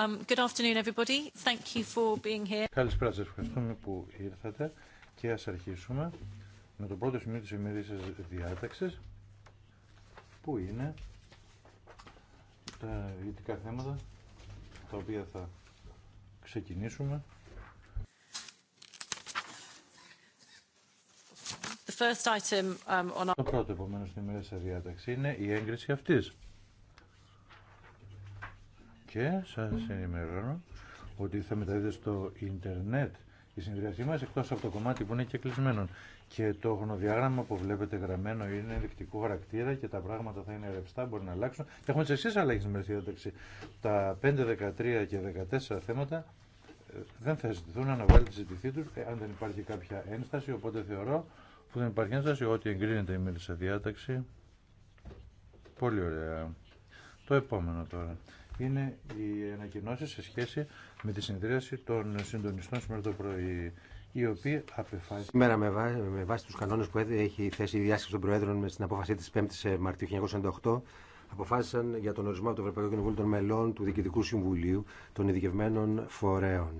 Um, Καλησπέρα σας. Ευχαριστούμε που ήρθατε και ας αρχίσουμε με το πρώτο σημείο της ημερήσιας διάταξης που είναι τα ειδικά θέματα τα οποία θα ξεκινήσουμε. Um, το πρώτο επομένως στην ημερήσια διάταξη είναι η έγκριση αυτής. Και σας ενημερώνω ότι θα μεταδίδεται στο ίντερνετ η συνδυασή μας εκτός από το κομμάτι που είναι και κλεισμένο. Και το χρονοδιάγραμμα που βλέπετε γραμμένο είναι ενδεικτικό χαρακτήρα και τα πράγματα θα είναι ρευστά, μπορεί να αλλάξουν. Και έχουμε σε εξή αλλαγέ στην διάταξη. Τα 5, 13 και 14 θέματα ε, δεν θα ζητηθούν, να αναβάλει τη ζητηθή του, ε, αν δεν υπάρχει κάποια ένσταση. Οπότε θεωρώ που δεν υπάρχει ένσταση ότι εγκρίνεται η διάταξη Πολύ ωραία. Το επόμενο τώρα είναι οι ανακοινώσει σε σχέση με τη συνεδρίαση των συντονιστών σήμερα το πρωί, οι οποίοι απεφάσισαν. Σήμερα, με, βάση του κανόνε που έχει θέσει η διάσκεψη των Προέδρων στην απόφαση τη 5η ε, Μαρτίου 1998, αποφάσισαν για τον ορισμό του Ευρωπαϊκού Κοινοβούλου των μελών του Διοικητικού Συμβουλίου των Ειδικευμένων Φορέων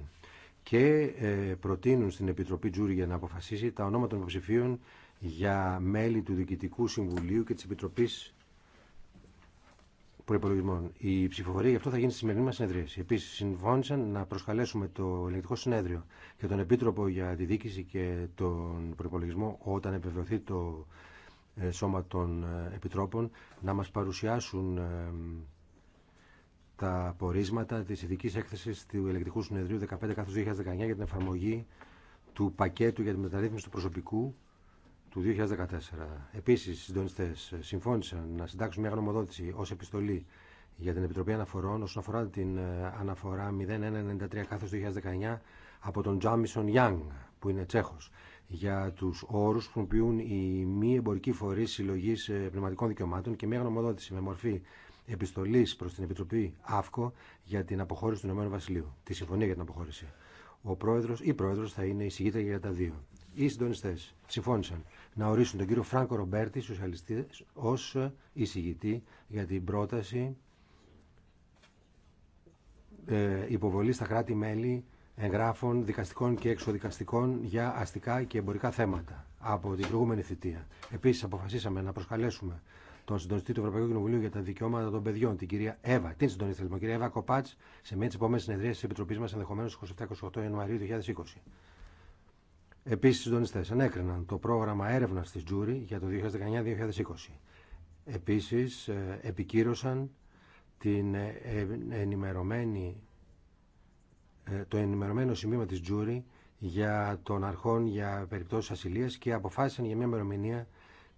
και ε, προτείνουν στην Επιτροπή Τζούρι για να αποφασίσει τα ονόματα των υποψηφίων για μέλη του Διοικητικού Συμβουλίου και τη Επιτροπής προπολογισμών. Η ψηφοφορία γι' αυτό θα γίνει στη σημερινή μα συνεδρίαση. Επίση, συμφώνησαν να προσκαλέσουμε το Ελεκτικό Συνέδριο και τον Επίτροπο για τη Δίκηση και τον Προπολογισμό όταν επιβεβαιωθεί το ε, Σώμα των ε, Επιτρόπων να μα παρουσιάσουν ε, τα πορίσματα τη ειδική έκθεση του ελεκτικου συνεδριου Συνεδρίου 15-2019 για την εφαρμογή του πακέτου για τη μεταρρύθμιση του προσωπικού του 2014. Επίση, οι συντονιστέ ε, συμφώνησαν να συντάξουν μια γνωμοδότηση ω επιστολή για την Επιτροπή Αναφορών όσον αφορά την ε, αναφορά 0193 κάθε 2019 από τον Τζάμισον Γιάνγκ που είναι τσέχο, για του όρου που χρησιμοποιούν οι μη εμπορικοί φορεί συλλογή ε, πνευματικών δικαιωμάτων και μια γνωμοδότηση με μορφή επιστολή προ την Επιτροπή ΑΦΚΟ για την αποχώρηση του Ηνωμένου Βασιλείου, τη συμφωνία για την αποχώρηση. Ο πρόεδρος ή πρόεδρος θα είναι η προεδρος θα ειναι η για τα δύο οι συντονιστέ συμφώνησαν να ορίσουν τον κύριο Φράνκο Ρομπέρτη, σοσιαλιστή, ω ε, εισηγητή για την πρόταση ε, υποβολή στα κράτη-μέλη εγγράφων δικαστικών και εξοδικαστικών για αστικά και εμπορικά θέματα από την προηγούμενη θητεία. Επίση, αποφασίσαμε να προσκαλέσουμε τον συντονιστή του Ευρωπαϊκού Κοινοβουλίου για τα δικαιώματα των παιδιών, την κυρία Εύα, την συντονιστή, λοιπόν, κυρία Εύα Κοπάτ, σε μια τη επόμενη συνεδρία τη Επιτροπή μα, ενδεχομένω 27-28 Ιανουαρίου 2020. Επίσης, οι συντονιστές ανέκριναν το πρόγραμμα έρευνας της Τζούρι για το 2019-2020. Επίσης, ε, επικύρωσαν την ε, ενημερωμένη, ε, το ενημερωμένο σημείο της Τζούρι για τον αρχόν για περιπτώσεις ασυλίας και αποφάσισαν για μια μερομηνία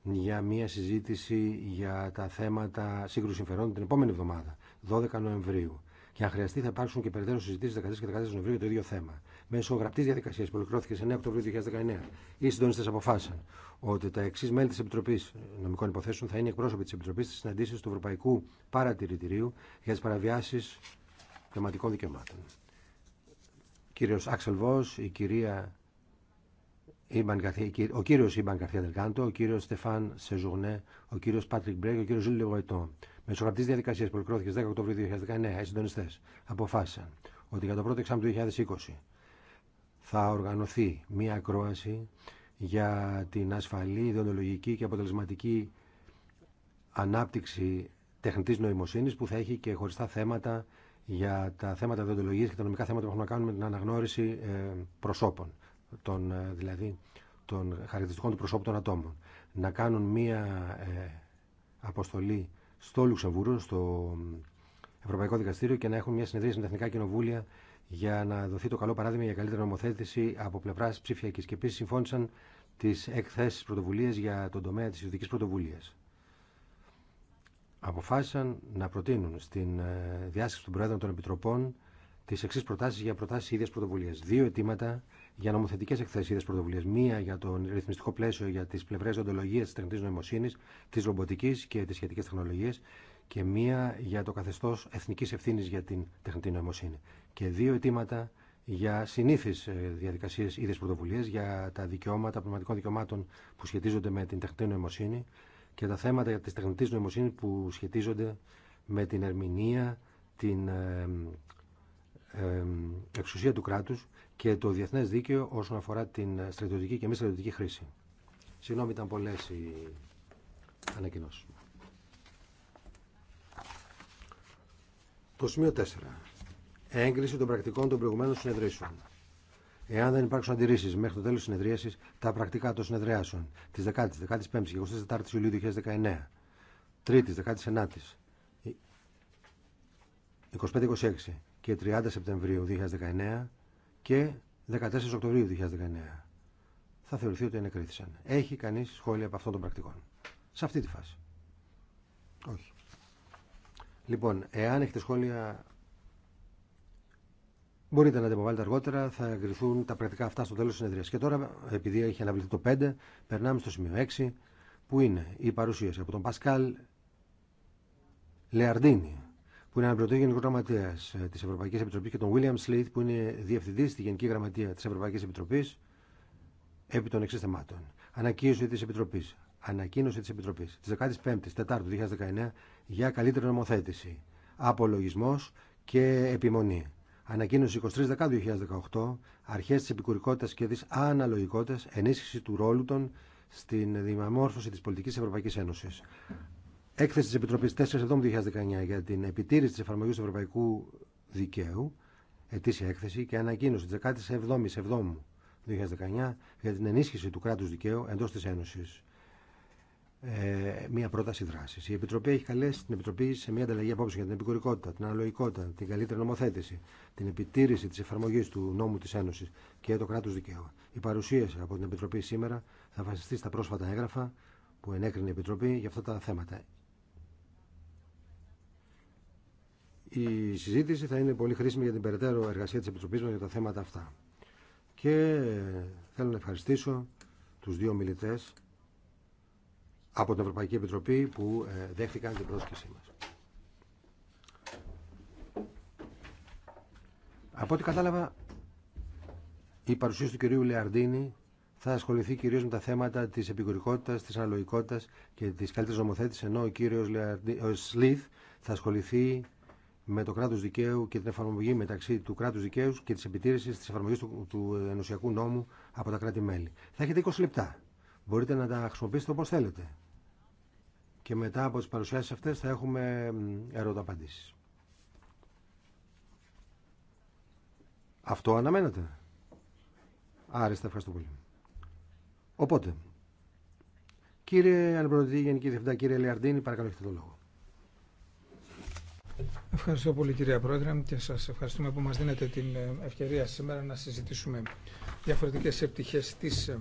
για μια συζήτηση για τα θέματα σύγκρουση συμφερόντων την επόμενη εβδομάδα, 12 Νοεμβρίου. Και αν χρειαστεί, θα υπάρξουν και περαιτέρω συζητήσει 14 και 14 Νοεμβρίου για το ίδιο θέμα μέσω γραπτή διαδικασία που ολοκληρώθηκε 9 Οκτωβρίου 2019, οι συντονιστέ αποφάσισαν ότι τα εξή μέλη τη Επιτροπή Νομικών Υποθέσεων θα είναι εκπρόσωποι τη Επιτροπή στι συναντήσει του Ευρωπαϊκού Παρατηρητηρίου για τι παραβιάσει θεματικών δικαιωμάτων. Κύριο Άξελ Βό, η κυρία ο κύριο Ιμπαν Καρθία Δελκάντο, ο κύριο Στεφάν Σεζουγνέ, ο κύριο Πάτρικ Μπρέγκ και ο κύριο Ζουλ Λεβοετό. γραπτή διαδικασία που ολοκληρώθηκε 10 Οκτωβρίου 2019, οι συντονιστέ αποφάσισαν ότι για το πρώτο εξάμεινο του 2020 θα οργανωθεί μία ακρόαση για την ασφαλή, ιδεολογική και αποτελεσματική ανάπτυξη τεχνητής νοημοσύνης που θα έχει και χωριστά θέματα για τα θέματα ιδεολογίας και τα νομικά θέματα που έχουν να κάνουν με την αναγνώριση ε, προσώπων, των, ε, δηλαδή των χαρακτηριστικών του προσώπου των ατόμων. Να κάνουν μία ε, αποστολή στο Λουξεμβούργο, στο Ευρωπαϊκό Δικαστήριο και να έχουν μια συνεδρία στην Εθνικά Κοινοβούλια για να δοθεί το καλό παράδειγμα για καλύτερη νομοθέτηση από πλευρά ψηφιακή. Και επίση συμφώνησαν τι εκθέσει πρωτοβουλίε για τον τομέα τη ειδική πρωτοβουλία. Αποφάσισαν να προτείνουν στην ε, διάσκεψη των Προέδρων των Επιτροπών τι εξή προτάσει για προτάσει ίδια πρωτοβουλία. Δύο αιτήματα για νομοθετικέ εκθέσει ίδια πρωτοβουλία. Μία για τον ρυθμιστικό πλαίσιο για τι πλευρέ οντολογία τη τεχνητή νοημοσύνη, τη ρομποτική και τι σχετικέ τεχνολογίε και μία για το καθεστώς εθνικής ευθύνης για την τεχνητή νοημοσύνη. Και δύο αιτήματα για συνήθεις ε, διαδικασίες ίδιες πρωτοβουλίες, για τα δικαιώματα πνευματικών δικαιωμάτων που σχετίζονται με την τεχνητή νοημοσύνη και τα θέματα για της τεχνητή νοημοσύνης που σχετίζονται με την ερμηνεία, την ε, ε, εξουσία του κράτους και το διεθνές δίκαιο όσον αφορά την στρατιωτική και μη στρατιωτική χρήση. Συγγνώμη, ήταν πολλές οι ανακοινώσει. Το σημείο 4. Έγκριση των πρακτικών των προηγουμένων συνεδρήσεων. Εάν δεν υπάρξουν αντιρρήσει μέχρι το τέλο τη συνεδρίαση, τα πρακτικά των συνεδριάσεων τη 10η, 15η και 24η Ιουλίου 2019, 3η, 19η, 25-26 και 30 Σεπτεμβρίου 2019 και 14 Οκτωβρίου 2019, θα θεωρηθεί ότι ενεκρίθησαν. Έχει κανεί σχόλια από αυτών των πρακτικών. Σε αυτή τη φάση. Όχι. Λοιπόν, εάν έχετε σχόλια, μπορείτε να τα υποβάλλετε αργότερα. Θα εγκριθούν τα πρακτικά αυτά στο τέλο τη συνεδρία. Και τώρα, επειδή έχει αναβληθεί το 5, περνάμε στο σημείο 6, που είναι η παρουσίαση από τον Πασκάλ Λεαρντίνη, που είναι αναπληρωτή Γενικό Γραμματέα ε, τη Ευρωπαϊκή Επιτροπή, και τον Βίλιαμ Σλίτ, που είναι διευθυντή στη Γενική Γραμματεία τη Ευρωπαϊκή Επιτροπή, επί των εξή θεμάτων. Ανακοίνωση τη Επιτροπή. Ανακοίνωση τη Επιτροπή, τη 15 η Τετάρτου 2019 για καλύτερη νομοθέτηση, Απολογισμό και επιμονή. Ανακοίνωση 23 Δεκάτου 2018, αρχές της επικουρικότητας και της αναλογικότητας, ενίσχυση του ρόλου των στην δημαμόρφωση τη πολιτική Ευρωπαϊκή Ένωση. Έκθεση τη Επιτροπή 4 Εβδόμου 2019 για την επιτήρηση τη εφαρμογή του Ευρωπαϊκού Δικαίου, ετήσια έκθεση και ανακοίνωση τη 17 Εβδόμου 2019 για την ενίσχυση του κράτου δικαίου εντό τη Ένωση ε, μια πρόταση δράση. Η Επιτροπή έχει καλέσει την Επιτροπή σε μια ανταλλαγή απόψεων για την επικουρικότητα, την αναλογικότητα, την καλύτερη νομοθέτηση, την επιτήρηση τη εφαρμογή του νόμου τη Ένωση και το κράτο δικαίου. Η παρουσίαση από την Επιτροπή σήμερα θα βασιστεί στα πρόσφατα έγγραφα που ενέκρινε η Επιτροπή για αυτά τα θέματα. Η συζήτηση θα είναι πολύ χρήσιμη για την περαιτέρω εργασία τη Επιτροπή μα για τα θέματα αυτά. Και ε, θέλω να ευχαριστήσω του δύο μιλητέ από την Ευρωπαϊκή Επιτροπή που ε, δέχτηκαν την πρόσκλησή μας. Από ό,τι κατάλαβα, η παρουσίαση του κυρίου Λεαρντίνη θα ασχοληθεί κυρίως με τα θέματα της επικουρικότητας, της αναλογικότητας και της καλύτερης νομοθέτησης, ενώ ο κύριος Σλίθ θα ασχοληθεί με το κράτος δικαίου και την εφαρμογή μεταξύ του κράτους δικαίου και της επιτήρησης της εφαρμογής του, του ενωσιακού νόμου από τα κράτη-μέλη. Θα έχετε 20 λεπτά. Μπορείτε να τα χρησιμοποιήσετε όπως θέλετε και μετά από τι παρουσιάσει αυτέ θα έχουμε ερωταπαντήσεις. Αυτό αναμένεται. Άρεστα ευχαριστώ πολύ. Οπότε, κύριε Ανεπροδοτή Γενική Διευθυντά, κύριε Λεαρντίνη, παρακαλώ έχετε το λόγο. Ευχαριστώ πολύ κυρία Πρόεδρε και σας ευχαριστούμε που μας δίνετε την ευκαιρία σήμερα να συζητήσουμε διαφορετικές επιτυχίες της ε,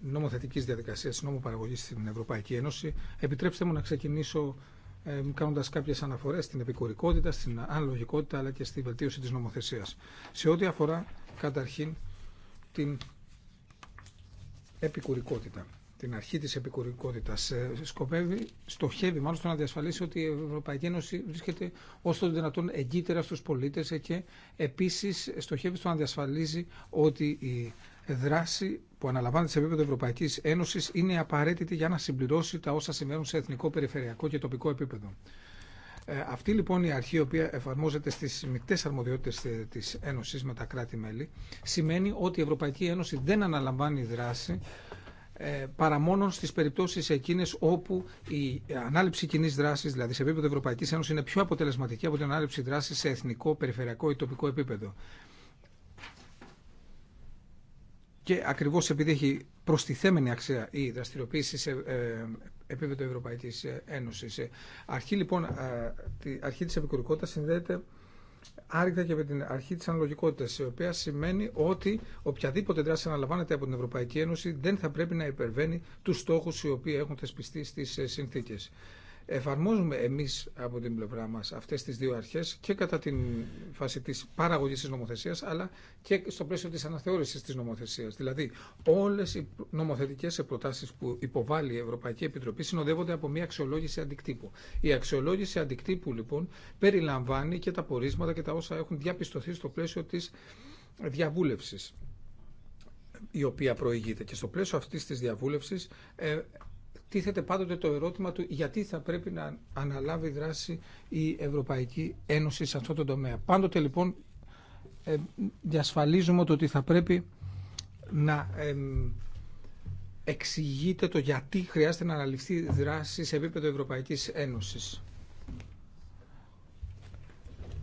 νομοθετικής διαδικασίας, νόμου παραγωγή στην Ευρωπαϊκή Ένωση, επιτρέψτε μου να ξεκινήσω ε, κάνοντα κάποιε αναφορέ στην επικουρικότητα, στην αναλογικότητα αλλά και στη βελτίωση τη νομοθεσία. Σε ό,τι αφορά καταρχήν την επικουρικότητα, την αρχή τη επικουρικότητα, ε, σκοπεύει, στοχεύει μάλλον στο να διασφαλίσει ότι η Ευρωπαϊκή Ένωση βρίσκεται όσο το δυνατόν εγκύτερα στου πολίτε ε, και επίση στοχεύει στο να διασφαλίζει ότι η δράση που αναλαμβάνεται σε επίπεδο Ευρωπαϊκή Ένωση είναι απαραίτητη για να συμπληρώσει τα όσα συμβαίνουν σε εθνικό, περιφερειακό και τοπικό επίπεδο. Ε, αυτή λοιπόν η αρχή, η οποία εφαρμόζεται στι μεικτέ αρμοδιότητε τη Ένωση με τα κράτη-μέλη, σημαίνει ότι η Ευρωπαϊκή Ένωση δεν αναλαμβάνει δράση ε, παρά μόνο στι περιπτώσει εκείνε όπου η ανάληψη κοινή δράση, δηλαδή σε επίπεδο Ευρωπαϊκή Ένωση, είναι πιο αποτελεσματική από την ανάληψη δράση σε εθνικό, περιφερειακό ή τοπικό επίπεδο. Και ακριβώ επειδή έχει προστιθέμενη αξία η δραστηριοποίηση σε ε, επίπεδο Ευρωπαϊκή ε, Ένωση. Ε, αρχή λοιπόν, αρχή τη επικουρικότητα συνδέεται άρρηκτα και με την αρχή τη αναλογικότητα, η οποία σημαίνει ότι οποιαδήποτε δράση αναλαμβάνεται από την Ευρωπαϊκή Ένωση δεν θα πρέπει να υπερβαίνει του στόχου οι οποίοι έχουν θεσπιστεί στι συνθήκε εφαρμόζουμε εμείς από την πλευρά μας αυτές τις δύο αρχές και κατά την φάση της παραγωγής της νομοθεσίας αλλά και στο πλαίσιο της αναθεώρησης της νομοθεσίας. Δηλαδή όλες οι νομοθετικές προτάσεις που υποβάλλει η Ευρωπαϊκή Επιτροπή συνοδεύονται από μια αξιολόγηση αντικτύπου. Η αξιολόγηση αντικτύπου λοιπόν περιλαμβάνει και τα πορίσματα και τα όσα έχουν διαπιστωθεί στο πλαίσιο της διαβούλευσης η οποία προηγείται. Και στο πλαίσιο αυτής της διαβούλευσης ε, τίθεται πάντοτε το ερώτημα του γιατί θα πρέπει να αναλάβει δράση η Ευρωπαϊκή Ένωση σε αυτό το τομέα. Πάντοτε λοιπόν ε, διασφαλίζουμε το ότι θα πρέπει να εξηγείται το γιατί χρειάζεται να αναλυφθεί δράση σε επίπεδο Ευρωπαϊκής Ένωσης.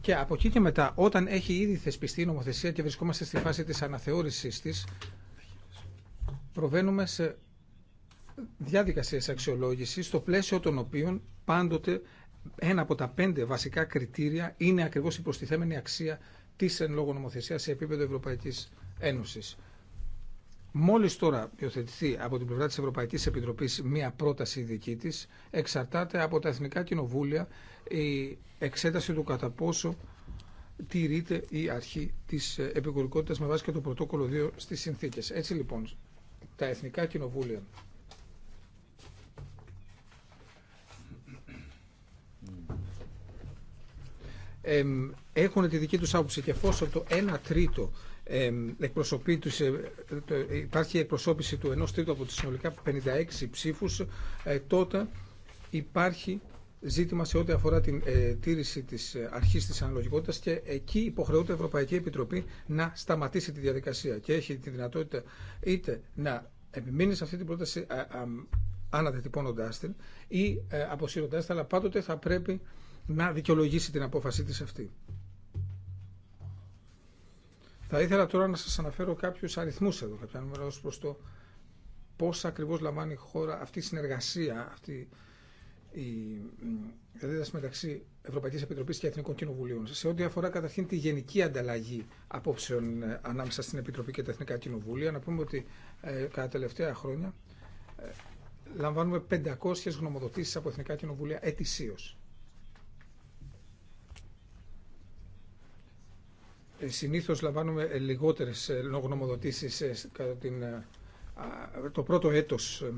Και από εκεί και μετά, όταν έχει ήδη θεσπιστεί η νομοθεσία και βρισκόμαστε στη φάση της αναθεώρησής της, προβαίνουμε σε Διαδικασία αξιολόγηση στο πλαίσιο των οποίων πάντοτε ένα από τα πέντε βασικά κριτήρια είναι ακριβώ η προστιθέμενη αξία τη εν λόγω νομοθεσία σε επίπεδο Ευρωπαϊκή Ένωση. Μόλι τώρα υιοθετηθεί από την πλευρά τη Ευρωπαϊκή Επιτροπή μία πρόταση δική τη, εξαρτάται από τα εθνικά κοινοβούλια η εξέταση του κατά πόσο τηρείται η αρχή τη επικουρικότητα με βάση και το πρωτόκολλο 2 στι συνθήκε. Έτσι λοιπόν, τα εθνικά κοινοβούλια έχουν τη δική τους άποψη και εφόσον το 1 τρίτο εκπροσωπεί τους, ε, υπάρχει εκπροσώπηση του 1 τρίτου από τις συνολικά 56 ψήφους, ε, τότε υπάρχει ζήτημα σε ό,τι αφορά την ε, τήρηση της ε, αρχής της αναλογικότητας και εκεί υποχρεούται η Ευρωπαϊκή Επιτροπή να σταματήσει τη διαδικασία και έχει τη δυνατότητα είτε να επιμείνει σε αυτή την πρόταση αναδετυπώνοντάς την ή ε, αποσύροντάς την, αλλά πάντοτε θα πρέπει να δικαιολογήσει την απόφασή της αυτή. Θα ήθελα τώρα να σας αναφέρω κάποιους αριθμούς εδώ, κάποια νούμερα ως προς το πώς ακριβώς λαμβάνει η χώρα αυτή η συνεργασία, αυτή η διαδίδαση μεταξύ Ευρωπαϊκής Επιτροπής και Εθνικών Κοινοβουλίων. Σε ό,τι αφορά καταρχήν τη γενική ανταλλαγή απόψεων ε, ανάμεσα στην Επιτροπή και τα Εθνικά Κοινοβούλια, να πούμε ότι ε, κατά τα τελευταία χρόνια ε, λαμβάνουμε 500 γνωμοδοτήσεις από Εθνικά Κοινοβούλια ετησίως. Ε, συνήθως λαμβάνουμε ε, λιγότερες ε, γνωμοδοτήσεις κατά την, το πρώτο έτος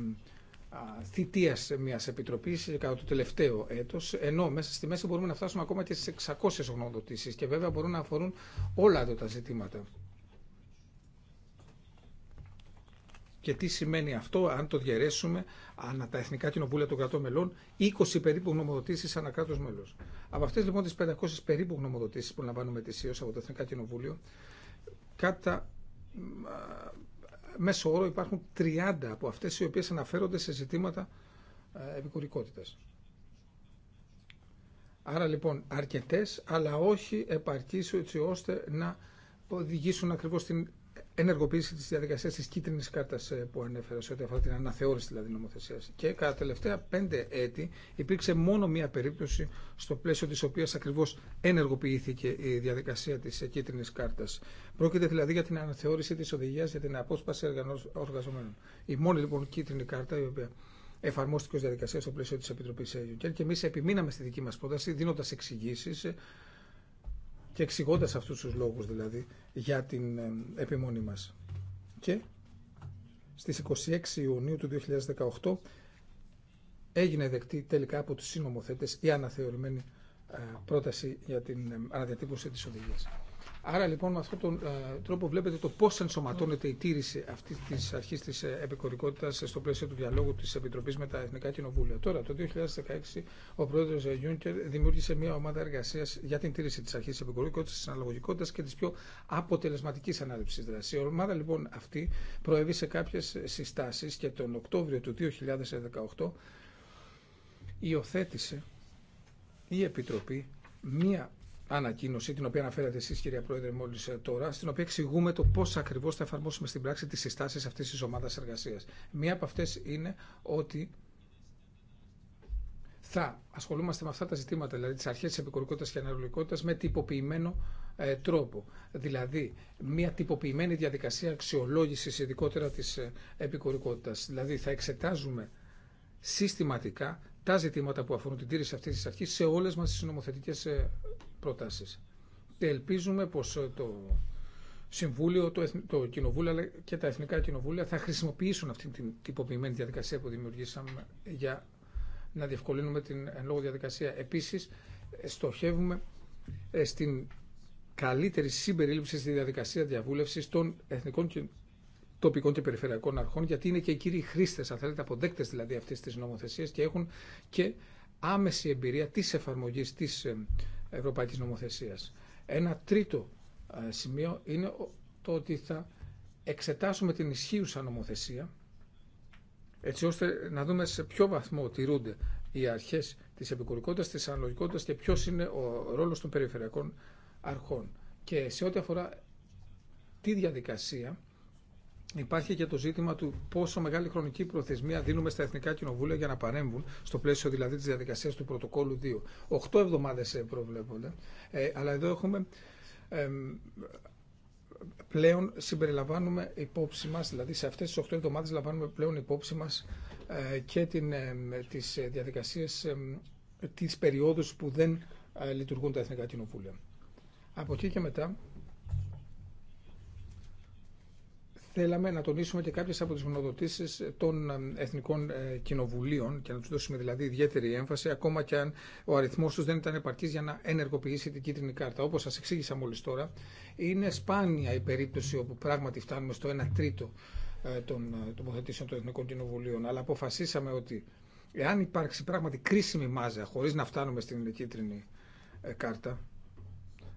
θητείας μιας επιτροπής κατά το τελευταίο έτος, ενώ μέσα στη μέση μπορούμε να φτάσουμε ακόμα και στις 600 γνωμοδοτήσεις και βέβαια μπορούν να αφορούν όλα τα ζητήματα. Και τι σημαίνει αυτό, αν το διαιρέσουμε ανά τα εθνικά κοινοβούλια των κρατών μελών, 20 περίπου γνωμοδοτήσει ανά κράτο μέλο. Από αυτέ λοιπόν τι 500 περίπου γνωμοδοτήσει που λαμβάνουμε ετησίω από το Εθνικά Κοινοβούλιο, κατά μέσο όρο υπάρχουν 30 από αυτέ οι οποίε αναφέρονται σε ζητήματα επικουρικότητα. Άρα λοιπόν αρκετέ, αλλά όχι επαρκή έτσι ώστε να οδηγήσουν ακριβώ στην ενεργοποίηση τη διαδικασία τη κίτρινη κάρτα ε, που ανέφερα σε ό,τι αφορά την αναθεώρηση δηλαδή νομοθεσία. Και κατά τα τελευταία πέντε έτη υπήρξε μόνο μία περίπτωση στο πλαίσιο τη οποία ακριβώ ενεργοποιήθηκε η διαδικασία τη ε, κίτρινη κάρτα. Πρόκειται δηλαδή για την αναθεώρηση τη οδηγία για την απόσπαση εργαζομένων. Η μόνη λοιπόν κίτρινη κάρτα η οποία εφαρμόστηκε ω διαδικασία στο πλαίσιο τη Επιτροπή Juncker και εμεί επιμείναμε στη δική μα πρόταση δίνοντα εξηγήσει ε, και εξηγώντα αυτούς τους λόγους δηλαδή για την ε, επιμονή μας. Και στις 26 Ιουνίου του 2018 έγινε δεκτή τελικά από τους συνομοθέτες η αναθεωρημένη ε, πρόταση για την ε, αναδιατύπωση της οδηγίας. Άρα λοιπόν με αυτόν τον ε, τρόπο βλέπετε το πώ ενσωματώνεται η τήρηση αυτή της αρχής της ε, επικορικότητας στο πλαίσιο του διαλόγου της Επιτροπής με τα Εθνικά Κοινοβούλια. Τώρα, το 2016, ο Πρόεδρος ε, Γιούνκερ δημιούργησε μια ομάδα εργασίας για την τήρηση της αρχής της επικορικότητας τη αναλογικότητας και τη πιο αποτελεσματική ανάληψη δράση. Η ομάδα λοιπόν αυτή προέβησε κάποιες συστάσεις και τον Οκτώβριο του 2018 υιοθέτησε η Επιτροπή μία ανακοίνωση, την οποία αναφέρατε εσεί, κυρία Πρόεδρε, μόλι ε, τώρα, στην οποία εξηγούμε το πώ ακριβώ θα εφαρμόσουμε στην πράξη τι συστάσει αυτή τη ομάδα εργασία. Μία από αυτέ είναι ότι θα ασχολούμαστε με αυτά τα ζητήματα, δηλαδή τι αρχέ τη επικουρικότητα και αναλογικότητα, με τυποποιημένο ε, τρόπο. Δηλαδή, μια τυποποιημένη διαδικασία αξιολόγηση, ειδικότερα τη ε, επικουρικότητα. Δηλαδή, θα εξετάζουμε συστηματικά τα ζητήματα που αφορούν την τήρηση αυτή τη αρχή σε όλε μα τι νομοθετικέ ε, και ελπίζουμε πως ε, το Συμβούλιο, το, το Κοινοβούλιο αλλά και τα Εθνικά Κοινοβούλια θα χρησιμοποιήσουν αυτή την τυποποιημένη διαδικασία που δημιουργήσαμε για να διευκολύνουμε την εν λόγω διαδικασία. Επίσης, ε, στοχεύουμε ε, στην καλύτερη συμπερίληψη στη διαδικασία διαβούλευση των εθνικών και τοπικών και περιφερειακών αρχών, γιατί είναι και οι κύριοι χρήστε, αν θέλετε, αποδέκτε δηλαδή αυτή τη νομοθεσία και έχουν και άμεση εμπειρία τη εφαρμογή τη ευρωπαϊκής νομοθεσίας. Ένα τρίτο ε, σημείο είναι το ότι θα εξετάσουμε την ισχύουσα νομοθεσία έτσι ώστε να δούμε σε ποιο βαθμό τηρούνται οι αρχές της επικουρικότητας, της αναλογικότητας και ποιος είναι ο ρόλος των περιφερειακών αρχών. Και σε ό,τι αφορά τη διαδικασία Υπάρχει και το ζήτημα του πόσο μεγάλη χρονική προθεσμία δίνουμε στα εθνικά κοινοβούλια για να παρέμβουν, στο πλαίσιο δηλαδή τη διαδικασία του πρωτοκόλου 2. Οχτώ εβδομάδε ε, προβλέπονται, ε, αλλά εδώ έχουμε. πλέον συμπεριλαμβάνουμε υπόψη μας, δηλαδή σε αυτές τις 8 εβδομάδες λαμβάνουμε πλέον υπόψη μας ε, και την, ε, τις διαδικασίες που δεν λειτουργούν τα Εθνικά Κοινοβούλια. Από εκεί και μετά θέλαμε να τονίσουμε και κάποιες από τις γνωδοτήσεις των ε, Εθνικών ε, Κοινοβουλίων και να τους δώσουμε δηλαδή ιδιαίτερη έμφαση ακόμα και αν ο αριθμός τους δεν ήταν επαρκής για να ενεργοποιήσει την κίτρινη κάρτα. Όπως σας εξήγησα μόλις τώρα, είναι σπάνια η περίπτωση όπου πράγματι φτάνουμε στο 1 τρίτο ε, των τοποθετήσεων των Εθνικών Κοινοβουλίων, αλλά αποφασίσαμε ότι εάν υπάρξει πράγματι κρίσιμη μάζα χωρίς να φτάνουμε στην κίτρινη κάρτα,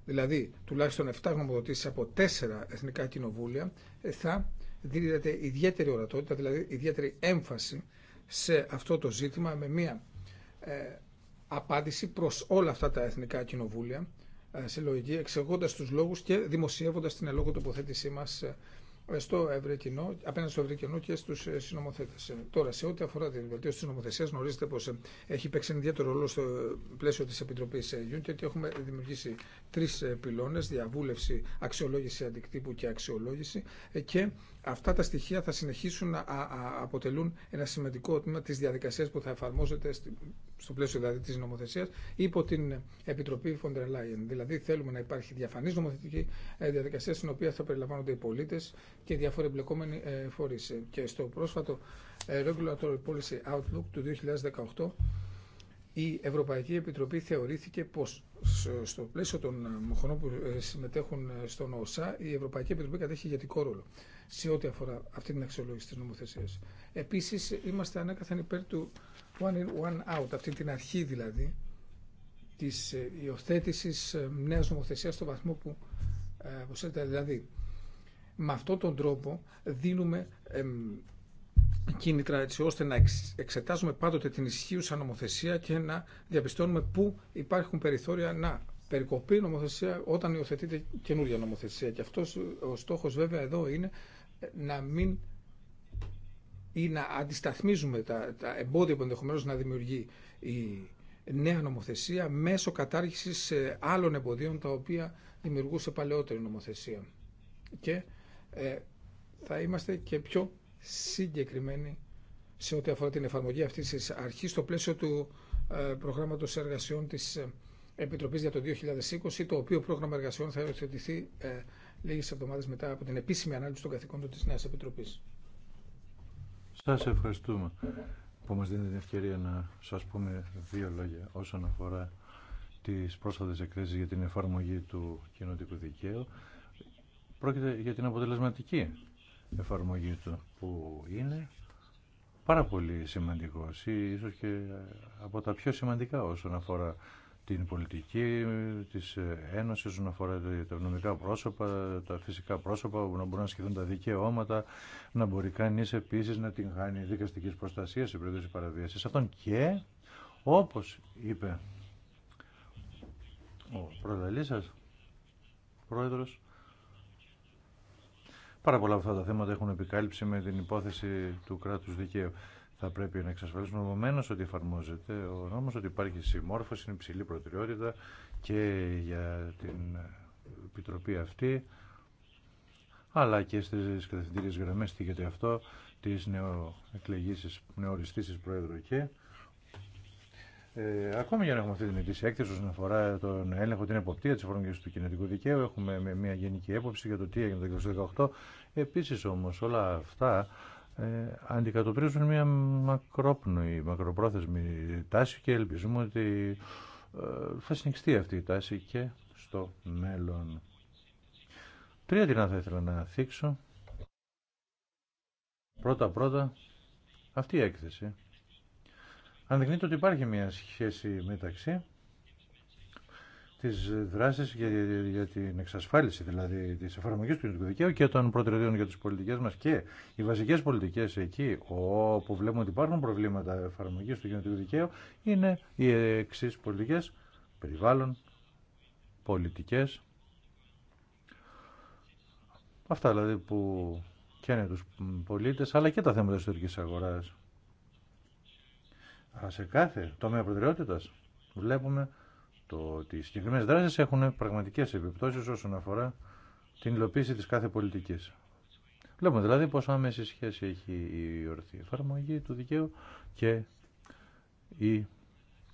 δηλαδή τουλάχιστον 7 γνωμοδοτήσεις από 4 εθνικά κοινοβούλια, ε, θα δίδεται ιδιαίτερη ορατότητα, δηλαδή ιδιαίτερη έμφαση σε αυτό το ζήτημα με μια ε, απάντηση προς όλα αυτά τα εθνικά κοινοβούλια ε, σε λογική, εξεγώντας τους λόγους και δημοσιεύοντας την ελόγω τοποθέτησή μας ε, στο ευρύ απέναντι στο ευρύ κοινό και στου ε, συνομοθέτε. Τώρα, σε ό,τι αφορά την βελτίωση τη νομοθεσία, γνωρίζετε πω έχει παίξει ιδιαίτερο ρόλο στο πλαίσιο τη Επιτροπή Γιούνκερ και έχουμε δημιουργήσει τρεις ε, πυλώνες, διαβούλευση, αξιολόγηση αντικτύπου και αξιολόγηση ε, και αυτά τα στοιχεία θα συνεχίσουν να αποτελούν ένα σημαντικό τμήμα της διαδικασίας που θα εφαρμόζεται στο πλαίσιο δηλαδή της νομοθεσίας υπό την Επιτροπή Φοντερ Λάιεν. Δηλαδή θέλουμε να υπάρχει διαφανής νομοθετική ε, διαδικασία στην οποία θα περιλαμβάνονται οι πολίτες και οι διάφοροι εμπλεκόμενοι φορείς. Και στο πρόσφατο Regulatory Policy Outlook του 2018 η Ευρωπαϊκή Επιτροπή θεωρήθηκε πως στο πλαίσιο των ε, μοχωνών που ε, συμμετέχουν ε, στον ΟΣΑ, η Ευρωπαϊκή Επιτροπή κατέχει ηγετικό ρόλο σε ό,τι αφορά αυτή την αξιολόγηση τη νομοθεσία. Επίση, είμαστε ανέκαθεν υπέρ του one in, one out, αυτή την αρχή δηλαδή τη υιοθέτηση νέα νομοθεσία στο βαθμό που Δηλαδή, με αυτόν τον τρόπο δίνουμε κίνητρα έτσι ώστε να εξετάζουμε πάντοτε την ισχύουσα νομοθεσία και να διαπιστώνουμε πού υπάρχουν περιθώρια να περικοπεί νομοθεσία όταν υιοθετείται καινούργια νομοθεσία. Και αυτός ο στόχος βέβαια εδώ είναι να μην ή να αντισταθμίζουμε τα, τα εμπόδια που ενδεχομένως να δημιουργεί η νέα νομοθεσία μέσω κατάργησης ε, άλλων εμποδίων τα οποία δημιουργούσε παλαιότερη νομοθεσία. Και ε, θα είμαστε και πιο συγκεκριμένη σε ό,τι αφορά την εφαρμογή αυτής τη αρχή στο πλαίσιο του ε, προγράμματος εργασιών της ε, Επιτροπής για το 2020, το οποίο πρόγραμμα εργασιών θα υιοθετηθεί ε, λίγε εβδομάδε μετά από την επίσημη ανάλυση των καθηκόντων της Νέας Επιτροπής. Σας ευχαριστούμε που μας δίνετε την ευκαιρία να σας πούμε δύο λόγια όσον αφορά τις πρόσφατες εκθέσει για την εφαρμογή του κοινωτικού δικαίου. Πρόκειται για την αποτελεσματική εφαρμογή του που είναι πάρα πολύ ή ίσως και από τα πιο σημαντικά όσον αφορά την πολιτική της Ένωσης, όσον αφορά τα νομικά πρόσωπα, τα φυσικά πρόσωπα που να μπορούν να σκεφτούν τα δικαιώματα, να μπορεί κανείς επίσης να την χάνει δικαστικής προστασίας σε περίπτωση παραβίασης αυτών και όπως είπε ο προλαλής σας, πρόεδρος, Πάρα πολλά από αυτά τα θέματα έχουν επικάλυψη με την υπόθεση του κράτους δικαίου. Θα πρέπει να εξασφαλίσουμε επομένω ότι εφαρμόζεται ο νόμος, ότι υπάρχει συμμόρφωση, είναι υψηλή προτεραιότητα και για την επιτροπή αυτή, αλλά και στις κατευθυντήριες γραμμές γιατί αυτό της νεοεκλεγήσης, τη Πρόεδρο και ε, ακόμη για να έχουμε αυτή την ετήσια έκθεση όσον αφορά τον έλεγχο, την εποπτεία τη εφαρμογή του κοινωνικού δικαίου, έχουμε μια γενική έποψη για το τι έγινε το 2018. Επίση όμω όλα αυτά ε, αντικατοπτρίζουν μια μακρόπνοη, μακροπρόθεσμη τάση και ελπίζουμε ότι ε, θα συνεχιστεί αυτή η τάση και στο μέλλον. Τρία να θα ήθελα να θίξω. Πρώτα-πρώτα αυτή η έκθεση αναδεικνύεται ότι υπάρχει μια σχέση μεταξύ της δράσης για, για, την εξασφάλιση δηλαδή της εφαρμογής του κοινωνικού δικαίου και των προτεραιών για τις πολιτικές μας και οι βασικές πολιτικές εκεί όπου βλέπουμε ότι υπάρχουν προβλήματα εφαρμογής του κοινωνικού δικαίου είναι οι εξή πολιτικές περιβάλλον, πολιτικές αυτά δηλαδή που καίνε τους πολίτες αλλά και τα θέματα της ιστορικής αγοράς αλλά σε κάθε τομέα προτεραιότητα βλέπουμε το ότι οι συγκεκριμένε δράσει έχουν πραγματικέ επιπτώσει όσον αφορά την υλοποίηση τη κάθε πολιτική. Βλέπουμε δηλαδή πόσο άμεση σχέση έχει η ορθή εφαρμογή του δικαίου και η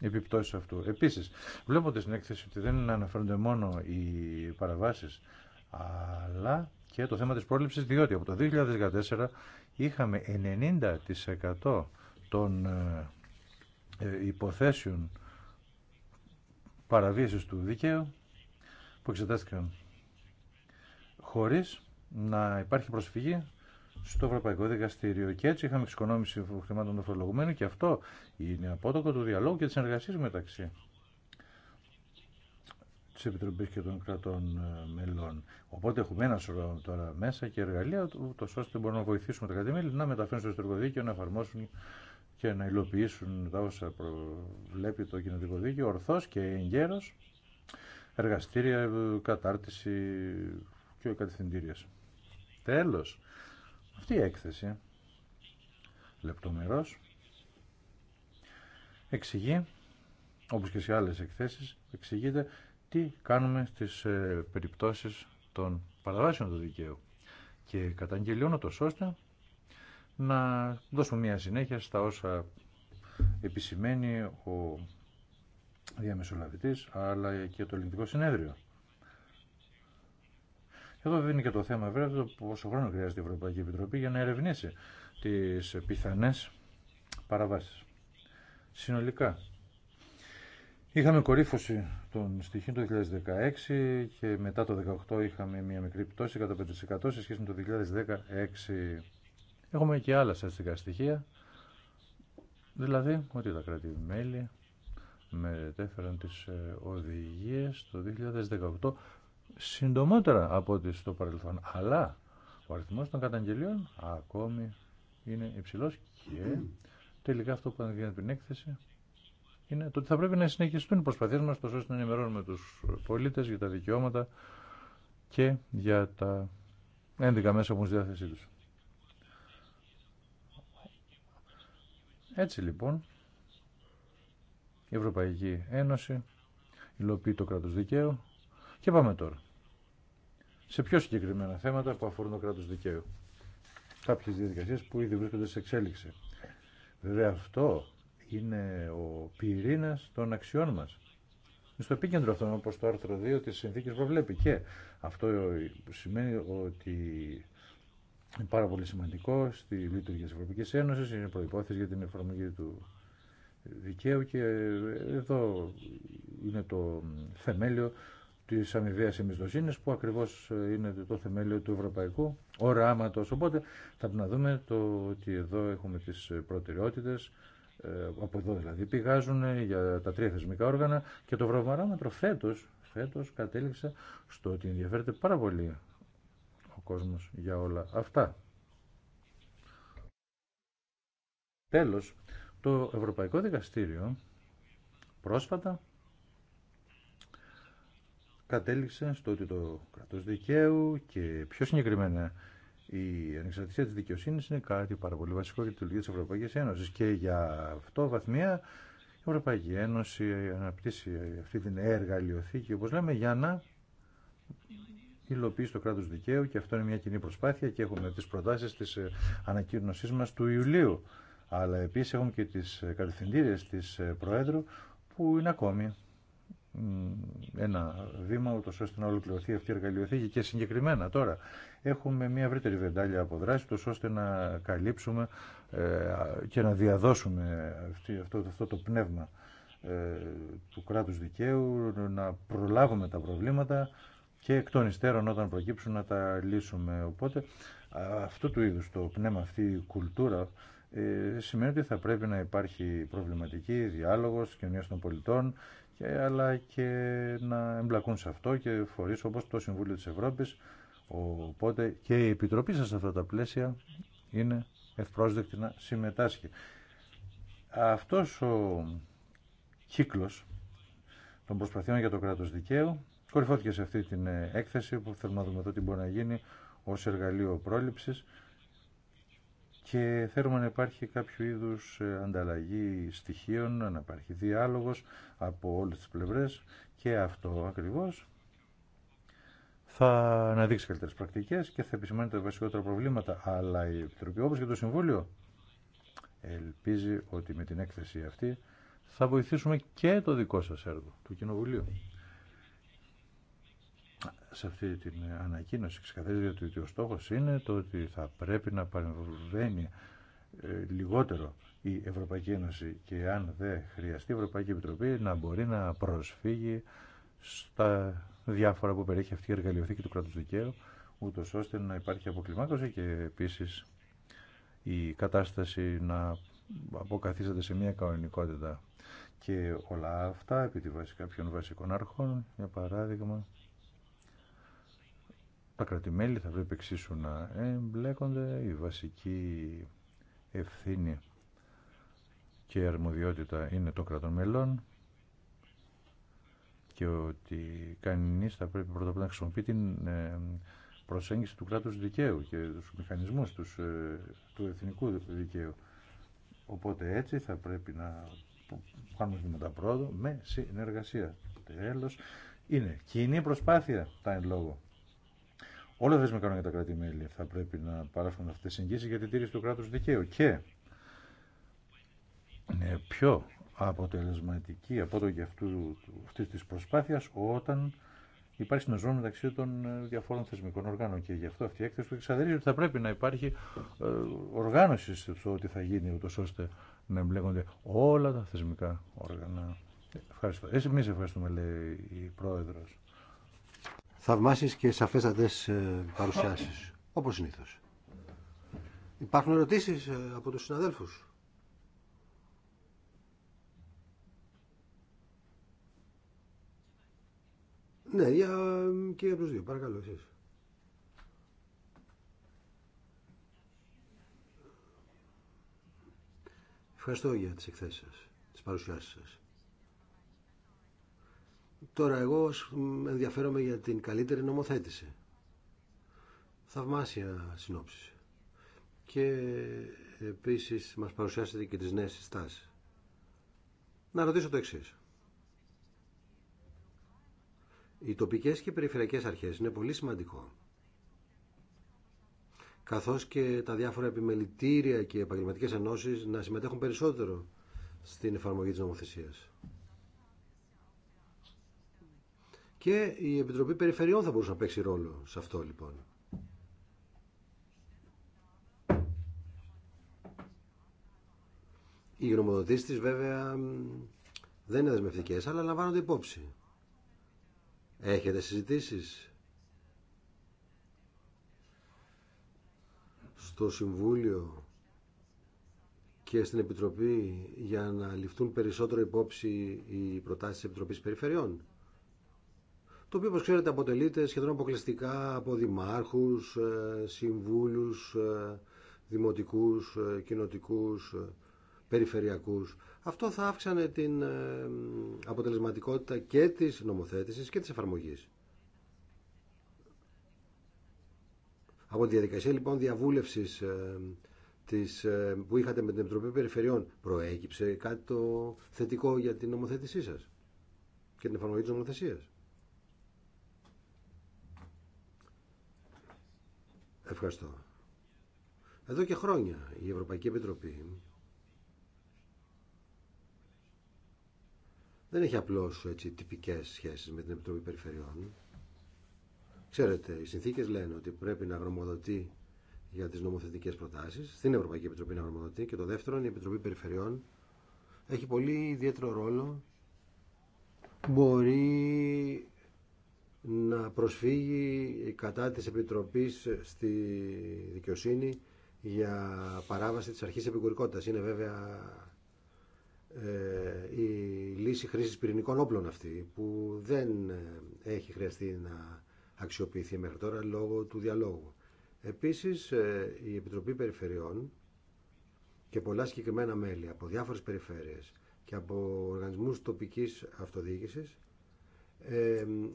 επιπτώσει αυτού. Επίση, βλέποντα στην έκθεση ότι δεν αναφέρονται μόνο οι παραβάσει, αλλά και το θέμα της πρόληψης, διότι από το 2014 είχαμε 90% των ε, ε, υποθέσεων παραβίασης του δικαίου που εξετάστηκαν χωρίς να υπάρχει προσφυγή στο Ευρωπαϊκό Δικαστήριο. Και έτσι είχαμε εξοικονόμηση χρημάτων των φορολογουμένων και αυτό είναι απότοκο του διαλόγου και της συνεργασίας μεταξύ τη Επιτροπή και των κρατών ε, μελών. Οπότε έχουμε ένα σωρό τώρα μέσα και εργαλεία, ούτω ώστε μπορούμε να βοηθήσουμε τα κρατημέλη να μεταφέρουν στο ιστορικό δίκαιο, να εφαρμόσουν και να υλοποιήσουν τα όσα προβλέπει το κοινωτικό δίκαιο ορθώς και εγκαίρως εργαστήρια, κατάρτιση και κατευθυντήριες. Τέλος, αυτή η έκθεση λεπτομερώς εξηγεί, όπως και σε άλλες εκθέσεις, εξηγείται τι κάνουμε στις ε, περιπτώσεις των παραβάσεων του δικαίου και καταγγελιώνω το ώστε να δώσουμε μια συνέχεια στα όσα επισημαίνει ο διαμεσολαβητής αλλά και το ελληνικό συνέδριο. Εδώ δίνει και το θέμα βέβαια το πόσο χρόνο χρειάζεται η Ευρωπαϊκή Επιτροπή για να ερευνήσει τις πιθανές παραβάσεις. Συνολικά, είχαμε κορύφωση των στοιχείων το 2016 και μετά το 2018 είχαμε μια μικρή πτώση κατά 5% σε σχέση με το 2016. Έχουμε και άλλα στατιστικά στοιχεία, δηλαδή ότι τα κράτη-μέλη μετέφεραν τις ε, οδηγίες το 2018 συντομότερα από ό,τι στο παρελθόν. Αλλά ο αριθμός των καταγγελιών ακόμη είναι υψηλός και τελικά αυτό που έγινε την έκθεση είναι το ότι θα πρέπει να συνεχιστούν οι προσπαθίες μας τόσο ώστε να ενημερώνουμε τους πολίτες για τα δικαιώματα και για τα ένδικα μέσα που έχουν στη διάθεσή τους. Έτσι λοιπόν, η Ευρωπαϊκή Ένωση υλοποιεί το κράτος δικαίου και πάμε τώρα. Σε πιο συγκεκριμένα θέματα που αφορούν το κράτος δικαίου. Κάποιες διαδικασίες που ήδη βρίσκονται σε εξέλιξη. Βέβαια αυτό είναι ο πυρήνας των αξιών μας. Είναι στο επίκεντρο αυτό, όπως το άρθρο 2 της συνθήκης προβλέπει. Και αυτό σημαίνει ότι είναι πάρα πολύ σημαντικό στη λειτουργία της Ευρωπαϊκής Ένωσης, είναι προϋπόθεση για την εφαρμογή του δικαίου και ε, εδώ είναι το θεμέλιο της αμοιβαία εμπιστοσύνη που ακριβώς ε, είναι το θεμέλιο του ευρωπαϊκού οραματο, Οπότε θα να δούμε το ότι εδώ έχουμε τις προτεραιότητες, ε, από εδώ δηλαδή πηγάζουν για τα τρία θεσμικά όργανα και το ευρωβαράμετρο φέτο φέτος κατέληξε στο ότι ενδιαφέρεται πάρα πολύ κόσμος για όλα αυτά. Τέλος, το Ευρωπαϊκό Δικαστήριο πρόσφατα κατέληξε στο ότι το κρατός δικαίου και πιο συγκεκριμένα η ανεξαρτησία της δικαιοσύνης είναι κάτι πάρα πολύ βασικό για τη λειτουργία της Ευρωπαϊκής Ένωσης και για αυτό βαθμία η Ευρωπαϊκή Ένωση αναπτύσσει αυτή την εργαλειοθήκη όπως λέμε για να υλοποιήσει το κράτος δικαίου και αυτό είναι μια κοινή προσπάθεια και έχουμε τι προτάσει τη ε, ανακοίνωσή μα του Ιουλίου. Αλλά επίση έχουμε και τι ε, κατευθυντήριες τη ε, Προέδρου που είναι ακόμη ένα βήμα ούτω ώστε να ολοκληρωθεί αυτή η εργαλειοθήκη και συγκεκριμένα τώρα έχουμε μια ευρύτερη βεντάλια από δράση ώστε να καλύψουμε και να διαδώσουμε αυτό, αυτό το πνεύμα του κράτους δικαίου, να προλάβουμε τα προβλήματα και εκ των υστέρων όταν προκύψουν να τα λύσουμε. Οπότε αυτού του είδους το πνεύμα, αυτή η κουλτούρα ε, σημαίνει ότι θα πρέπει να υπάρχει προβληματική, διάλογος, κοινωνία των πολιτών, και, αλλά και να εμπλακούν σε αυτό και φορείς όπως το Συμβούλιο της Ευρώπης. Οπότε και η Επιτροπή σας σε αυτά τα πλαίσια είναι ευπρόσδεκτη να συμμετάσχει. Αυτός ο κύκλος των προσπαθειών για το κράτος δικαίου κορυφώθηκε σε αυτή την ε, έκθεση που θέλουμε να δούμε εδώ τι μπορεί να γίνει ως εργαλείο πρόληψης και θέλουμε να υπάρχει κάποιο είδους ε, ανταλλαγή στοιχείων, να υπάρχει διάλογος από όλες τις πλευρές και αυτό ακριβώς θα αναδείξει καλύτερε πρακτικέ και θα επισημάνει τα βασικότερα προβλήματα. Αλλά η Επιτροπή, όπω και το Συμβούλιο, ελπίζει ότι με την έκθεση αυτή θα βοηθήσουμε και το δικό σα έργο του Κοινοβουλίου σε αυτή την ανακοίνωση ξεκαθαρίζει ότι ο στόχος είναι το ότι θα πρέπει να παρεμβαίνει ε, λιγότερο η Ευρωπαϊκή Ένωση και αν δεν χρειαστεί η Ευρωπαϊκή Επιτροπή να μπορεί να προσφύγει στα διάφορα που περιέχει αυτή η εργαλειοθήκη του κράτου δικαίου ούτω ώστε να υπάρχει αποκλιμάκωση και επίσης η κατάσταση να αποκαθίσταται σε μια κανονικότητα. Και όλα αυτά επί τη βάση κάποιων βασικών αρχών, για παράδειγμα, τα κρατημέλη θα πρέπει εξίσου να εμπλέκονται η βασική ευθύνη και αρμοδιότητα είναι το κρατών μελών και ότι κανείς θα πρέπει πρώτα απ' να χρησιμοποιεί την ε, προσέγγιση του κράτους δικαίου και τους μηχανισμούς ε, του εθνικού δικαίου. Οπότε έτσι θα πρέπει να κάνουμε βήματα πρόοδο με συνεργασία. Τέλος, είναι κοινή προσπάθεια τα εν λόγω όλα τα θεσμικά για τα κράτη-μέλη θα πρέπει να παράσχουν αυτέ τι εγγύσει για την τήρηση του κράτου δικαίου. Και είναι πιο αποτελεσματική από το για αυτή τη προσπάθεια όταν υπάρχει συνοσμό μεταξύ των ε, διαφόρων θεσμικών οργάνων. Και γι' αυτό αυτή η έκθεση του εξαδρίζει ότι θα πρέπει να υπάρχει ε, οργάνωση στο ότι θα γίνει, ούτω ώστε να εμπλέκονται όλα τα θεσμικά όργανα. Ευχαριστώ. Εμεί ευχαριστούμε, λέει η Πρόεδρος θαυμάσεις και σαφέστατε ε, παρουσιάσεις, όπως συνήθω. Υπάρχουν ερωτήσεις ε, από τους συναδέλφους. Ναι, για κύριε τους δύο, παρακαλώ εσείς. Ευχαριστώ για τις εκθέσεις σας, τις παρουσιάσεις σας. Τώρα εγώ ενδιαφέρομαι για την καλύτερη νομοθέτηση. Θαυμάσια συνόψη. Και επίσης μας παρουσιάσετε και τις νέες συστάσεις. Να ρωτήσω το εξής. Οι τοπικές και περιφερειακές αρχές είναι πολύ σημαντικό. Καθώς και τα διάφορα επιμελητήρια και επαγγελματικές ενώσεις να συμμετέχουν περισσότερο στην εφαρμογή της νομοθεσίας. Και η Επιτροπή Περιφερειών θα μπορούσε να παίξει ρόλο σε αυτό λοιπόν. Οι γνωμοδοτήσεις τη βέβαια δεν είναι δεσμευτικέ αλλά λαμβάνονται υπόψη. Έχετε συζητήσεις στο Συμβούλιο και στην Επιτροπή για να ληφθούν περισσότερο υπόψη οι προτάσεις της Επιτροπής Περιφερειών το οποίο όπως ξέρετε αποτελείται σχεδόν αποκλειστικά από δημάρχους, ε, συμβούλους, ε, δημοτικούς, ε, κοινοτικούς, περιφερειακούς. Αυτό θα αύξανε την αποτελεσματικότητα και της νομοθέτησης και της εφαρμογής. Από τη διαδικασία λοιπόν διαβούλευσης της, που είχατε με την Επιτροπή Περιφερειών προέκυψε κάτι το θετικό για την νομοθέτησή σας και την εφαρμογή της νομοθεσίας. Ευχαριστώ. Εδώ και χρόνια η Ευρωπαϊκή Επιτροπή δεν έχει απλώς έτσι, τυπικές σχέσεις με την Επιτροπή Περιφερειών. Ξέρετε, οι συνθήκες λένε ότι πρέπει να γνωμοδοτεί για τις νομοθετικές προτάσεις, στην Ευρωπαϊκή Επιτροπή να γνωμοδοτεί και το δεύτερο η Επιτροπή Περιφερειών έχει πολύ ιδιαίτερο ρόλο μπορεί να προσφύγει κατά της Επιτροπής στη δικαιοσύνη για παράβαση της αρχής επικουρικότητας. Είναι βέβαια ε, η λύση χρήσης πυρηνικών όπλων αυτή που δεν έχει χρειαστεί να αξιοποιηθεί μέχρι τώρα λόγω του διαλόγου. Επίσης ε, η Επιτροπή Περιφερειών και πολλά συγκεκριμένα μέλη από διάφορες περιφέρειες και από οργανισμούς τοπικής αυτοδιοίκησης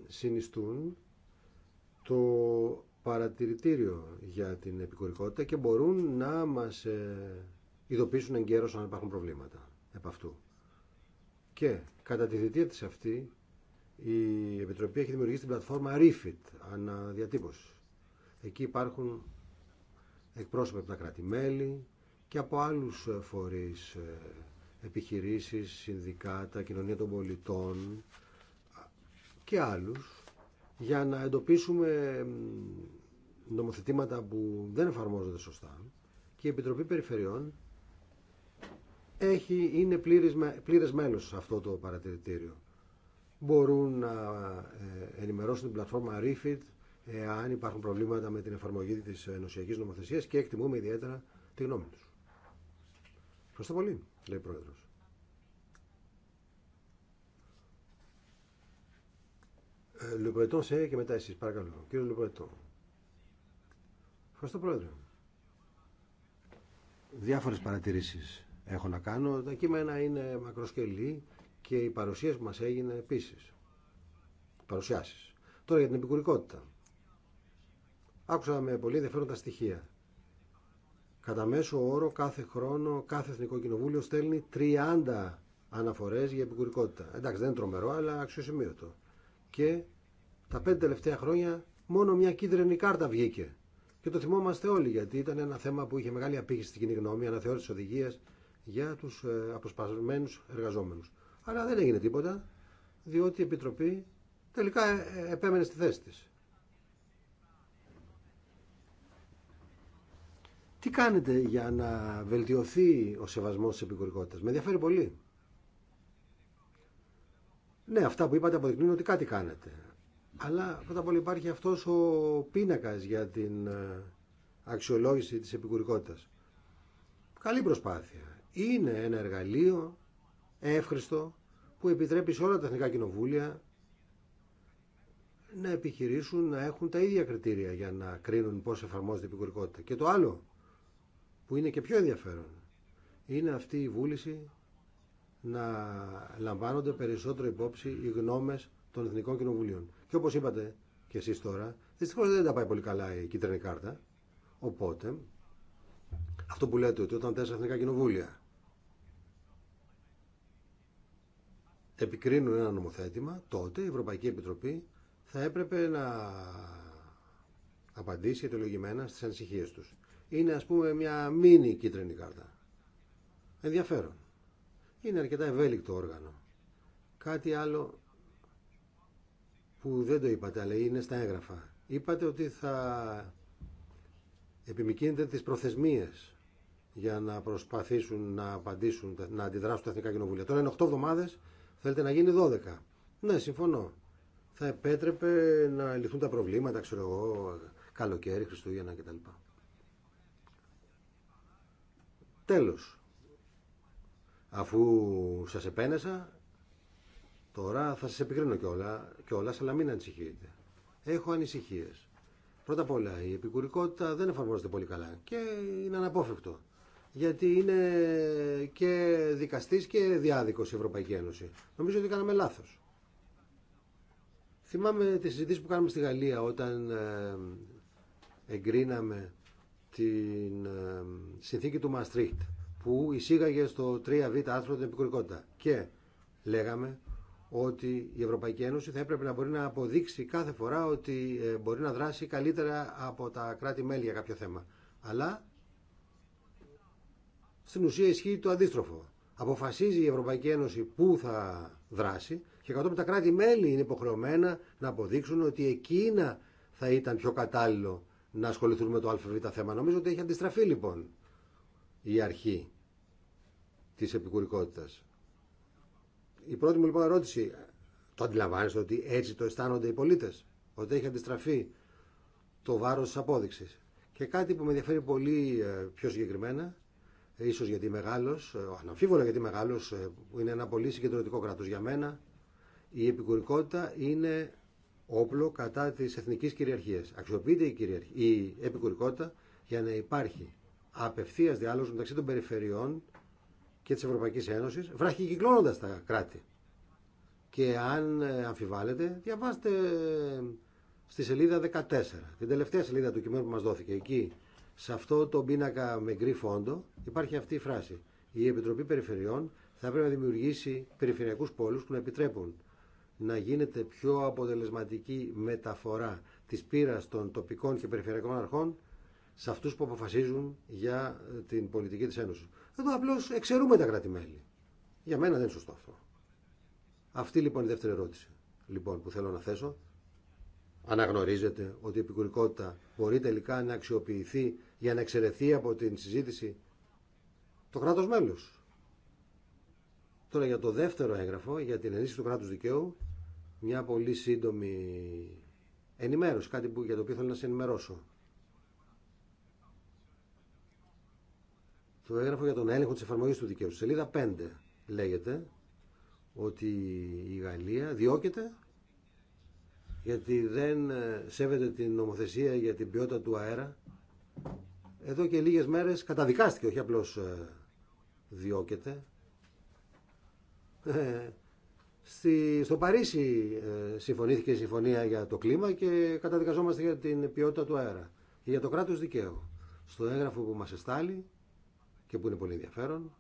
συνιστούν το παρατηρητήριο για την επικουρικότητα και μπορούν να μας ε, ειδοποιήσουν εγκαίρως αν υπάρχουν προβλήματα επ' αυτού. Και κατά τη διετία της αυτή η Επιτροπή έχει δημιουργήσει την πλατφόρμα REFIT, αναδιατύπωση. Εκεί υπάρχουν εκπρόσωποι από τα κράτη-μέλη και από άλλους ε, φορείς, ε, επιχειρήσεις, συνδικάτα, κοινωνία των πολιτών, και άλλους για να εντοπίσουμε νομοθετήματα που δεν εφαρμόζονται σωστά και η Επιτροπή Περιφερειών έχει, είναι πλήρες, πλήρες μέλος σε αυτό το παρατηρητήριο. Μπορούν να ε, ενημερώσουν την πλατφόρμα Refit αν υπάρχουν προβλήματα με την εφαρμογή της ενωσιακής νομοθεσίας και εκτιμούμε ιδιαίτερα τη γνώμη τους. Ευχαριστώ πολύ, λέει ο Πρόεδρος. Ε, Λεπρετών σε και μετά εσείς, παρακαλώ. Κύριε Λεπρετών. Ευχαριστώ, Πρόεδρε. Διάφορες παρατηρήσεις έχω να κάνω. Τα κείμενα είναι μακροσκελή και οι παρουσίες που μας έγινε επίσης. Παρουσιάσεις. Τώρα για την επικουρικότητα. Άκουσα με πολύ ενδιαφέροντα στοιχεία. Κατά μέσο όρο κάθε χρόνο κάθε Εθνικό Κοινοβούλιο στέλνει 30 αναφορές για επικουρικότητα. Εντάξει δεν είναι τρομερό αλλά αξιοσημείωτο και τα πέντε τελευταία χρόνια μόνο μια κίτρινη κάρτα βγήκε. Και το θυμόμαστε όλοι γιατί ήταν ένα θέμα που είχε μεγάλη απήχηση στην κοινή γνώμη, αναθεώρηση οδηγία για του ε, αποσπασμένου εργαζόμενου. Αλλά δεν έγινε τίποτα διότι η Επιτροπή τελικά ε, ε, επέμενε στη θέση τη. Τι κάνετε για να βελτιωθεί ο σεβασμός της επικουρικότητας. Με ενδιαφέρει πολύ. Ναι, αυτά που είπατε αποδεικνύουν ότι κάτι κάνετε. Αλλά πρώτα απ' όλα υπάρχει αυτός ο πίνακας για την ε, αξιολόγηση της επικουρικότητας. Καλή προσπάθεια. Είναι ένα εργαλείο εύχριστο που επιτρέπει σε όλα τα εθνικά κοινοβούλια να επιχειρήσουν να έχουν τα ίδια κριτήρια για να κρίνουν πώ εφαρμόζεται η επικουρικότητα. Και το άλλο που είναι και πιο ενδιαφέρον είναι αυτή η βούληση να λαμβάνονται περισσότερο υπόψη οι γνώμες των Εθνικών Κοινοβουλίων. Και όπως είπατε και εσείς τώρα, δυστυχώ δεν τα πάει πολύ καλά η κίτρινη κάρτα. Οπότε, αυτό που λέτε ότι όταν τέσσερα Εθνικά Κοινοβούλια επικρίνουν ένα νομοθέτημα, τότε η Ευρωπαϊκή Επιτροπή θα έπρεπε να απαντήσει αιτιολογημένα στις ανησυχίες τους. Είναι ας πούμε μια μίνι κίτρινη κάρτα. Ενδιαφέρον είναι αρκετά ευέλικτο όργανο. Κάτι άλλο που δεν το είπατε, αλλά είναι στα έγγραφα. Είπατε ότι θα επιμηκύνετε τις προθεσμίες για να προσπαθήσουν να απαντήσουν, να αντιδράσουν τα Εθνικά Κοινοβούλια. Τώρα είναι 8 εβδομάδες, θέλετε να γίνει 12. Ναι, συμφωνώ. Θα επέτρεπε να λυθούν τα προβλήματα, ξέρω εγώ, καλοκαίρι, Χριστούγεννα κτλ. Τέλος αφού σας επένεσα, τώρα θα σας επικρίνω κιόλα, κιόλας, αλλά μην ανησυχείτε. Έχω ανησυχίες. Πρώτα απ' όλα, η επικουρικότητα δεν εφαρμόζεται πολύ καλά και είναι αναπόφευκτο. Γιατί είναι και δικαστής και διάδικος η Ευρωπαϊκή Ένωση. Νομίζω ότι κάναμε λάθος. Θυμάμαι τις συζητήσεις που κάναμε στη Γαλλία όταν εγκρίναμε την συνθήκη του Μαστρίχτ που εισήγαγε στο 3β άρθρο την επικουρικότητα. Και λέγαμε ότι η Ευρωπαϊκή Ένωση θα έπρεπε να μπορεί να αποδείξει κάθε φορά ότι ε, μπορεί να δράσει καλύτερα από τα κράτη-μέλη για κάποιο θέμα. Αλλά στην ουσία ισχύει το αντίστροφο. Αποφασίζει η Ευρωπαϊκή Ένωση πού θα δράσει και κατόπιν τα κράτη-μέλη είναι υποχρεωμένα να αποδείξουν ότι εκείνα θα ήταν πιο κατάλληλο να ασχοληθούν με το ΑΒ θέμα. Νομίζω ότι έχει αντιστραφεί λοιπόν η αρχή της επικουρικότητας. Η πρώτη μου λοιπόν ερώτηση, το αντιλαμβάνεστε ότι έτσι το αισθάνονται οι πολίτες, ότι έχει αντιστραφεί το βάρος της απόδειξης. Και κάτι που με ενδιαφέρει πολύ ε, πιο συγκεκριμένα, ίσως γιατί μεγάλος, ε, αναμφίβολα γιατί μεγάλος, ε, είναι ένα πολύ συγκεντρωτικό κράτος για μένα, η επικουρικότητα είναι όπλο κατά της εθνικής κυριαρχίας. Αξιοποιείται η, κυριαρχία, η επικουρικότητα για να υπάρχει απευθείας διάλογος μεταξύ των περιφερειών και της Ευρωπαϊκής Ένωσης, βραχικυκλώνοντας τα κράτη. Και αν ε, αμφιβάλλετε, διαβάστε ε, στη σελίδα 14, την τελευταία σελίδα του κειμένου που μας δόθηκε. Εκεί, σε αυτό το πίνακα με γκρι φόντο, υπάρχει αυτή η φράση. Η Επιτροπή Περιφερειών θα πρέπει να δημιουργήσει περιφερειακού πόλου που να επιτρέπουν να γίνεται πιο αποτελεσματική μεταφορά της πείρας των τοπικών και περιφερειακών αρχών σε αυτού που αποφασίζουν για ε, την πολιτική τη Ένωση. Εδώ απλώ εξαιρούμε τα κράτη-μέλη. Για μένα δεν είναι σωστό αυτό. Αυτή λοιπόν η δεύτερη ερώτηση λοιπόν, που θέλω να θέσω. Αναγνωρίζετε ότι η επικουρικότητα μπορεί τελικά να αξιοποιηθεί για να εξαιρεθεί από την συζήτηση το κράτο μέλο. Τώρα για το δεύτερο έγγραφο, για την ενίσχυση του κράτου δικαίου, μια πολύ σύντομη ενημέρωση, κάτι που, για το οποίο θέλω να σε ενημερώσω. Το έγγραφο για τον έλεγχο τη εφαρμογή του δικαίου. Στη σελίδα 5 λέγεται ότι η Γαλλία διώκεται γιατί δεν ε, σέβεται την νομοθεσία για την ποιότητα του αέρα. Εδώ και λίγες μέρες καταδικάστηκε, όχι απλώς ε, διώκεται. Ε, στο Παρίσι συμφωνήθηκε η συμφωνία για το κλίμα και καταδικαζόμαστε για την ποιότητα του αέρα και για το κράτος δικαίου. Στο έγγραφο που μας εστάλει και που είναι πολύ ενδιαφέρον.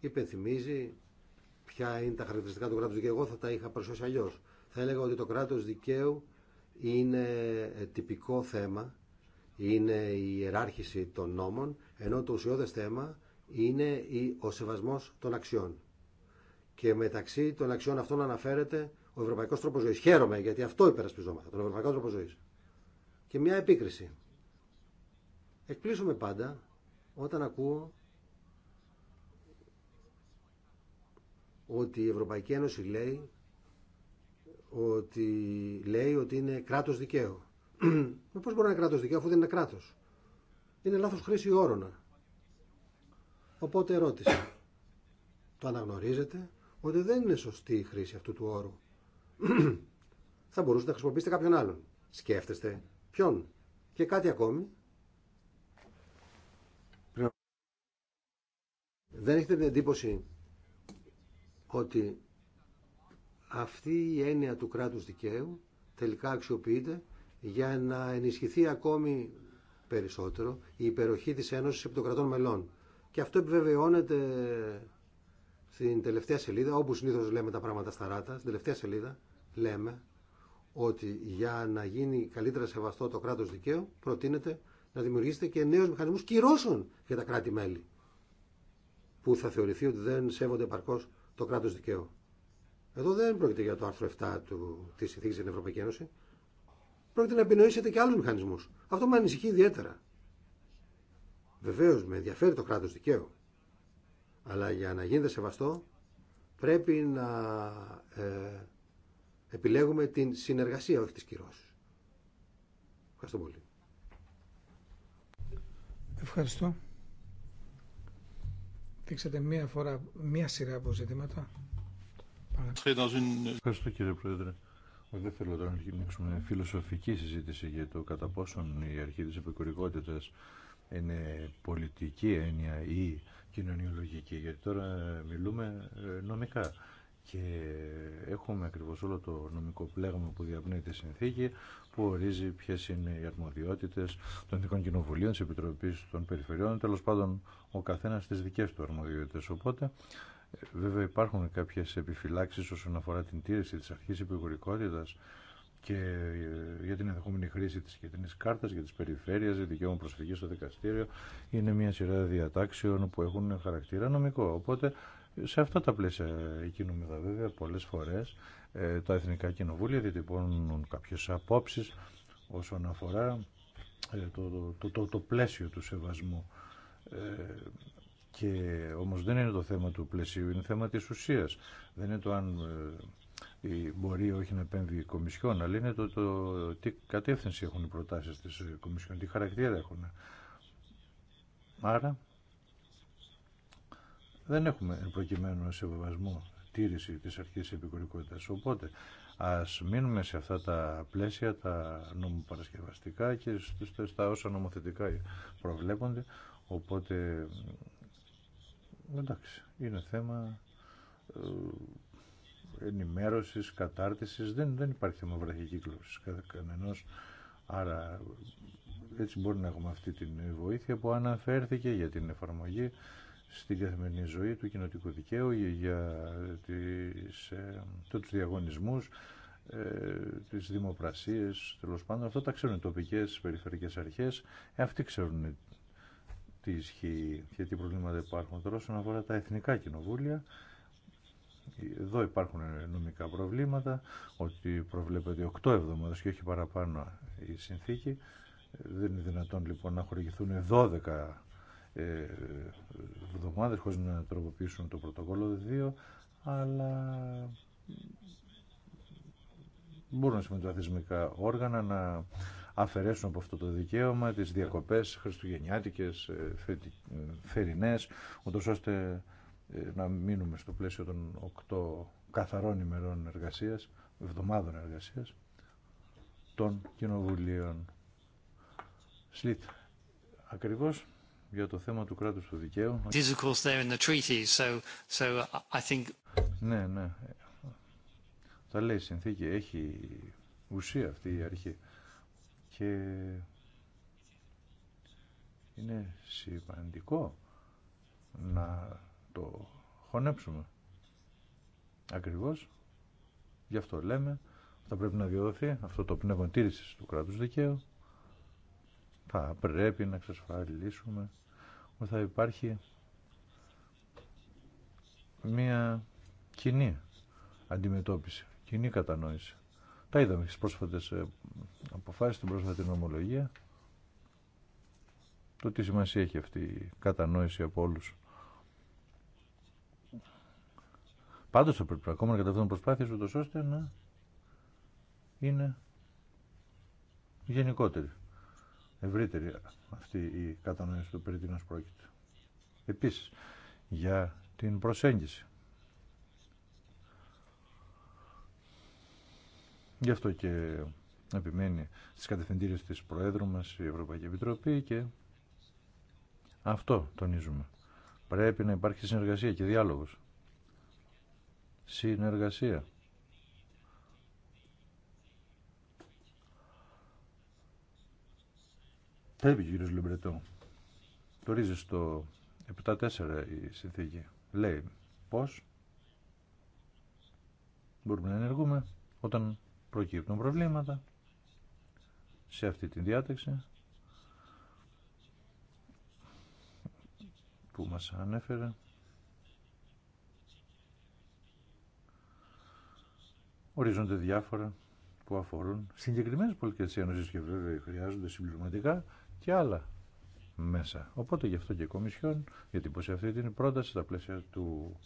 Υπενθυμίζει ποια είναι τα χαρακτηριστικά του κράτου δικαίου. Εγώ θα τα είχα παρουσιάσει αλλιώ. Θα έλεγα ότι το κράτο δικαίου είναι ε, τυπικό θέμα, είναι η ιεράρχηση των νόμων, ενώ το ουσιώδε θέμα είναι ο σεβασμό των αξιών. Και μεταξύ των αξιών αυτών αναφέρεται ο ευρωπαϊκό τρόπο ζωή. Χαίρομαι γιατί αυτό υπερασπιζόμαστε, τον ευρωπαϊκό τρόπο ζωή. Και μια επίκριση. Εκπλήσουμε πάντα όταν ακούω ότι η Ευρωπαϊκή Ένωση λέει ότι, λέει ότι είναι κράτος δικαίου. Μα πώς μπορεί να είναι κράτος δικαίου αφού δεν είναι κράτος. Είναι λάθος χρήση όρονα. Οπότε ερώτηση. Το αναγνωρίζετε ότι δεν είναι σωστή η χρήση αυτού του όρου. Θα μπορούσατε να χρησιμοποιήσετε κάποιον άλλον. Σκέφτεστε ποιον. Και κάτι ακόμη. Δεν έχετε την εντύπωση ότι αυτή η έννοια του κράτους δικαίου τελικά αξιοποιείται για να ενισχυθεί ακόμη περισσότερο η υπεροχή της Ένωσης επί των κρατών μελών. Και αυτό επιβεβαιώνεται στην τελευταία σελίδα, όπου συνήθως λέμε τα πράγματα στα ράτα, στην τελευταία σελίδα λέμε ότι για να γίνει καλύτερα σεβαστό το κράτος δικαίου προτείνεται να δημιουργήσετε και νέους μηχανισμούς κυρώσεων για τα κράτη-μέλη που θα θεωρηθεί ότι δεν σέβονται επαρκώς το κράτος δικαίου. Εδώ δεν πρόκειται για το άρθρο 7 του, της συνθήκης στην Ευρωπαϊκή Ένωση. Πρόκειται να επινοήσετε και άλλους μηχανισμούς. Αυτό με ανησυχεί ιδιαίτερα. Βεβαίως με ενδιαφέρει το κράτος δικαίου. Αλλά για να γίνεται σεβαστό πρέπει να ε, επιλέγουμε την συνεργασία, όχι τις κυρώσεις. Ευχαριστώ πολύ. Ευχαριστώ δείξατε μία φορά μία σειρά από ζητήματα. Ευχαριστώ κύριε Πρόεδρε. Δεν θέλω τώρα να αρχίσουμε φιλοσοφική συζήτηση για το κατά πόσον η αρχή της επικουρικότητας είναι πολιτική έννοια ή κοινωνιολογική, γιατί τώρα μιλούμε ε, νομικά και έχουμε ακριβώς όλο το νομικό πλέγμα που διαπνέει τη συνθήκη που ορίζει ποιες είναι οι αρμοδιότητες των Εθνικών Κοινοβουλίων, της Επιτροπής των Περιφερειών, τέλος πάντων ο καθένας τις δικές του αρμοδιότητες. Οπότε βέβαια υπάρχουν κάποιες επιφυλάξεις όσον αφορά την τήρηση της αρχής υπηγουρικότητας και ε, για την ενδεχόμενη χρήση της κεντρικής κάρτας, για τις περιφέρειες, για δικαίωμα προσφυγής στο δικαστήριο. Είναι μια σειρά διατάξεων που έχουν χαρακτήρα νομικό. Οπότε σε αυτά τα πλαίσια εκείνο βέβαια πολλές φορές ε, τα Εθνικά Κοινοβούλια διατυπώνουν κάποιες απόψεις όσον αφορά ε, το, το, το, πλαίσιο του σεβασμού. Ε, και όμως δεν είναι το θέμα του πλαισίου, είναι θέμα της ουσίας. Δεν είναι το αν ε, μπορεί όχι να επέμβει η Κομισιόν, αλλά είναι το, το τι κατεύθυνση έχουν οι προτάσεις της Κομισιόν, τι χαρακτήρα έχουν. Άρα δεν έχουμε προκειμένου σεβασμό τήρηση της αρχής επικουρικότητας. Οπότε ας μείνουμε σε αυτά τα πλαίσια, τα νομοπαρασκευαστικά και στα όσα νομοθετικά προβλέπονται. Οπότε, εντάξει, είναι θέμα ε, ενημέρωσης, κατάρτισης. Δεν, δεν υπάρχει θέμα κατά κανενός. Άρα έτσι μπορεί να έχουμε αυτή την βοήθεια που αναφέρθηκε για την εφαρμογή στην καθημερινή ζωή του κοινοτικού δικαίου για τις, ε, το, τους διαγωνισμούς, ε, τις δημοπρασίες, τέλο πάντων. Αυτό τα ξέρουν οι τοπικές περιφερειακές αρχές. Ε, αυτοί ξέρουν τι ισχύει και τι προβλήματα υπάρχουν. Τώρα όσον αφορά τα εθνικά κοινοβούλια, εδώ υπάρχουν νομικά προβλήματα, ότι προβλέπεται 8 εβδομάδες και όχι παραπάνω η συνθήκη. Ε, δεν είναι δυνατόν λοιπόν να χορηγηθούν 12 ε, εβδομάδες χωρίς να τροποποιήσουν το πρωτοκόλλο 2 αλλά μπορούν να όργανα να αφαιρέσουν από αυτό το δικαίωμα τις διακοπές χριστουγεννιάτικες, ε, ε, φερινές, ούτως ώστε να μείνουμε στο πλαίσιο των 8 καθαρών ημερών εργασίας, εβδομάδων εργασίας, των κοινοβουλίων. Σλίτ. Ακριβώς για το θέμα του κράτους του δικαίου. Ναι, ναι. Τα λέει η συνθήκη. Έχει ουσία αυτή η αρχή. Και είναι σημαντικό να το χωνέψουμε. Ακριβώς. Γι' αυτό λέμε θα πρέπει να διοδοθεί αυτό το πνεύμα τήρησης του κράτους δικαίου. Θα πρέπει να εξασφαλίσουμε ότι θα υπάρχει μία κοινή αντιμετώπιση, κοινή κατανόηση. Τα είδαμε στις πρόσφατες ε, αποφάσεις, την πρόσφατη νομολογία, το τι σημασία έχει αυτή η κατανόηση από όλους. Πάντως θα πρέπει ακόμα να καταφέρουν προσπάθειες ούτως ώστε να είναι γενικότερη ευρύτερη αυτή η κατανόηση του περί τίνος πρόκειται. Επίσης, για την προσέγγιση. Γι' αυτό και επιμένει στις κατευθυντήριες της Προέδρου μας η Ευρωπαϊκή Επιτροπή και αυτό τονίζουμε. Πρέπει να υπάρχει συνεργασία και διάλογος. Συνεργασία. Πρέπει ο κ. Λεμπρετό. Το ρίζει στο 7-4 η συνθήκη. Λέει πώ μπορούμε να ενεργούμε όταν προκύπτουν προβλήματα σε αυτή τη διάταξη που μας ανέφερε ορίζονται διάφορα που αφορούν συγκεκριμένες πολιτικές ένωσες και βέβαια χρειάζονται συμπληρωματικά και άλλα μέσα. Οπότε γι' αυτό και η Κομισιόν πως αυτή την πρόταση στα πλαίσια του,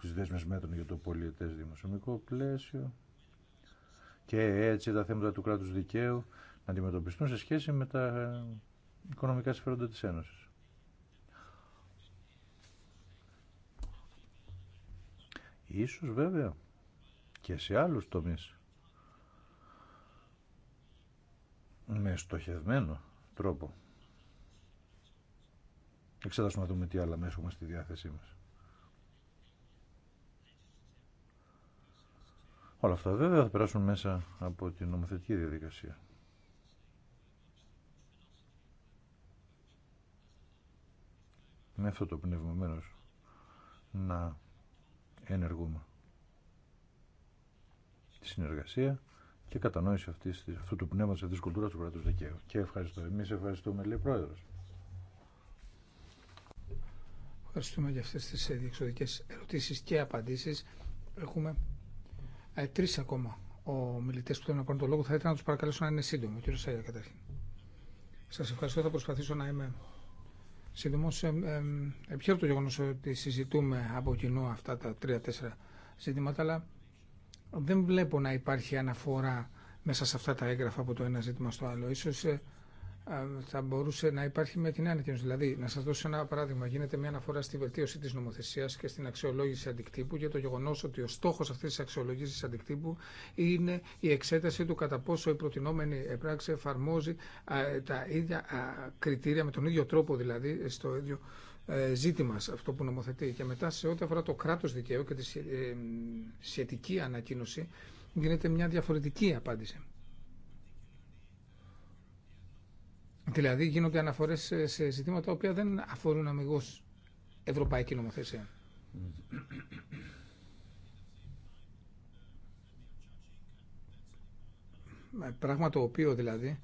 της δέσμες μέτρων για το πολιετές δημοσιομικό πλαίσιο και έτσι τα θέματα του κράτους δικαίου να αντιμετωπιστούν σε σχέση με τα οικονομικά συμφέροντα της Ένωσης. Ίσως βέβαια και σε άλλους τομείς με στοχευμένο τρόπο. Εξετάσουμε να δούμε τι άλλα μέσα έχουμε στη διάθεσή μας. Όλα αυτά βέβαια θα περάσουν μέσα από την νομοθετική διαδικασία. Με αυτό το πνεύμα μέρος να ενεργούμε. Τη συνεργασία και κατανόηση αυτού του πνεύματος, αυτής της κουλτούρας του κράτους δικαίου. Και ευχαριστώ. Εμείς ευχαριστούμε, λέει Πρόεδρος. Ευχαριστούμε για αυτές τις ε, διεξοδικές ερωτήσεις και απαντήσεις. Έχουμε ε, τρεις ακόμα ομιλητέ που θέλουν να πάρουν το λόγο. Θα ήθελα να του παρακαλέσω να είναι σύντομοι. Ο Σάγια καταρχήν. Σα ευχαριστώ. Θα προσπαθήσω να είμαι σύντομο. Ε, ε, ε το γεγονό ότι συζητούμε από κοινού αυτά τα τρία-τέσσερα ζητήματα, αλλά δεν βλέπω να υπάρχει αναφορά μέσα σε αυτά τα έγγραφα από το ένα ζήτημα στο άλλο. Ίσως ε, θα μπορούσε να υπάρχει με την ανακοίνωση. Δηλαδή, να σα δώσω ένα παράδειγμα. Γίνεται μια αναφορά στη βελτίωση τη νομοθεσία και στην αξιολόγηση αντικτύπου για το γεγονό ότι ο στόχο αυτή τη αξιολόγηση αντικτύπου είναι η εξέταση του κατά πόσο η προτινόμενη πράξη εφαρμόζει τα ίδια κριτήρια, με τον ίδιο τρόπο δηλαδή, στο ίδιο ε, ζήτημα σε αυτό που νομοθετεί. Και μετά σε ό,τι αφορά το κράτος δικαίου και τη ε, σχετική ανακοίνωση γίνεται μια διαφορετική απάντηση. Δηλαδή γίνονται αναφορές σε ζητήματα οποία δεν αφορούν αμυγός ευρωπαϊκή νομοθεσία. Πράγμα το οποίο δηλαδή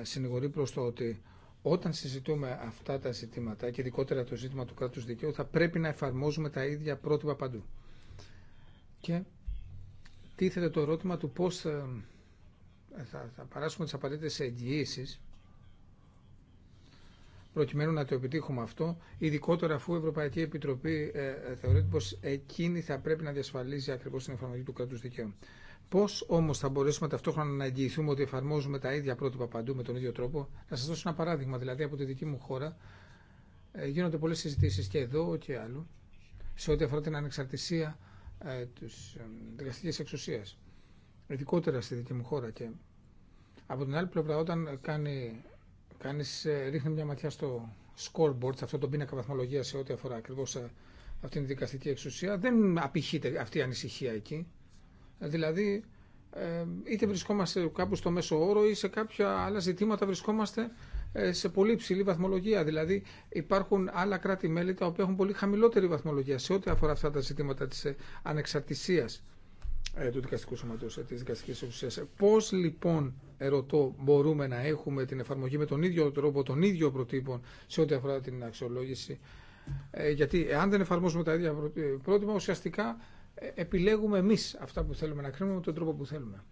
ε, συνηγορεί προς το ότι όταν συζητούμε αυτά τα ζητήματα και ειδικότερα το ζήτημα του κράτους δικαίου θα πρέπει να εφαρμόζουμε τα ίδια πρότυπα παντού. Και τίθεται το ερώτημα του πώς ε, θα, θα, θα παράσουμε τις απαραίτητες εγγυήσεις προκειμένου να το επιτύχουμε αυτό, ειδικότερα αφού η Ευρωπαϊκή Επιτροπή ε, ε, θεωρείται πως εκείνη θα πρέπει να διασφαλίζει ακριβώς την εφαρμογή του κράτους δικαίου. Πώ όμω θα μπορέσουμε ταυτόχρονα να εγγυηθούμε ότι εφαρμόζουμε τα ίδια πρότυπα παντού με τον ίδιο τρόπο. Να σα δώσω ένα παράδειγμα. Δηλαδή, από τη δική μου χώρα ε, γίνονται πολλέ συζητήσει και εδώ και αλλού σε ό,τι αφορά την ανεξαρτησία ε, τη ε, δικαστική εξουσία. Ειδικότερα στη δική μου χώρα. Και από την άλλη πλευρά, όταν κάνει, κάνεις, ε, ρίχνει μια ματιά στο scoreboard, σε αυτό το πίνακα βαθμολογία σε ό,τι αφορά ακριβώ αυτήν την δικαστική εξουσία, δεν απηχείται αυτή η ανησυχία εκεί. Δηλαδή, ε, είτε βρισκόμαστε κάπου στο μέσο όρο ή σε κάποια άλλα ζητήματα βρισκόμαστε ε, σε πολύ ψηλή βαθμολογία. Δηλαδή υπάρχουν άλλα κράτη-μέλη τα οποία έχουν πολύ χαμηλότερη βαθμολογία σε ό,τι αφορά αυτά τα ζητήματα της ε, ανεξαρτησίας του δικαστικού σωματού, τη Δικαστική εξουσία. Πώ λοιπόν, ερωτώ, μπορούμε να έχουμε την εφαρμογή με τον ίδιο τρόπο, τον ίδιο προτύπων σε ό,τι αφορά την αξιολόγηση. γιατί αν δεν εφαρμόσουμε τα ίδια πρότυπα, ουσιαστικά επιλέγουμε εμείς αυτά που θέλουμε να κρίνουμε με τον τρόπο που θέλουμε.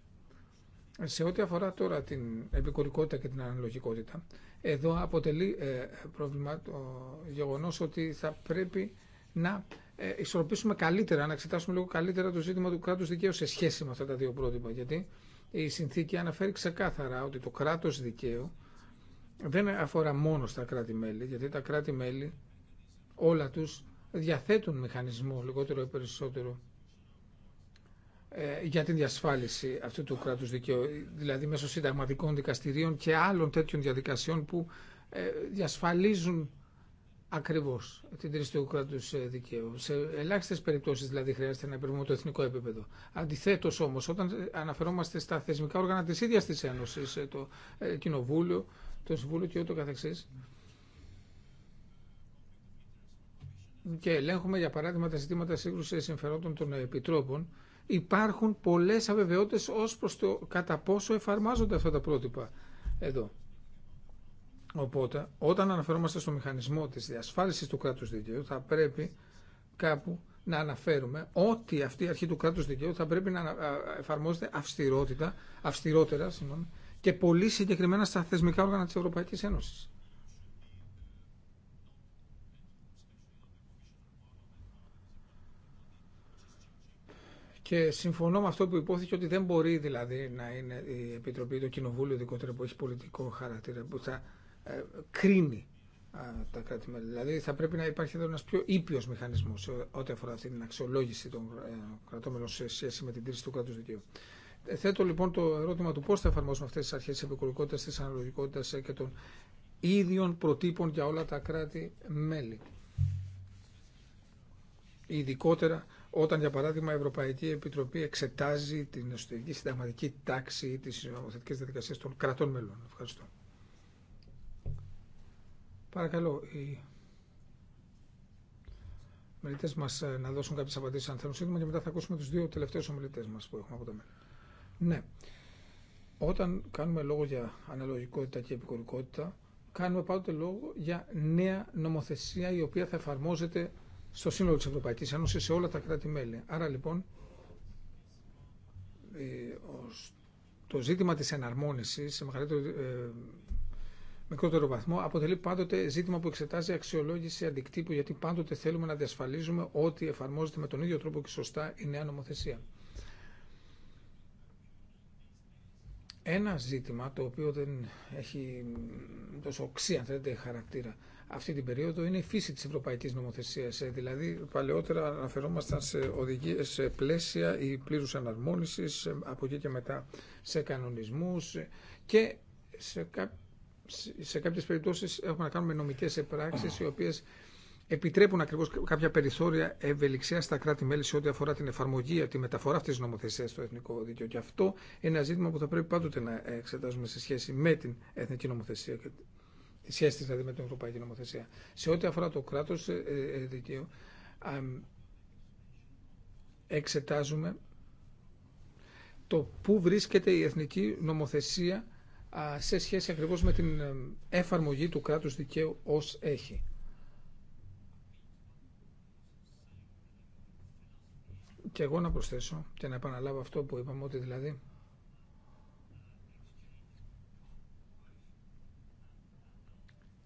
Σε ό,τι αφορά τώρα την επικορικότητα και την αναλογικότητα, εδώ αποτελεί ε, πρόβλημα το γεγονός ότι θα πρέπει να ε, ισορροπήσουμε καλύτερα, να εξετάσουμε λίγο καλύτερα το ζήτημα του κράτους δικαίου σε σχέση με αυτά τα δύο πρότυπα. Γιατί η συνθήκη αναφέρει ξεκάθαρα ότι το κράτος δικαίου δεν αφορά μόνο στα κράτη-μέλη, γιατί τα κράτη-μέλη όλα τους διαθέτουν μηχανισμό λιγότερο ή περισσότερο ε, για την διασφάλιση αυτού του κράτους δικαίου, δηλαδή μέσω συνταγματικών δικαστηρίων και άλλων τέτοιων διαδικασιών που ε, διασφαλίζουν ακριβώς την τρίση του κράτους ε, δικαίου. Σε ελάχιστες περιπτώσεις δηλαδή χρειάζεται να υπερβούμε το εθνικό επίπεδο. Αντιθέτως όμως, όταν αναφερόμαστε στα θεσμικά όργανα της ίδιας της Ένωσης, το Κοινοβούλιο, το Συμβούλιο και ούτω καθεξής, και ελέγχουμε για παράδειγμα τα ζητήματα σύγκρουση συμφερόντων των επιτρόπων, υπάρχουν πολλές αβεβαιότητες ως προς το κατά πόσο εφαρμάζονται αυτά τα πρότυπα εδώ. Οπότε, όταν αναφερόμαστε στο μηχανισμό της διασφάλισης του κράτους δικαίου, θα πρέπει κάπου να αναφέρουμε ότι αυτή η αρχή του κράτους δικαίου θα πρέπει να εφαρμόζεται αυστηρότητα, αυστηρότερα και πολύ συγκεκριμένα στα θεσμικά όργανα της Ευρωπαϊκής Ένωσης. Και συμφωνώ με αυτό που υπόθηκε ότι δεν μπορεί δηλαδή να είναι η Επιτροπή, το Κοινοβούλιο ειδικότερα που έχει πολιτικό χαρακτήρα, που θα ε, κρίνει τα κράτη-μέλη. Δηλαδή θα πρέπει να υπάρχει εδώ ένα πιο ήπιο μηχανισμό ε, ό,τι αφορά αυτή την αξιολόγηση των ε, κρατών σε σχέση με την τήρηση του κράτου δικαίου. Ε, θέτω λοιπόν το ερώτημα του πώ θα εφαρμόσουμε αυτέ τι αρχέ τη επικουρικότητα, τη αναλογικότητα και των ίδιων προτύπων για όλα τα κράτη-μέλη. Ειδικότερα όταν για παράδειγμα η Ευρωπαϊκή Επιτροπή εξετάζει την εσωτερική συνταγματική τάξη ή τις νομοθετικές διαδικασίες των κρατών μελών. Ευχαριστώ. Παρακαλώ οι μελητές μας ε, να δώσουν κάποιες απαντήσεις αν θέλουν σύντομα και μετά θα ακούσουμε τους δύο τελευταίους ομιλητές μας που έχουμε από τα μέλη. Ναι. Όταν κάνουμε λόγο για αναλογικότητα και επικορικότητα, κάνουμε πάντοτε λόγο για νέα νομοθεσία η οποία θα εφαρμόζεται στο σύνολο της Ευρωπαϊκής Ένωσης, σε όλα τα κράτη-μέλη. Άρα λοιπόν ε, το ζήτημα της εναρμόνισης σε ε, μικρότερο βαθμό αποτελεί πάντοτε ζήτημα που εξετάζει αξιολόγηση αντικτύπου γιατί πάντοτε θέλουμε να διασφαλίζουμε ότι εφαρμόζεται με τον ίδιο τρόπο και σωστά η νέα νομοθεσία. Ένα ζήτημα το οποίο δεν έχει τόσο οξύ αν θέλετε χαρακτήρα αυτή την περίοδο είναι η φύση της ευρωπαϊκής νομοθεσίας. Ε, δηλαδή παλαιότερα αναφερόμασταν σε οδηγίες, σε πλαίσια ή πλήρους αναρμόνισης, ε, από εκεί και μετά σε κανονισμούς ε, και σε, κά... σε κάποιες περιπτώσεις έχουμε να κάνουμε νομικές πράξεις οι οποίες επιτρέπουν ακριβώ κάποια περιθώρια ευελιξία στα κράτη-μέλη σε ό,τι αφορά την εφαρμογή, τη μεταφορά αυτή τη νομοθεσία στο εθνικό δίκαιο. Και αυτό είναι ένα ζήτημα που θα πρέπει πάντοτε να εξετάζουμε σε σχέση με την εθνική νομοθεσία σχέση δηλαδή με την Ευρωπαϊκή Νομοθεσία. Σε ό,τι αφορά το κράτος ε, ε, ε, δικαίου, εξετάζουμε το πού βρίσκεται η εθνική νομοθεσία σε σχέση ακριβώς με την εφαρμογή του κράτους δικαίου ως έχει. Και εγώ να προσθέσω και να επαναλάβω αυτό που είπαμε ότι δηλαδή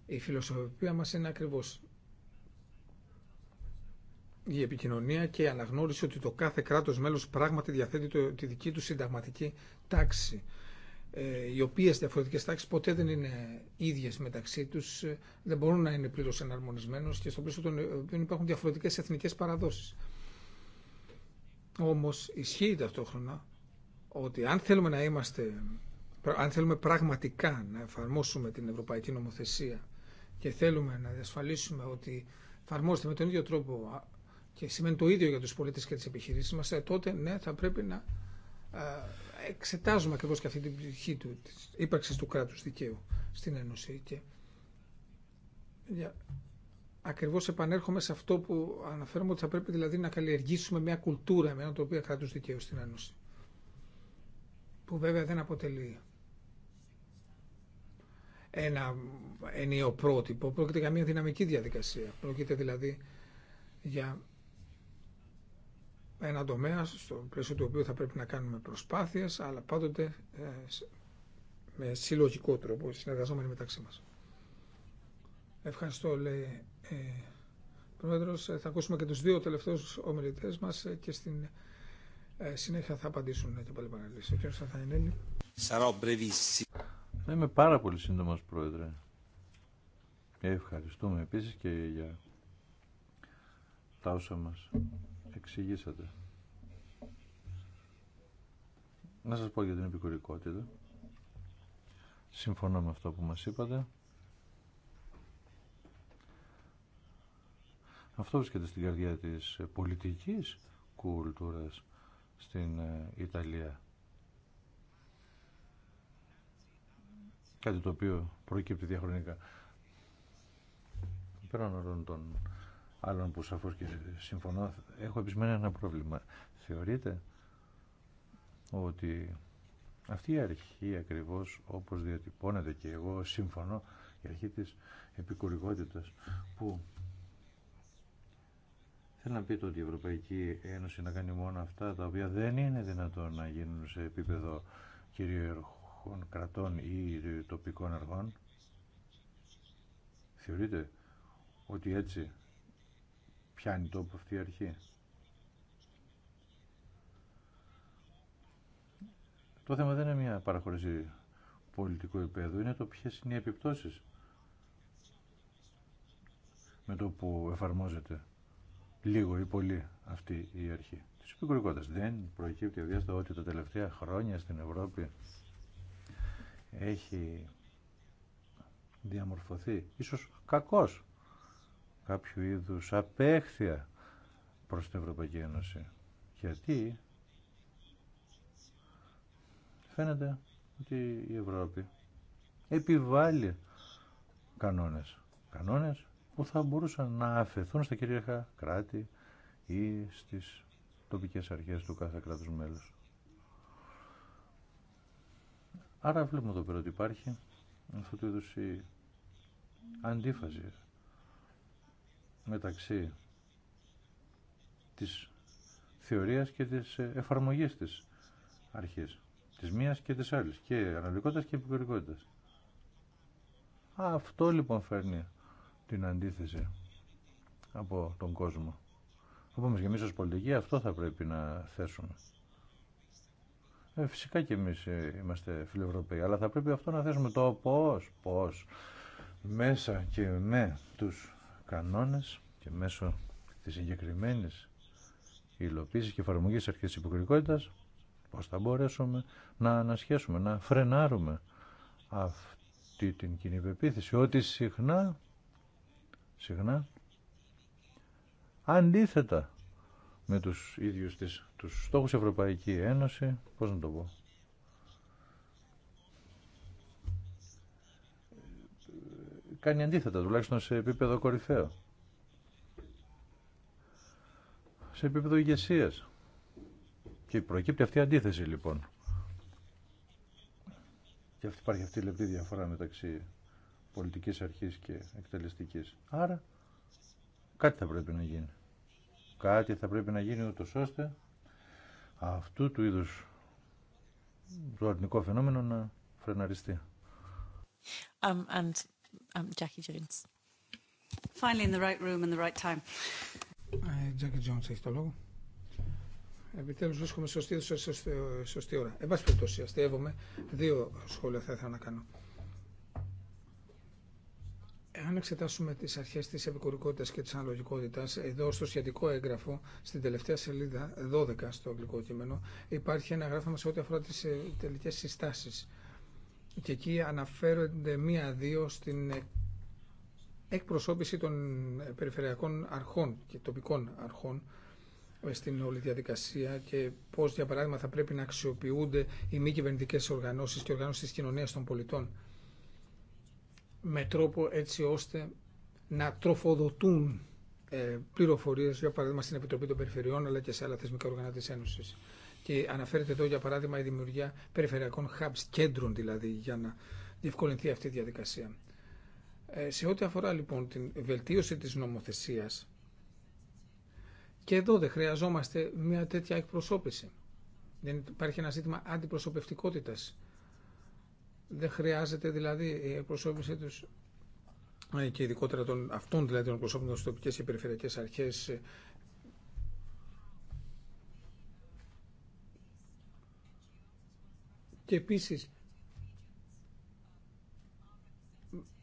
Η φιλοσοφία μας είναι ακριβώς η επικοινωνία και η αναγνώριση ότι το κάθε κράτος μέλος πράγματι διαθέτει τη δική του συνταγματική τάξη. Ε, οι οποίες διαφορετικές τάξεις ποτέ δεν είναι ίδιες μεταξύ τους, ε, δεν μπορούν να είναι πλήρως εναρμονισμένες και στο πλαίσιο των οποίων ε, υπάρχουν διαφορετικές εθνικές παραδόσεις. Όμως ισχύει ταυτόχρονα ότι αν θέλουμε να είμαστε, αν θέλουμε πραγματικά να εφαρμόσουμε την ευρωπαϊκή νομοθεσία και θέλουμε να διασφαλίσουμε ότι εφαρμόζεται με τον ίδιο τρόπο και σημαίνει το ίδιο για τους πολίτες και τις επιχειρήσεις μας, ε, τότε ναι, θα πρέπει να εξετάζουμε ακριβώς και αυτή την πτυχή του, της ύπαρξης του κράτους δικαίου στην Ένωση. Και... Για... Ακριβώς επανέρχομαι σε αυτό που αναφέρομαι ότι θα πρέπει δηλαδή να καλλιεργήσουμε μια κουλτούρα με έναν τοπία κράτους δικαίου στην Ένωση. Που βέβαια δεν αποτελεί ένα ενίο πρότυπο. Πρόκειται για μια δυναμική διαδικασία. Πρόκειται δηλαδή για ένα τομέα στο πλαίσιο του οποίου θα πρέπει να κάνουμε προσπάθειες, αλλά πάντοτε ε, με συλλογικό τρόπο, συνεργαζόμενοι μεταξύ μας. Ευχαριστώ, λέει ε, Πρόεδρος. Ε, θα ακούσουμε και τους δύο τελευταίους ομιλητές μας ε, και στην συνέχεια θα απαντήσουν και πάλι παραλύσεις. Ο κ. Ε, είμαι πάρα πολύ σύντομος, Πρόεδρε. Ε, ευχαριστούμε επίσης και για τα όσα μας εξηγήσατε. Να σας πω για την επικουρικότητα. Συμφωνώ με αυτό που μας είπατε. Αυτό βρίσκεται στην καρδιά της πολιτικής κουλτούρας στην ε, Ιταλία. Κάτι το οποίο προκύπτει διαχρονικά. Πέραν όλων των άλλων που σαφώς και συμφωνώ, έχω επισμένα ένα πρόβλημα. Θεωρείτε ότι αυτή η αρχή ακριβώς όπως διατυπώνεται και εγώ συμφωνώ, η αρχή της επικουρικότητας που Θέλω να πείτε ότι η Ευρωπαϊκή Ένωση να κάνει μόνο αυτά τα οποία δεν είναι δυνατόν να γίνουν σε επίπεδο κυριαρχού αρχών, κρατών ή τοπικών αρχών. Θεωρείτε ότι έτσι πιάνει τόπο αυτή η αρχή. Το θέμα δεν είναι μια παραχωρήση πολιτικού επιπέδου είναι το ποιες είναι οι επιπτώσεις με το που εφαρμόζεται λίγο ή πολύ αυτή η αρχή. Της επικουρικότητας δεν προκύπτει αδιαστατότητα ότι τα τελευταία χρόνια στην Ευρώπη έχει διαμορφωθεί, ίσως κακός, κάποιο είδους απέχθεια προς την Ευρωπαϊκή Ένωση. Γιατί φαίνεται ότι η Ευρώπη επιβάλλει κανόνες. Κανόνες που θα μπορούσαν να αφαιθούν στα κυρίαρχα κράτη ή στις τοπικές αρχές του κάθε κράτους μέλους. Άρα βλέπουμε εδώ πέρα ότι υπάρχει αυτό το είδους η αντίφαση μεταξύ της θεωρίας και της ε, εφαρμογής της αρχής. Της μίας και της άλλης. Και αναλογικότητας και επικορικότητας. Αυτό λοιπόν φέρνει την αντίθεση από τον κόσμο. Οπότε και εμείς ως πολιτική αυτό θα πρέπει να θέσουμε. Ε, φυσικά και εμείς ε, είμαστε φιλευρωπαίοι, αλλά θα πρέπει αυτό να θέσουμε το πώς, πώς, μέσα και με τους κανόνες και μέσω της συγκεκριμένη υλοποίηση και εφαρμογή αρχής τη υποκριτικότητα, πώς θα μπορέσουμε να ανασχέσουμε, να φρενάρουμε αυτή την κοινή πεποίθηση, ότι συχνά, συχνά, αντίθετα με τους ίδιους τις τους στόχους Ευρωπαϊκή Ένωση, πώς να το πω. Κάνει αντίθετα, τουλάχιστον σε επίπεδο κορυφαίο. Σε επίπεδο ηγεσία. Και προκύπτει αυτή η αντίθεση λοιπόν. Και αυτή υπάρχει αυτή η λεπτή διαφορά μεταξύ πολιτικής αρχής και εκτελεστικής. Άρα κάτι θα πρέπει να γίνει. Κάτι θα πρέπει να γίνει ούτως ώστε αυτού του είδους το αρνητικό φαινόμενο να φρεναριστεί. Um, and, um, Jackie Jones. Finally in the right room and the right time. Ε, Jackie Jones έχει το λόγο. Επιτέλους βρίσκομαι σωστή, σωστή, σωστή ώρα. Εν πάση περιπτώσει, αστείευομαι. Δύο σχόλια θα ήθελα να κάνω αν εξετάσουμε τις αρχές της επικουρικότητας και της αναλογικότητας, εδώ στο σχετικό έγγραφο, στην τελευταία σελίδα, 12 στο αγγλικό κείμενο, υπάρχει ένα γράφημα σε ό,τι αφορά τις ε, τελικές συστάσεις. Και εκεί αναφέρονται μία-δύο στην εκπροσώπηση των ε, περιφερειακών αρχών και τοπικών αρχών ε, στην όλη διαδικασία και πώς, για παράδειγμα, θα πρέπει να αξιοποιούνται οι μη κυβερνητικέ οργανώσεις και οργανώσεις της κοινωνίας των πολιτών με τρόπο έτσι ώστε να τροφοδοτούν ε, πληροφορίες, για παράδειγμα στην Επιτροπή των Περιφερειών αλλά και σε άλλα θεσμικά οργανά της Ένωσης. Και αναφέρεται εδώ για παράδειγμα η δημιουργία περιφερειακών hubs, κέντρων δηλαδή, για να διευκολυνθεί αυτή η διαδικασία. Ε, σε ό,τι αφορά λοιπόν την βελτίωση της νομοθεσίας, και εδώ δεν χρειαζόμαστε μια τέτοια εκπροσώπηση. Δεν υπάρχει ένα ζήτημα αντιπροσωπευτικότητας δεν χρειάζεται δηλαδή η εκπροσώπησή τους ε, και ειδικότερα των, αυτών δηλαδή των εκπροσώπων των τοπικές και περιφερειακές αρχές ε, και επίσης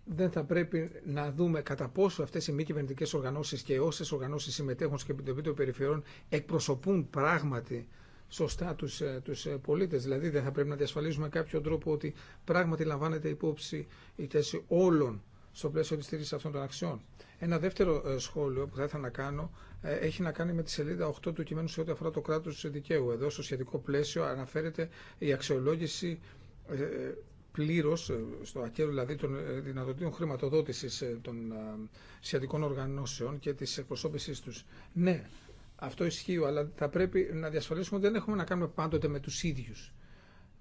δεν θα πρέπει να δούμε κατά πόσο αυτές οι μη κυβερνητικέ οργανώσεις και όσες οργανώσεις συμμετέχουν στο των περιφερειών εκπροσωπούν πράγματι σωστά τους, ε, τους ε, πολίτες. Δηλαδή δεν θα πρέπει να διασφαλίζουμε κάποιον τρόπο ότι πράγματι λαμβάνεται υπόψη η θέση όλων στο πλαίσιο της στήριξης αυτών των αξιών. Ένα δεύτερο ε, σχόλιο που θα ήθελα να κάνω έχει να κάνει με τη σελίδα 8 του κειμένου σε ό,τι αφορά το κράτος δικαίου. Εδώ στο σχετικό πλαίσιο αναφέρεται η αξιολόγηση πλήρω, στο ακέρο δηλαδή των δυνατοτήτων χρηματοδότηση των σχετικών οργανώσεων και τη εκπροσώπησή του. Ναι, αυτό ισχύει, αλλά θα πρέπει να διασφαλίσουμε ότι δεν έχουμε να κάνουμε πάντοτε με τους ίδιους.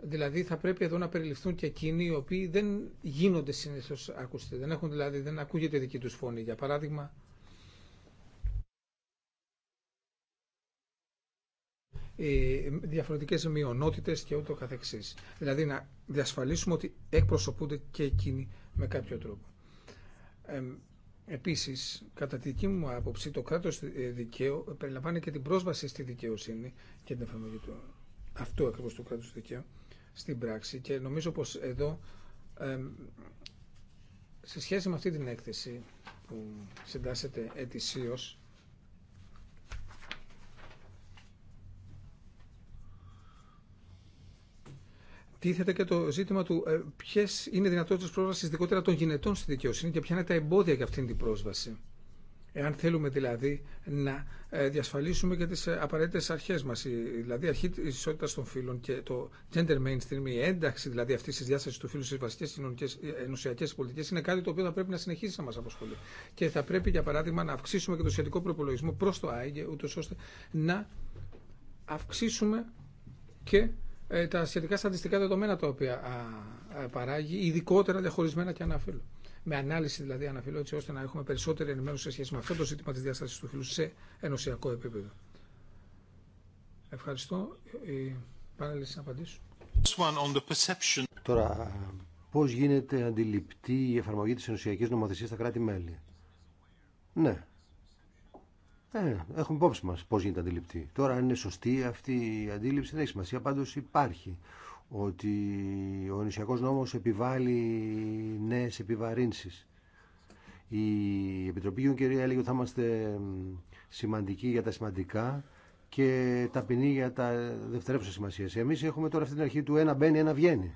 Δηλαδή θα πρέπει εδώ να περιληφθούν και εκείνοι οι οποίοι δεν γίνονται συνήθω ακούστε. Δεν έχουν δηλαδή, δεν ακούγεται δική του φωνή. Για παράδειγμα, διαφορετικές μειονότητες και ούτω καθεξής. Δηλαδή να διασφαλίσουμε ότι εκπροσωπούνται και εκείνοι με κάποιο τρόπο. Επίσης, κατά τη δική μου άποψη, το κράτο ε, δικαίου ε, περιλαμβάνει και την πρόσβαση στη δικαιοσύνη και την εφαρμογή του αυτού ακριβώς του κράτου δικαίου στην πράξη και νομίζω πως εδώ σε σχέση με αυτή την έκθεση που συντάσσεται ετησίω τίθεται και το ζήτημα του ε, ποιε είναι οι δυνατότητε πρόσβαση, ειδικότερα των γυναιτών στη δικαιοσύνη και ποια είναι τα εμπόδια για αυτήν την πρόσβαση. Εάν θέλουμε δηλαδή να ε, διασφαλίσουμε και τι ε, απαραίτητε αρχέ μα, δηλαδή η αρχή τη ισότητα των φύλων και το gender mainstream, η ένταξη δηλαδή αυτή τη διάσταση του φύλου στι βασικέ ε, ενωσιακέ πολιτικέ, είναι κάτι το οποίο θα πρέπει να συνεχίσει να μα αποσχολεί Και θα πρέπει, για παράδειγμα, να αυξήσουμε και το σχετικό προπολογισμό προ το ΆΕΓΕ, ούτω ώστε να αυξήσουμε και ε, τα σχετικά στατιστικά δεδομένα τα οποία παράγει, ειδικότερα διαχωρισμένα και αναφύλου. Με ανάλυση δηλαδή αναφύλου έτσι ώστε να έχουμε περισσότερη ενημέρωση σε σχέση με αυτό το ζήτημα τη διάσταση του φύλου σε ενωσιακό επίπεδο. Ευχαριστώ. η ε, ε, πάνελες να απαντήσω. Τώρα, πώ γίνεται αντιληπτή η εφαρμογή τη ενωσιακή νομοθεσία στα κράτη-μέλη. Ναι, ε, έχουμε υπόψη μα πώ γίνεται αντιληπτή. Τώρα, αν είναι σωστή αυτή η αντίληψη, δεν έχει σημασία. Πάντω υπάρχει ότι ο νησιακό νόμο επιβάλλει νέε επιβαρύνσει. Η Επιτροπή Γιουνκερία έλεγε ότι θα είμαστε σημαντικοί για τα σημαντικά και ταπεινοί για τα δευτερεύουσα σημασία. Εμεί έχουμε τώρα αυτή την αρχή του ένα μπαίνει, ένα βγαίνει.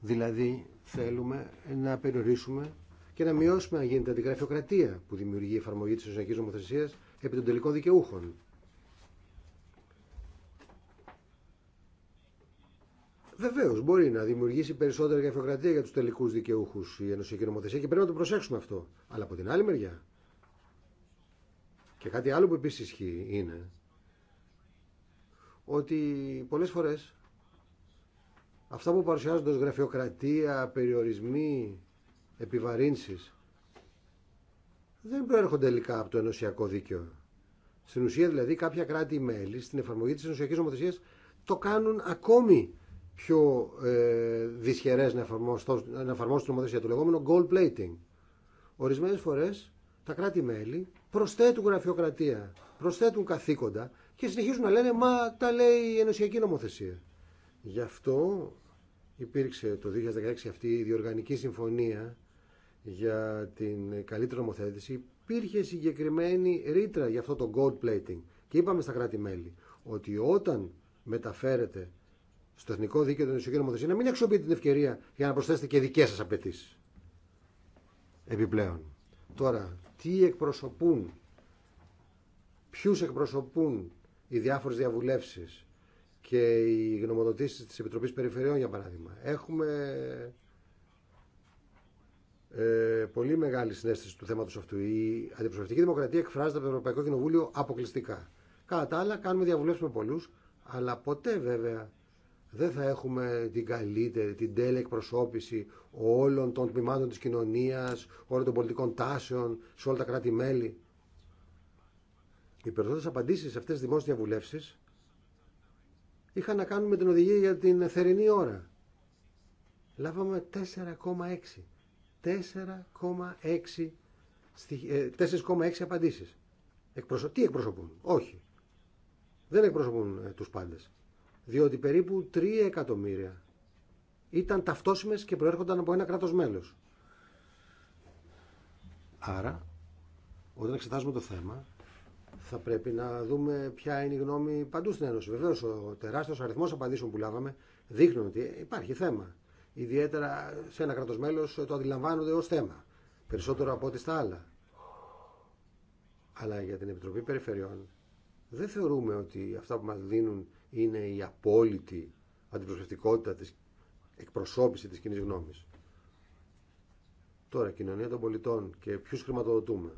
Δηλαδή, θέλουμε να περιορίσουμε και να μειώσουμε, αν γίνεται, την γραφειοκρατία που δημιουργεί η εφαρμογή τη ουσιακή νομοθεσία επί των τελικών δικαιούχων. Βεβαίω, μπορεί να δημιουργήσει περισσότερη γραφειοκρατία για του τελικού δικαιούχου η ενωσιακή νομοθεσία και πρέπει να το προσέξουμε αυτό. Αλλά από την άλλη μεριά. Και κάτι άλλο που επίση ισχύει είναι ότι πολλές φορές αυτά που παρουσιάζονται ως γραφειοκρατία, περιορισμοί επιβαρύνσεις δεν προέρχονται τελικά από το ενωσιακό δίκαιο. Στην ουσία δηλαδή κάποια κράτη-μέλη στην εφαρμογή της ενωσιακής νομοθεσίας το κάνουν ακόμη πιο ε, δυσχερές να εφαρμόσουν, την νομοθεσία, το λεγόμενο gold plating. Ορισμένες φορές τα κράτη-μέλη προσθέτουν γραφειοκρατία, προσθέτουν καθήκοντα και συνεχίζουν να λένε «Μα τα λέει η ενωσιακή νομοθεσία». Γι' αυτό υπήρξε το 2016 αυτή η διοργανική συμφωνία για την καλύτερη νομοθέτηση υπήρχε συγκεκριμένη ρήτρα για αυτό το gold plating και είπαμε στα κράτη-μέλη ότι όταν μεταφέρετε στο εθνικό δίκαιο την νομοθεσία να μην αξιοποιείτε την ευκαιρία για να προσθέσετε και δικές σας απαιτήσει. επιπλέον. Τώρα, τι εκπροσωπούν, ποιους εκπροσωπούν οι διάφορες διαβουλεύσεις και οι γνωμοδοτήσεις της Επιτροπής Περιφερειών για παράδειγμα. Έχουμε ε, πολύ μεγάλη συνέστηση του θέματος αυτού. Η αντιπροσωπευτική δημοκρατία εκφράζεται από το Ευρωπαϊκό Κοινοβούλιο αποκλειστικά. Κατά τα άλλα κάνουμε διαβουλεύσεις με πολλού, αλλά ποτέ βέβαια δεν θα έχουμε την καλύτερη, την τέλεια εκπροσώπηση όλων των τμήματων της κοινωνίας, όλων των πολιτικών τάσεων, σε όλα τα κράτη-μέλη. Οι περισσότερες απαντήσεις σε αυτές τις δημόσιες διαβουλεύσεις είχαν να κάνουν με την οδηγία για την θερινή ώρα. Λάβαμε 4,6 4,6 ε, απαντήσεις. Εκπροσω... Τι εκπροσωπούν. Όχι. Δεν εκπροσωπούν ε, τους πάντες. Διότι περίπου 3 εκατομμύρια ήταν ταυτόσιμες και προέρχονταν από ένα κράτος μέλος. Άρα, όταν εξετάζουμε το θέμα, θα πρέπει να δούμε ποια είναι η γνώμη παντού στην Ένωση. Βεβαίω, ο τεράστιο αριθμό απαντήσεων που λάβαμε δείχνουν ότι υπάρχει θέμα ιδιαίτερα σε ένα κράτο μέλο το αντιλαμβάνονται ως θέμα περισσότερο από ό,τι στα άλλα αλλά για την Επιτροπή Περιφερειών δεν θεωρούμε ότι αυτά που μας δίνουν είναι η απόλυτη αντιπροσωπευτικότητα της εκπροσώπηση της κοινή γνώμης τώρα κοινωνία των πολιτών και ποιους χρηματοδοτούμε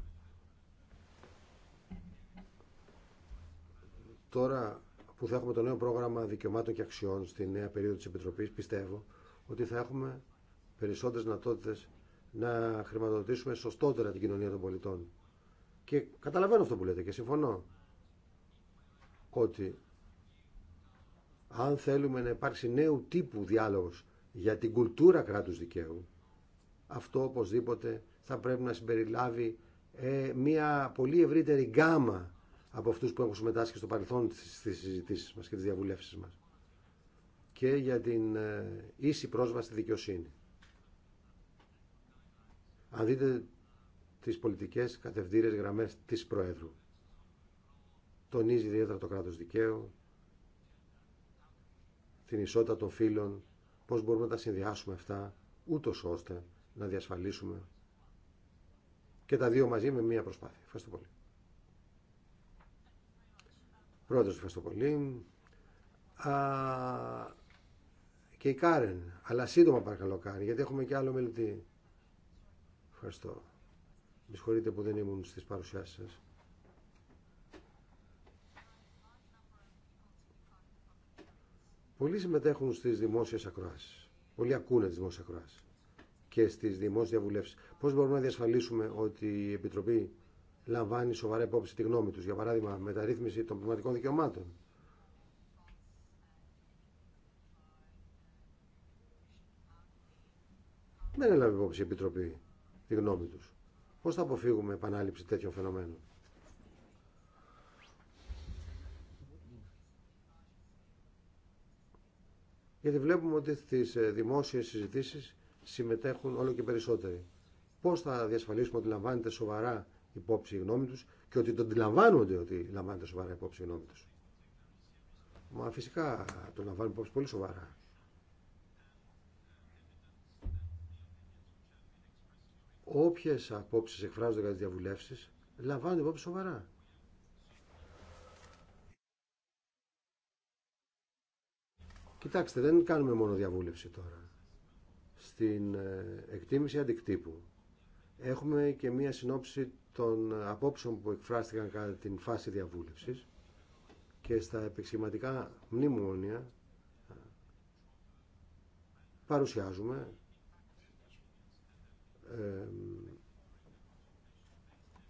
τώρα που θα έχουμε το νέο πρόγραμμα δικαιωμάτων και αξιών στη νέα περίοδο της Επιτροπής πιστεύω ότι θα έχουμε περισσότερε δυνατότητε να χρηματοδοτήσουμε σωστότερα την κοινωνία των πολιτών. Και καταλαβαίνω αυτό που λέτε και συμφωνώ ότι αν θέλουμε να υπάρξει νέου τύπου διάλογος για την κουλτούρα κράτους δικαίου, αυτό οπωσδήποτε θα πρέπει να συμπεριλάβει ε, μια πολύ ευρύτερη γκάμα από αυτούς που έχουν συμμετάσχει στο παρελθόν στις συζητήσεις μας και τις διαβουλεύσεις μας και για την ε, ίση πρόσβαση στη δικαιοσύνη. Αν δείτε τις πολιτικές κατευθύνες γραμμές της Προέδρου. Τονίζει ιδιαίτερα το κράτος δικαίου, την ισότητα των φύλων, πώς μπορούμε να τα συνδυάσουμε αυτά, ούτω ώστε να διασφαλίσουμε και τα δύο μαζί με μία προσπάθεια. Ευχαριστώ πολύ. Πρόεδρος, ευχαριστώ πολύ και η Κάρεν. Αλλά σύντομα παρακαλώ Κάρεν, γιατί έχουμε και άλλο μελετή. Ευχαριστώ. Με συγχωρείτε που δεν ήμουν στις παρουσιάσεις σας. Πολλοί συμμετέχουν στις δημόσιες ακροάσεις. Πολλοί ακούνε τις δημόσιες ακροάσεις και στις δημόσιες διαβουλεύσεις. Πώς μπορούμε να διασφαλίσουμε ότι η Επιτροπή λαμβάνει σοβαρά υπόψη τη γνώμη τους. Για παράδειγμα, μεταρρύθμιση των πνευματικών δικαιωμάτων δεν έλαβε υπόψη η Επιτροπή τη γνώμη τους. Πώς θα αποφύγουμε επανάληψη τέτοιων φαινομένων. Γιατί βλέπουμε ότι στις ε, δημόσιες συζητήσεις συμμετέχουν όλο και περισσότεροι. Πώς θα διασφαλίσουμε ότι λαμβάνεται σοβαρά υπόψη η γνώμη τους και ότι το αντιλαμβάνονται ότι λαμβάνεται σοβαρά υπόψη η γνώμη τους. Μα φυσικά το λαμβάνουν υπόψη πολύ σοβαρά. όποιες απόψεις εκφράζονται κατά τις διαβουλεύσεις λαμβάνουν υπόψη σοβαρά. Κοιτάξτε, δεν κάνουμε μόνο διαβούλευση τώρα. Στην ε, εκτίμηση αντικτύπου έχουμε και μία συνόψη των απόψεων που εκφράστηκαν κατά την φάση διαβούλευσης και στα επεξηματικά μνημόνια ε, παρουσιάζουμε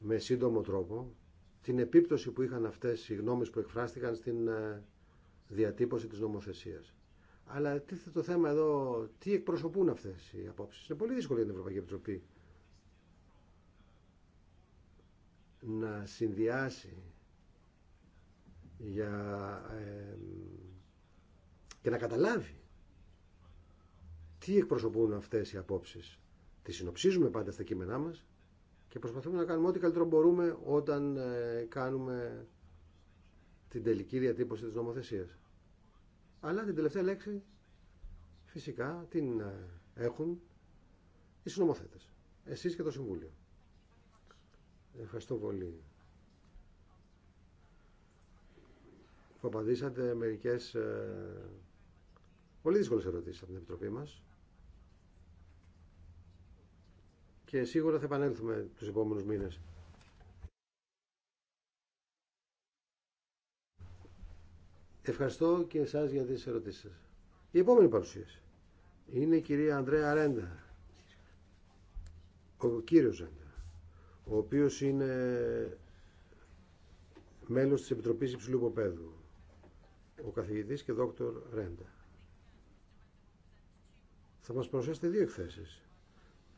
με σύντομο τρόπο την επίπτωση που είχαν αυτές οι γνώμες που εκφράστηκαν στην ε, διατύπωση της νομοθεσίας. Αλλά τι το θέμα εδώ, τι εκπροσωπούν αυτές οι απόψεις. Είναι πολύ δύσκολο για την Ευρωπαϊκή Επιτροπή να συνδυάσει για, και να καταλάβει τι εκπροσωπούν αυτές οι απόψεις τη συνοψίζουμε πάντα στα κείμενά μας και προσπαθούμε να κάνουμε ό,τι καλύτερο μπορούμε όταν ε, κάνουμε την τελική διατύπωση της νομοθεσίας. Αλλά την τελευταία λέξη φυσικά την ε, έχουν οι συνομοθέτες. Εσείς και το Συμβούλιο. Ευχαριστώ πολύ. Που απαντήσατε μερικές ε, πολύ δύσκολες ερωτήσεις από την Επιτροπή μας. και σίγουρα θα επανέλθουμε τους επόμενους μήνες. Ευχαριστώ και εσάς για τις ερωτήσεις σας. Η επόμενη παρουσίαση είναι η κυρία Ανδρέα Ρέντα, ο κύριος Ρέντα, ο οποίος είναι μέλος της Επιτροπής Υψηλού Ποπέδου, ο καθηγητής και δόκτωρ Ρέντα. Θα μας προσέξετε δύο εκθέσεις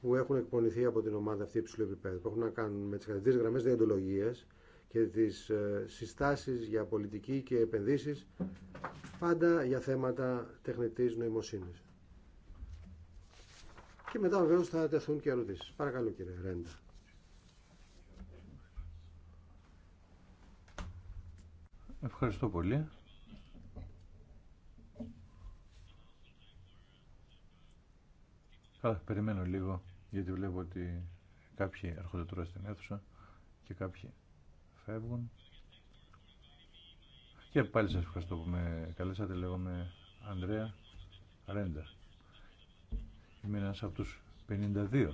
που έχουν εκπονηθεί από την ομάδα αυτή υψηλού επίπεδου, που έχουν να κάνουν με τι κρατικέ γραμμέ διοντολογία και τι ε, συστάσει για πολιτική και επενδύσει, πάντα για θέματα τεχνητή νοημοσύνη. Και μετά βεβαίω θα τεθούν και ερωτήσει. Παρακαλώ κύριε Ρέντα. Ευχαριστώ πολύ. περιμένω λίγο, γιατί βλέπω ότι κάποιοι έρχονται τώρα στην αίθουσα και κάποιοι φεύγουν. Και πάλι σας ευχαριστώ που με καλέσατε. Λέγομαι Ανδρέα Ρέντα. Είμαι ένας από τους 52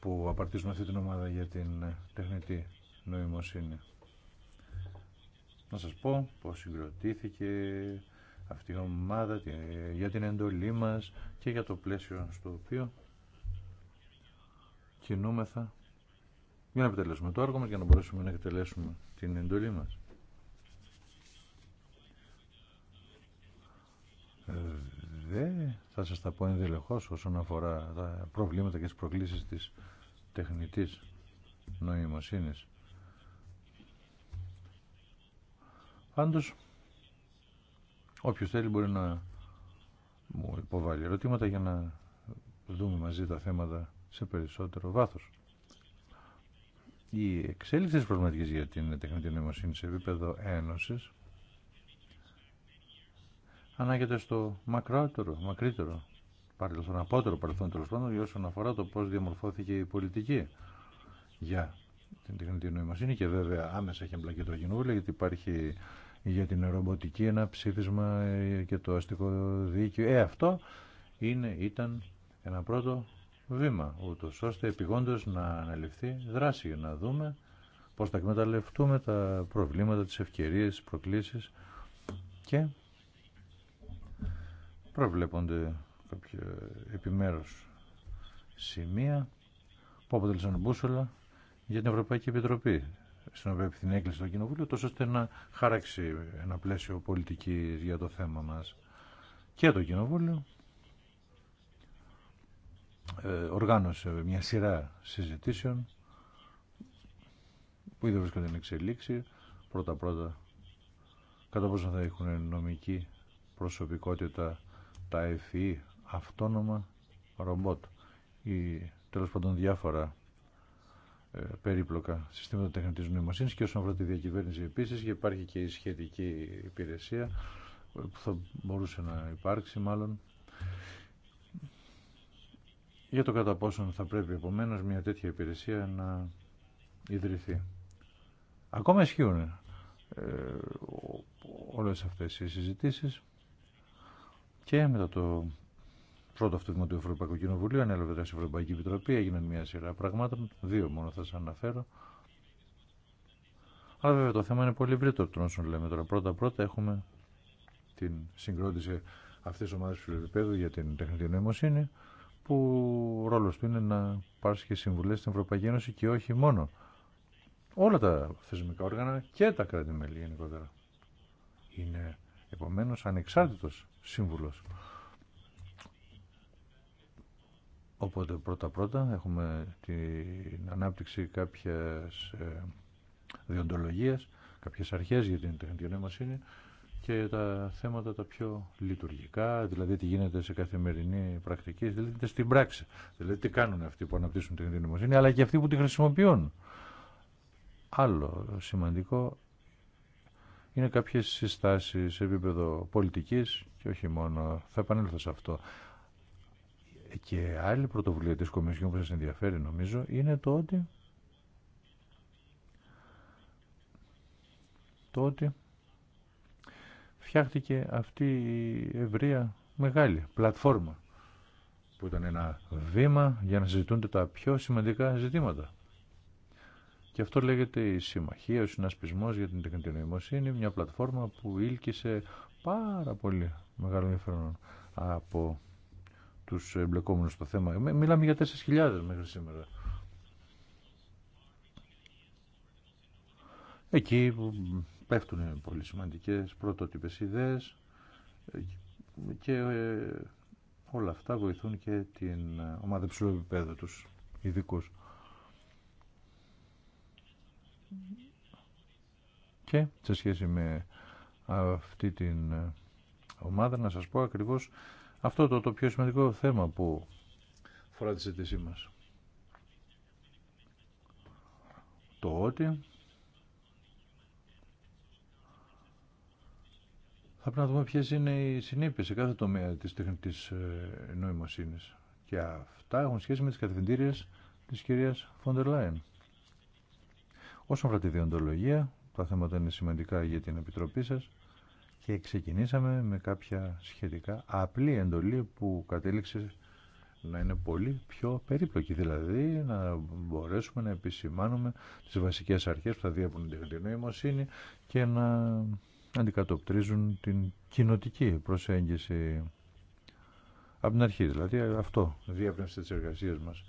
που απαρτίζουν αυτή την ομάδα για την τεχνητή νοημοσύνη. Να σας πω πως συγκροτήθηκε αυτή η ομάδα για την εντολή μας και για το πλαίσιο στο οποίο κινούμεθα για να επιτελέσουμε το έργο μας για να μπορέσουμε να επιτελέσουμε την εντολή μας. Δε, θα σας τα πω ενδελεχώς όσον αφορά τα προβλήματα και τις προκλήσεις της τεχνητής νοημοσύνης. Πάντως, Όποιος θέλει μπορεί να μου υποβάλει ερωτήματα για να δούμε μαζί τα θέματα σε περισσότερο βάθος. Η εξέλιξη της προβληματικής για την τεχνητή νοημοσύνη σε επίπεδο ένωσης ανάγεται στο μακρότερο, μακρύτερο παρελθόν, απότερο παρελθόν τέλο πάντων, για όσον αφορά το πώς διαμορφώθηκε η πολιτική για την τεχνητή νοημοσύνη και βέβαια άμεσα έχει εμπλακεί το γιατί υπάρχει για την ρομποτική, ένα ψήφισμα ε, και το αστικό δίκαιο. Ε, αυτό είναι, ήταν ένα πρώτο βήμα, ούτω ώστε επιγόντως να αναλυφθεί δράση για να δούμε πώς θα εκμεταλλευτούμε τα προβλήματα, τις ευκαιρίες, τις προκλήσεις και προβλέπονται κάποια επιμέρους σημεία που αποτελούσαν μπούσολα για την Ευρωπαϊκή Επιτροπή στην οποία την έκλεισε το Κοινοβούλιο, τόσο ώστε να χάραξει ένα πλαίσιο πολιτικής για το θέμα μας και το Κοινοβούλιο. Ε, οργάνωσε μια σειρά συζητήσεων που ήδη βρίσκονται να εξελίξει. Πρώτα-πρώτα, κατά πόσο θα έχουν νομική προσωπικότητα τα FE αυτόνομα ρομπότ ή τέλος πάντων διάφορα ε, περίπλοκα συστήματα τεχνητής νοημοσύνης και όσον αφορά τη διακυβέρνηση επίσης και υπάρχει και η σχετική υπηρεσία ε, που θα μπορούσε να υπάρξει μάλλον για το κατά πόσον θα πρέπει επομένως μια τέτοια υπηρεσία να ιδρυθεί. Ακόμα ισχύουν ε, όλες αυτές οι συζητήσεις και μετά το πρώτο αυτό του Ευρωπαϊκού Κοινοβουλίου, ανέλαβε τώρα Ευρωπαϊκή Επιτροπή, έγιναν μια σειρά πραγμάτων, δύο μόνο θα σα αναφέρω. Αλλά βέβαια το θέμα είναι πολύ ευρύτερο των όσων λέμε τώρα. Πρώτα-πρώτα έχουμε την συγκρότηση αυτή τη ομάδα φιλοπαίδου για την τεχνητή νοημοσύνη, που ο ρόλο του είναι να πάρει και συμβουλέ στην Ευρωπαϊκή Ένωση και όχι μόνο. Όλα τα θεσμικά όργανα και τα κράτη-μέλη γενικότερα. Είναι επομένω ανεξάρτητο σύμβουλο Οπότε πρώτα-πρώτα έχουμε την ανάπτυξη κάποιες διοντολογίες, κάποιες αρχές για την τεχνητή νοημοσύνη και τα θέματα τα πιο λειτουργικά, δηλαδή τι γίνεται σε καθημερινή πρακτική, δηλαδή στην πράξη, δηλαδή τι κάνουν αυτοί που αναπτύσσουν την νοημοσύνη, αλλά και αυτοί που τη χρησιμοποιούν. Άλλο σημαντικό είναι κάποιες συστάσεις σε επίπεδο πολιτικής και όχι μόνο. Θα επανέλθω σε αυτό. Και άλλη πρωτοβουλία της Κομισιόν που σας ενδιαφέρει νομίζω είναι το ότι το ότι φτιάχτηκε αυτή η ευρεία μεγάλη πλατφόρμα που ήταν ένα βήμα για να συζητούνται τα πιο σημαντικά ζητήματα. Και αυτό λέγεται η Συμμαχία, ο Συνασπισμός για την Τεχνητή Νοημοσύνη, μια πλατφόρμα που ήλκησε πάρα πολύ μεγάλο ενδιαφέρον από του εμπλεκόμενου στο θέμα. Μιλάμε για 4.000 μέχρι σήμερα. Εκεί πέφτουν πολύ σημαντικέ πρωτότυπε ιδέες και ε, όλα αυτά βοηθούν και την ομάδα ψηλού επίπεδου του ειδικού. Και σε σχέση με αυτή την ομάδα να σας πω ακριβώς αυτό το, το πιο σημαντικό θέμα που φορά τη συζήτησή μας. Το ότι θα πρέπει να δούμε ποιες είναι οι συνέπειες σε κάθε τομέα της τεχνητής ε, νοημοσύνης. Και αυτά έχουν σχέση με τις κατευθυντήριε της κυρίας Φόντερ Λάιν. Όσον αφορά τη διοντολογία, τα θέματα είναι σημαντικά για την Επιτροπή σας και ξεκινήσαμε με κάποια σχετικά απλή εντολή που κατέληξε να είναι πολύ πιο περίπλοκη. Δηλαδή να μπορέσουμε να επισημάνουμε τις βασικές αρχές που θα διέπουν την νοημοσύνη και να αντικατοπτρίζουν την κοινοτική προσέγγιση από την αρχή. Δηλαδή αυτό διέπνευσε τις εργασίες μας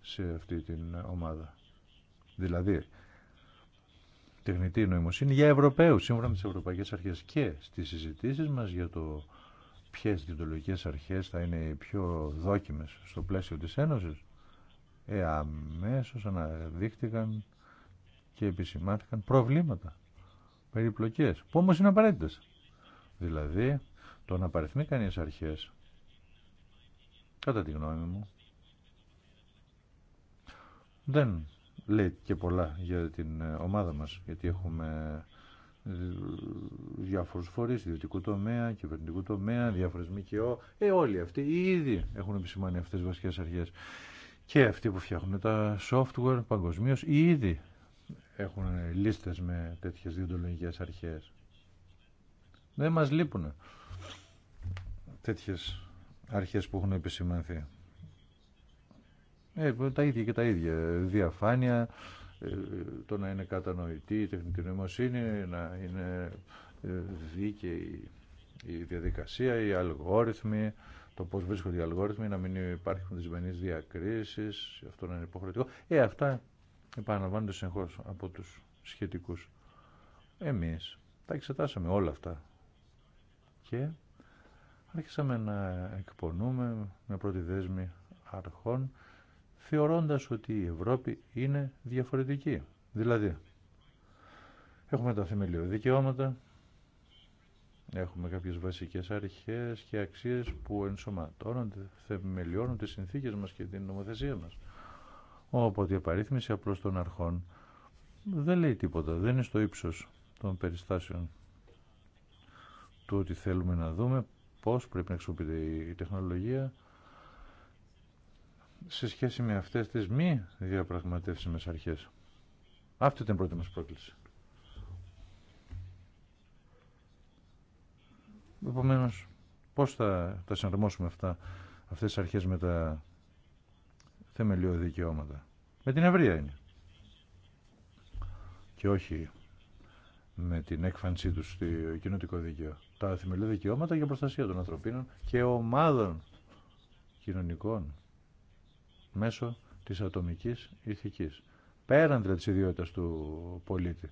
σε αυτή την ομάδα. Δηλαδή τεχνητή νοημοσύνη για Ευρωπαίους σύμφωνα με τις Ευρωπαϊκές Αρχές και στις συζητήσεις μας για το ποιες διοντολογικές αρχές θα είναι οι πιο δόκιμες στο πλαίσιο της Ένωσης ε, αμέσως αναδείχτηκαν και επισημάθηκαν προβλήματα, περιπλοκές, που όμως είναι απαραίτητε. Δηλαδή, το να παρεθμεί κανείς αρχές, κατά τη γνώμη μου, δεν λέει και πολλά για την ε, ομάδα μας, γιατί έχουμε ε, διάφορους φορείς, ιδιωτικού τομέα, κυβερνητικού τομέα, διάφορες ΜΚΟ. Ε, όλοι αυτοί ήδη έχουν επισημάνει αυτές τις βασικές αρχές. Και αυτοί που φτιάχνουν τα software παγκοσμίω ήδη έχουν λίστες με τέτοιες διοντολογικές αρχές. Δεν μας λείπουν τέτοιες αρχές που έχουν επισημανθεί. Ε, τα ίδια και τα ίδια. Διαφάνεια, ε, το να είναι κατανοητή η τεχνητή νοημοσύνη, να είναι ε, δίκαιη η διαδικασία, οι αλγόριθμοι, το πώς βρίσκονται οι αλγόριθμοι, να μην υπάρχουν δυσμενείς διακρίσεις, αυτό να είναι υποχρεωτικό. Ε, αυτά επαναλαμβάνονται συνεχώ από τους σχετικούς. Εμείς τα εξετάσαμε όλα αυτά και άρχισαμε να εκπονούμε με πρώτη δέσμη αρχών θεωρώντας ότι η Ευρώπη είναι διαφορετική. Δηλαδή, έχουμε τα θεμελιώδη δικαιώματα, έχουμε κάποιες βασικές αρχές και αξίες που ενσωματώνονται, θεμελιώνουν τις συνθήκες μας και την νομοθεσία μας. Οπότε η επαρρύθμιση απλώς των αρχών δεν λέει τίποτα, δεν είναι στο ύψος των περιστάσεων του ότι θέλουμε να δούμε πώς πρέπει να χρησιμοποιείται η τεχνολογία, σε σχέση με αυτές τις μη διαπραγματεύσιμες αρχές. Αυτή ήταν η πρώτη μας πρόκληση. Επομένω, πώς θα τα συναρμόσουμε αυτά, αυτές τις αρχές με τα θεμελιώδη δικαιώματα. Με την ευρεία είναι. Και όχι με την έκφανσή τους στο κοινωτικό δίκαιο. Τα θεμελιώδη δικαιώματα για προστασία των ανθρωπίνων και ομάδων κοινωνικών μέσω της ατομικής ηθικής. Πέραν δηλαδή της ιδιότητας του πολίτη.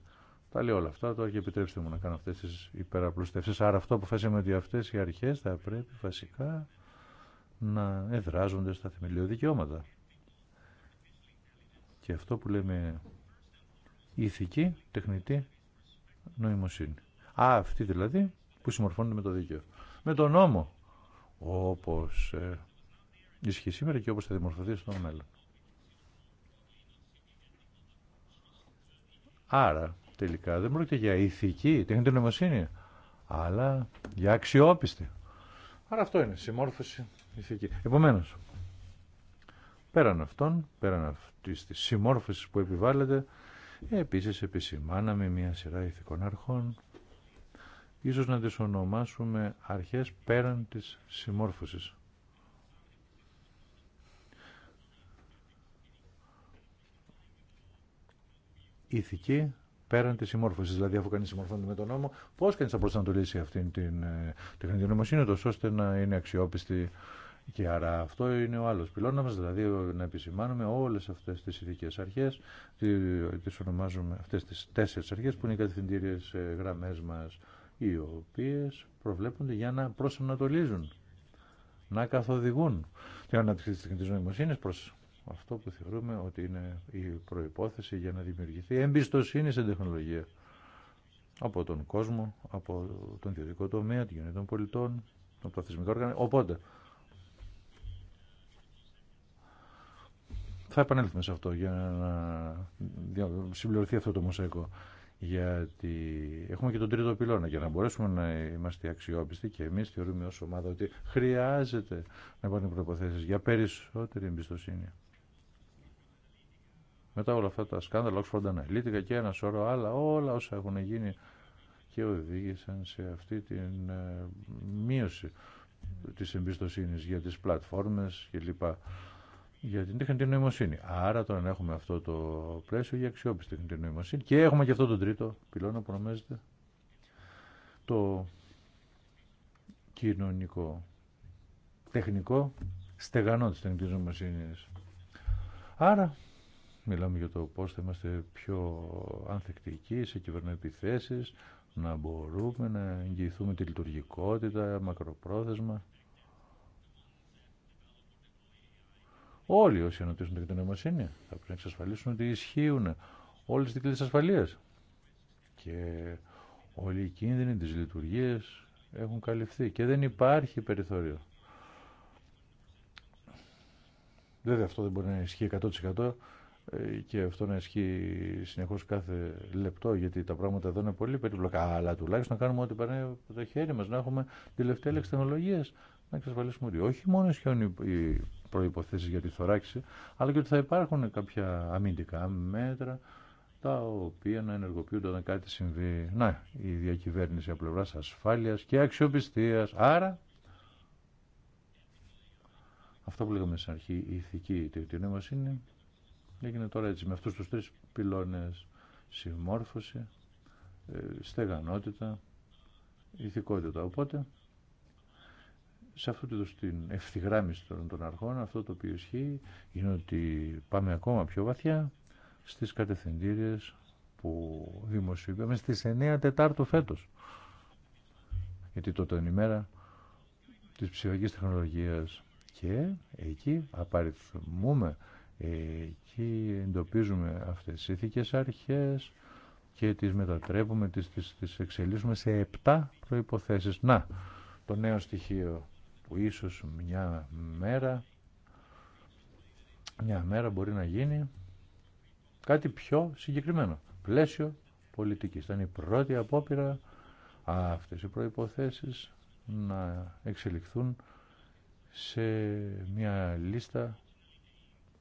Τα λέω όλα αυτά, τώρα και επιτρέψτε μου να κάνω αυτές τις υπεραπλουστεύσεις. Άρα αυτό αποφάσισαμε ότι αυτές οι αρχές θα πρέπει βασικά να εδράζονται στα θεμελιώδη δικαιώματα. Και αυτό που λέμε ηθική, τεχνητή νοημοσύνη. Α, αυτή δηλαδή που συμμορφώνεται με το δίκαιο. Με τον νόμο. Όπως ε, Ισχύει σήμερα και όπως θα δημορφωθεί στο μέλλον. Άρα, τελικά, δεν πρόκειται για ηθική τέχνη νομοσύνη, αλλά για αξιόπιστη. Άρα αυτό είναι, συμμόρφωση ηθική. Επομένως, πέραν αυτών, πέραν αυτής της συμμόρφωσης που επιβάλλεται, επίσης επισημάναμε μια σειρά ηθικών αρχών, ίσως να τις ονομάσουμε αρχές πέραν της συμμόρφωσης. ηθική πέραν τη συμμόρφωση. Δηλαδή, αφού κανεί συμμορφώνεται με τον νόμο, πώ κανεί θα προσανατολίσει αυτήν την ε, τεχνητή νομοσύνη, ώστε να είναι αξιόπιστη. Και άρα αυτό είναι ο άλλο πυλώνα μα, δηλαδή να επισημάνουμε όλε αυτέ τι ηθικέ αρχέ, τι ονομάζουμε αυτέ τι τέσσερι αρχέ που είναι οι κατευθυντήριε ε, γραμμές μας, οι οποίε προβλέπονται για να προσανατολίζουν, να καθοδηγούν την ανάπτυξη τη τεχνητή νοημοσύνη προ αυτό που θεωρούμε ότι είναι η προϋπόθεση για να δημιουργηθεί εμπιστοσύνη στην τεχνολογία από τον κόσμο, από τον ιδιωτικό τομέα, την κοινωνία των πολιτών, από τα θεσμικά όργανα. Οπότε, θα επανέλθουμε σε αυτό για να συμπληρωθεί αυτό το μοσαϊκό. Γιατί έχουμε και τον τρίτο πυλώνα για να μπορέσουμε να είμαστε αξιόπιστοι και εμείς θεωρούμε ως ομάδα ότι χρειάζεται να υπάρχουν προϋποθέσεις για περισσότερη εμπιστοσύνη. Μετά όλα αυτά τα σκάνδαλα, Oxford Analytica και ένα σωρό άλλα, όλα όσα έχουν γίνει και οδήγησαν σε αυτή την ε, μείωση της εμπιστοσύνη για τις πλατφόρμες και λοιπά για την τεχνητή νοημοσύνη. Άρα τώρα έχουμε αυτό το πλαίσιο για αξιόπιστη τεχνητή νοημοσύνη και έχουμε και αυτό το τρίτο πυλώνα που ονομάζεται το κοινωνικό τεχνικό στεγανό της τεχνητής νοημοσύνης. Άρα Μιλάμε για το πώς θα είμαστε πιο ανθεκτικοί σε κυβερνοεπιθέσεις, να μπορούμε να εγγυηθούμε τη λειτουργικότητα, μακροπρόθεσμα. Όλοι όσοι αναπτύσσουν την νοημοσύνη θα πρέπει να εξασφαλίσουν ότι ισχύουν όλες τις δικλείδες ασφαλείας. Και όλοι οι κίνδυνοι της λειτουργίας έχουν καλυφθεί και δεν υπάρχει περιθώριο. Βέβαια αυτό δεν μπορεί να ισχύει 100% ε, και αυτό να ισχύει συνεχώ κάθε λεπτό γιατί τα πράγματα εδώ είναι πολύ περίπλοκα αλλά τουλάχιστον να κάνουμε ό,τι περνάει από το χέρι μα να έχουμε τελευταία λέξη τεχνολογία. να εξασφαλίσουμε ότι όχι μόνο ισχύουν οι προποθέσει για τη θωράξη αλλά και ότι θα υπάρχουν κάποια αμυντικά μέτρα τα οποία να ενεργοποιούνται όταν κάτι συμβεί να, η διακυβέρνηση από πλευρά ασφάλεια και αξιοπιστία. άρα αυτό που λέγαμε στην αρχή η ηθική η Έγινε τώρα έτσι με αυτούς τους τρεις πυλώνες συμμόρφωση, ε, στεγανότητα, ηθικότητα. Οπότε, σε αυτό το την ευθυγράμμιση των, των αρχών, αυτό το οποίο ισχύει είναι ότι πάμε ακόμα πιο βαθιά στις κατευθυντήριες που δημοσιοποιούμε στις 9 Τετάρτου φέτος. Γιατί τότε είναι η μέρα της ψηφιακής τεχνολογίας και εκεί απαριθμούμε Εκεί εντοπίζουμε αυτές τις ηθικές αρχές και τις μετατρέπουμε, τις, τις, εξελίσσουμε σε επτά προϋποθέσεις. Να, το νέο στοιχείο που ίσως μια μέρα, μια μέρα μπορεί να γίνει κάτι πιο συγκεκριμένο. Πλαίσιο πολιτικής. Ήταν η πρώτη απόπειρα αυτές οι προϋποθέσεις να εξελιχθούν σε μια λίστα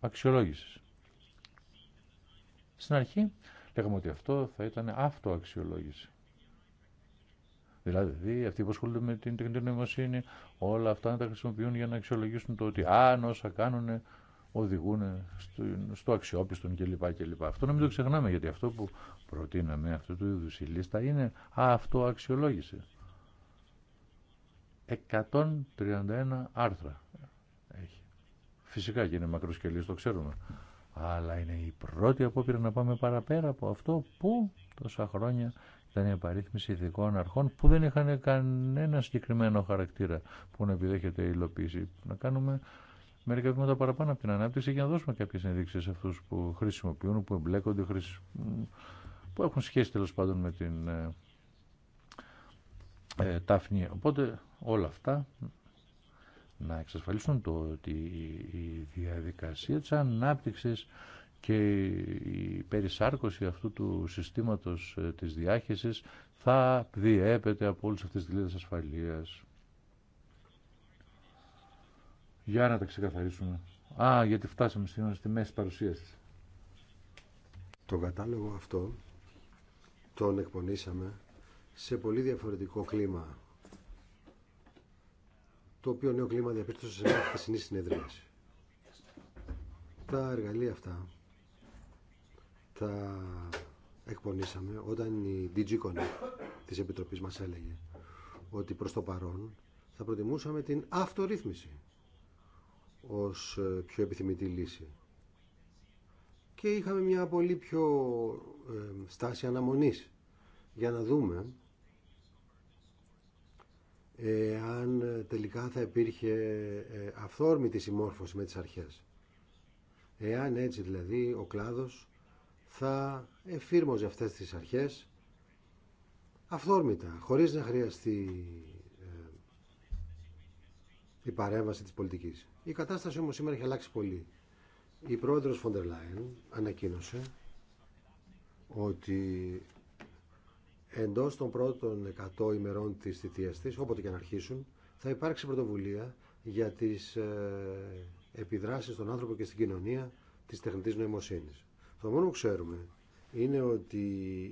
αξιολόγησης. Στην αρχή λέγαμε ότι αυτό θα ήταν αυτοαξιολόγηση. Δηλαδή, αυτοί που ασχολούνται με την τεχνητή νοημοσύνη, όλα αυτά να τα χρησιμοποιούν για να αξιολογήσουν το ότι αν όσα κάνουν οδηγούν στο, στο αξιόπιστον κλπ. κλπ. Αυτό να μην το ξεχνάμε, γιατί αυτό που προτείναμε, αυτού του είδου η λίστα, είναι αυτοαξιολόγηση. 131 άρθρα Φυσικά και είναι μακροσκελής, το ξέρουμε. Αλλά είναι η πρώτη απόπειρα να πάμε παραπέρα από αυτό που τόσα χρόνια ήταν η απαρίθμηση ειδικών αρχών που δεν είχαν κανένα συγκεκριμένο χαρακτήρα που να επιδέχεται η υλοποίηση. Να κάνουμε μερικά βήματα παραπάνω από την ανάπτυξη για να δώσουμε κάποιε ενδείξει σε αυτούς που χρησιμοποιούν, που εμπλέκονται, που έχουν σχέση τέλο πάντων με την ε, ε, τάφνη. Οπότε όλα αυτά να εξασφαλίσουν το ότι η διαδικασία της ανάπτυξης και η περισάρκωση αυτού του συστήματος ε, της διάχυσης θα διέπεται από όλες αυτές τις λίδες ασφαλείας. Για να τα ξεκαθαρίσουμε. Α, γιατί φτάσαμε σήμερα στη μέση παρουσίαση. Το κατάλογο αυτό τον εκπονήσαμε σε πολύ διαφορετικό κλίμα το οποίο νέο κλίμα διαπίστωσε σε μια χθεσινή συνεδρίαση. Τα εργαλεία αυτά τα εκπονήσαμε όταν η DG Connect της Επιτροπής μας έλεγε ότι προς το παρόν θα προτιμούσαμε την αυτορύθμιση ως ε, πιο επιθυμητή λύση. Και είχαμε μια πολύ πιο ε, στάση αναμονής για να δούμε αν ε, τελικά θα υπήρχε ε, αυθόρμητη συμμόρφωση με τις αρχές. Εάν έτσι δηλαδή ο κλάδος θα εφήρμοζε αυτές τις αρχές αυθόρμητα, χωρίς να χρειαστεί ε, η παρέμβαση της πολιτικής. Η κατάσταση όμως σήμερα έχει αλλάξει πολύ. Η πρόεδρος Φοντερ Λάιν ανακοίνωσε ότι εντός των πρώτων 100 ημερών τη θητείας τη, όποτε και να αρχίσουν, θα υπάρξει πρωτοβουλία για τις ε, επιδράσεις στον άνθρωπο και στην κοινωνία τη τεχνητής νοημοσύνης. Το μόνο που ξέρουμε είναι ότι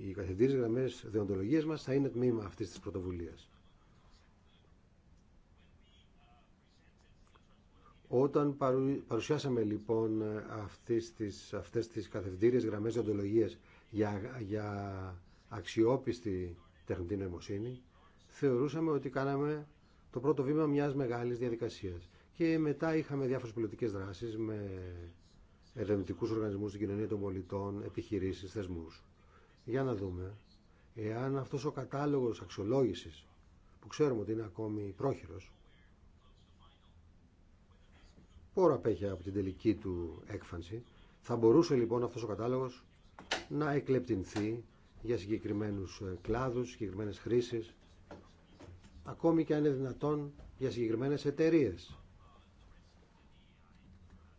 οι καθεντήρες γραμμές δεοντολογίας μας θα είναι τμήμα αυτή τη πρωτοβουλία. Όταν παρουσιάσαμε λοιπόν αυτές τις, αυτές τις καθευτήριες γραμμές για, για αξιόπιστη τεχνητή νοημοσύνη, θεωρούσαμε ότι κάναμε το πρώτο βήμα μιας μεγάλης διαδικασίας. Και μετά είχαμε διάφορες πολιτικές δράσεις με ερευνητικού οργανισμούς στην κοινωνία των πολιτών, επιχειρήσει, θεσμούς. Για να δούμε εάν αυτός ο κατάλογος αξιολόγηση που ξέρουμε ότι είναι ακόμη πρόχειρος, πόρο απέχει από την τελική του έκφανση, θα μπορούσε λοιπόν αυτός ο κατάλογο να εκλεπτυνθεί για συγκεκριμένους ε, κλάδους, συγκεκριμένες χρήσεις, ακόμη και αν είναι δυνατόν για συγκεκριμένες εταιρείε.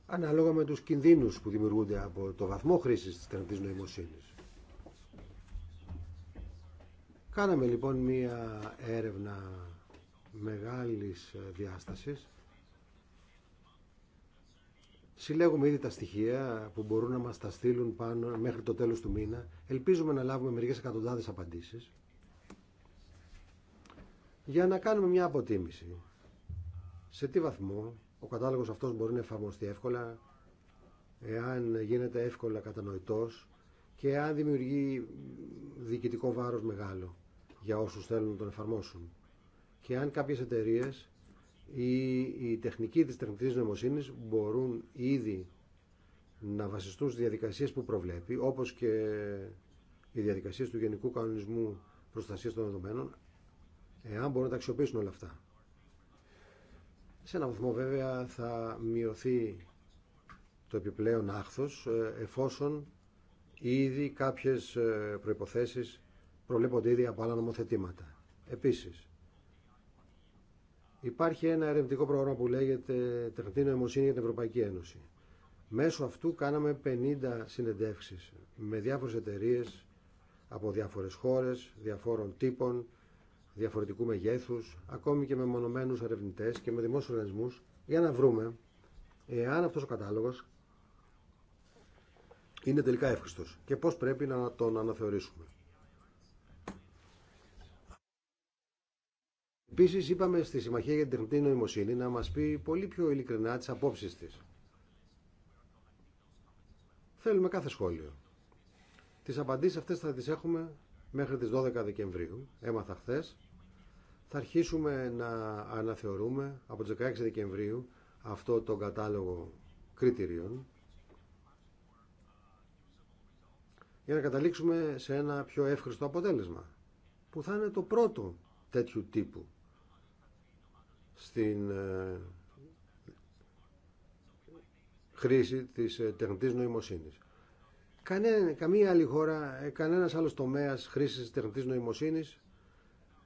Ανάλογα με τους κινδύνους που δημιουργούνται από το βαθμό χρήσης της τεχνητής νοημοσύνης. Κάναμε λοιπόν μία έρευνα μεγάλης ε, διάστασης Συλλέγουμε ήδη τα στοιχεία που μπορούν να μας τα στείλουν πάνω μέχρι το τέλος του μήνα. Ελπίζουμε να λάβουμε μερικές εκατοντάδες απαντήσεις για να κάνουμε μια αποτίμηση. Σε τι βαθμό ο κατάλογος αυτός μπορεί να εφαρμοστεί εύκολα, εάν γίνεται εύκολα κατανοητός και εάν δημιουργεί διοικητικό βάρος μεγάλο για όσους θέλουν να τον εφαρμόσουν. Και αν κάποιες εταιρείες ή η τεχνική της τεχνητής νοημοσύνης μπορούν ήδη να βασιστούν στις διαδικασίες που προβλέπει, όπως και οι διαδικασίες του Γενικού Κανονισμού Προστασίας των Δεδομένων, εάν μπορούν να τα αξιοποιήσουν όλα αυτά. Σε ένα βαθμό βέβαια θα μειωθεί το επιπλέον άχθος ε, εφόσον ήδη κάποιες ε, προϋποθέσεις προβλέπονται ήδη από άλλα νομοθετήματα. Επίσης, Υπάρχει ένα ερευνητικό πρόγραμμα που λέγεται Τεχνητή Νοημοσύνη για την Ευρωπαϊκή Ένωση. Μέσω αυτού κάναμε 50 συνεντεύξεις με διάφορες εταιρείε από διάφορες χώρες, διαφόρων τύπων, διαφορετικού μεγέθους, ακόμη και με μονομένους ερευνητέ και με δημόσιους οργανισμούς, για να βρούμε εάν αυτός ο κατάλογος είναι τελικά εύχριστος και πώς πρέπει να τον αναθεωρήσουμε. Επίση είπαμε στη Συμμαχία για την Τεχνητή Νοημοσύνη να μας πει πολύ πιο ειλικρινά τι απόψεις τη. Θέλουμε κάθε σχόλιο. Τις απαντήσεις αυτές θα τι έχουμε μέχρι τις 12 Δεκεμβρίου. Έμαθα χθε. Θα αρχίσουμε να αναθεωρούμε από τι 16 Δεκεμβρίου αυτό το κατάλογο κριτηρίων για να καταλήξουμε σε ένα πιο εύχριστο αποτέλεσμα που θα είναι το πρώτο τέτοιου τύπου στην ε, χρήση της ε, τεχνητής νοημοσύνης. Κανένα, καμία άλλη χώρα, ε, κανένας άλλος τομέας χρήσης της τεχνητής νοημοσύνης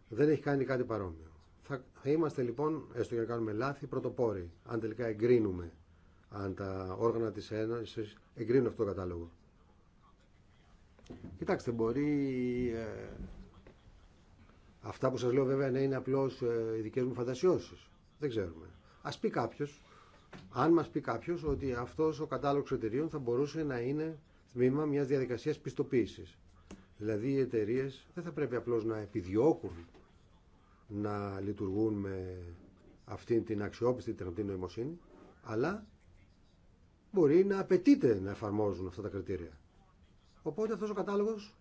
δεν έχει κάνει κάτι παρόμοιο. Θα, είμαστε λοιπόν, έστω για να κάνουμε λάθη, πρωτοπόροι, αν τελικά εγκρίνουμε, αν τα όργανα της Ένωσης εγκρίνουν αυτό το κατάλογο. Κοιτάξτε, μπορεί Αυτά που σας λέω βέβαια να είναι απλώς ε, οι δικέ μου φαντασιώσεις. Δεν ξέρουμε. Ας πει κάποιος, αν μας πει κάποιος ότι αυτός ο κατάλογος εταιρείων θα μπορούσε να είναι τμήμα μιας διαδικασίας πιστοποίησης. Δηλαδή οι εταιρείε δεν θα πρέπει απλώς να επιδιώκουν να λειτουργούν με αυτήν την αξιόπιστη τεχνητή νοημοσύνη, αλλά μπορεί να απαιτείται να εφαρμόζουν αυτά τα κριτήρια. Οπότε αυτός ο κατάλογος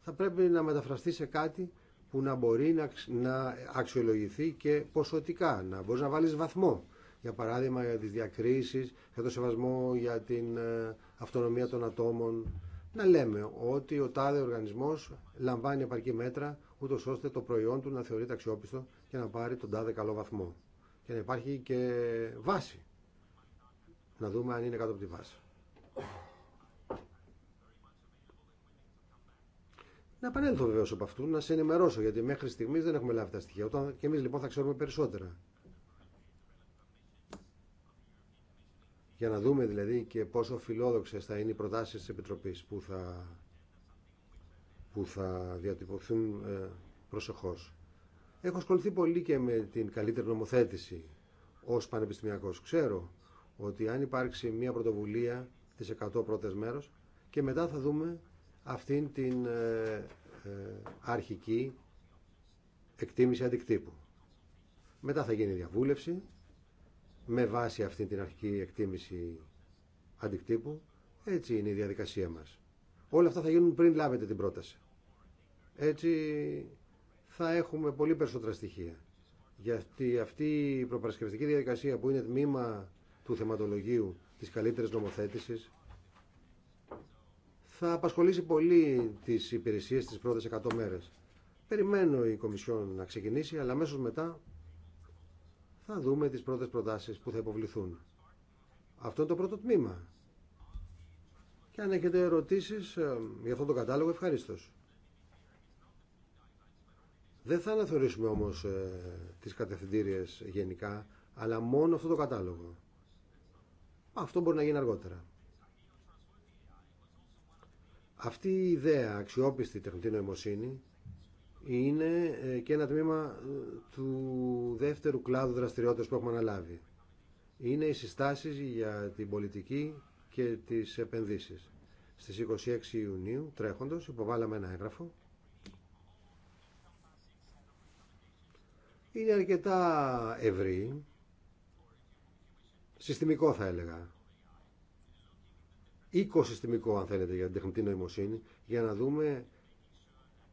θα πρέπει να μεταφραστεί σε κάτι που να μπορεί να αξιολογηθεί και ποσοτικά, να μπορεί να βάλεις βαθμό. Για παράδειγμα, για τις διακρίσεις, για το σεβασμό για την ε, αυτονομία των ατόμων. Να λέμε ότι ο τάδε οργανισμός λαμβάνει επαρκή μέτρα, ούτω ώστε το προϊόν του να θεωρείται αξιόπιστο και να πάρει τον τάδε καλό βαθμό. Και να υπάρχει και βάση. Να δούμε αν είναι κάτω από τη βάση. Να επανέλθω βεβαίω από αυτού, να σε ενημερώσω, γιατί μέχρι στιγμή δεν έχουμε λάβει τα στοιχεία. Όταν και εμεί λοιπόν θα ξέρουμε περισσότερα. Για να δούμε δηλαδή και πόσο φιλόδοξε θα είναι οι προτάσει τη Επιτροπή που θα, που θα διατυπωθούν ε, προσεχώ. Έχω ασχοληθεί πολύ και με την καλύτερη νομοθέτηση ω πανεπιστημιακό. Ξέρω ότι αν υπάρξει μια πρωτοβουλία τι 100 πρώτε μέρο και μετά θα δούμε αυτήν την ε, ε, αρχική εκτίμηση αντικτύπου. Μετά θα γίνει διαβούλευση με βάση αυτήν την αρχική εκτίμηση αντικτύπου. Έτσι είναι η διαδικασία μας. Όλα αυτά θα γίνουν πριν λάβετε την πρόταση. Έτσι θα έχουμε πολύ περισσότερα στοιχεία. Γιατί αυτή η προπαρασκευαστική διαδικασία που είναι τμήμα του θεματολογίου της καλύτερης νομοθέτησης θα απασχολήσει πολύ τις υπηρεσίες τις πρώτε 100 μέρε. Περιμένω η Κομισιόν να ξεκινήσει, αλλά αμέσω μετά θα δούμε τις πρώτες προτάσεις που θα υποβληθούν. Αυτό είναι το πρώτο τμήμα. Και αν έχετε ερωτήσεις ε, για αυτόν τον κατάλογο, ευχαριστώ. Δεν θα αναθεωρήσουμε όμως ε, τις κατευθυντήριε γενικά, αλλά μόνο αυτό το κατάλογο. Αυτό μπορεί να γίνει αργότερα. Αυτή η ιδέα αξιόπιστη τεχνητή νοημοσύνη είναι ε, και ένα τμήμα ε, του δεύτερου κλάδου δραστηριότητας που έχουμε αναλάβει. Είναι οι συστάσεις για την πολιτική και τις επενδύσεις. Στις 26 Ιουνίου τρέχοντος υποβάλαμε ένα έγγραφο. Είναι αρκετά ευρύ, συστημικό θα έλεγα οικοσυστημικό αν θέλετε για την τεχνητή νοημοσύνη για να δούμε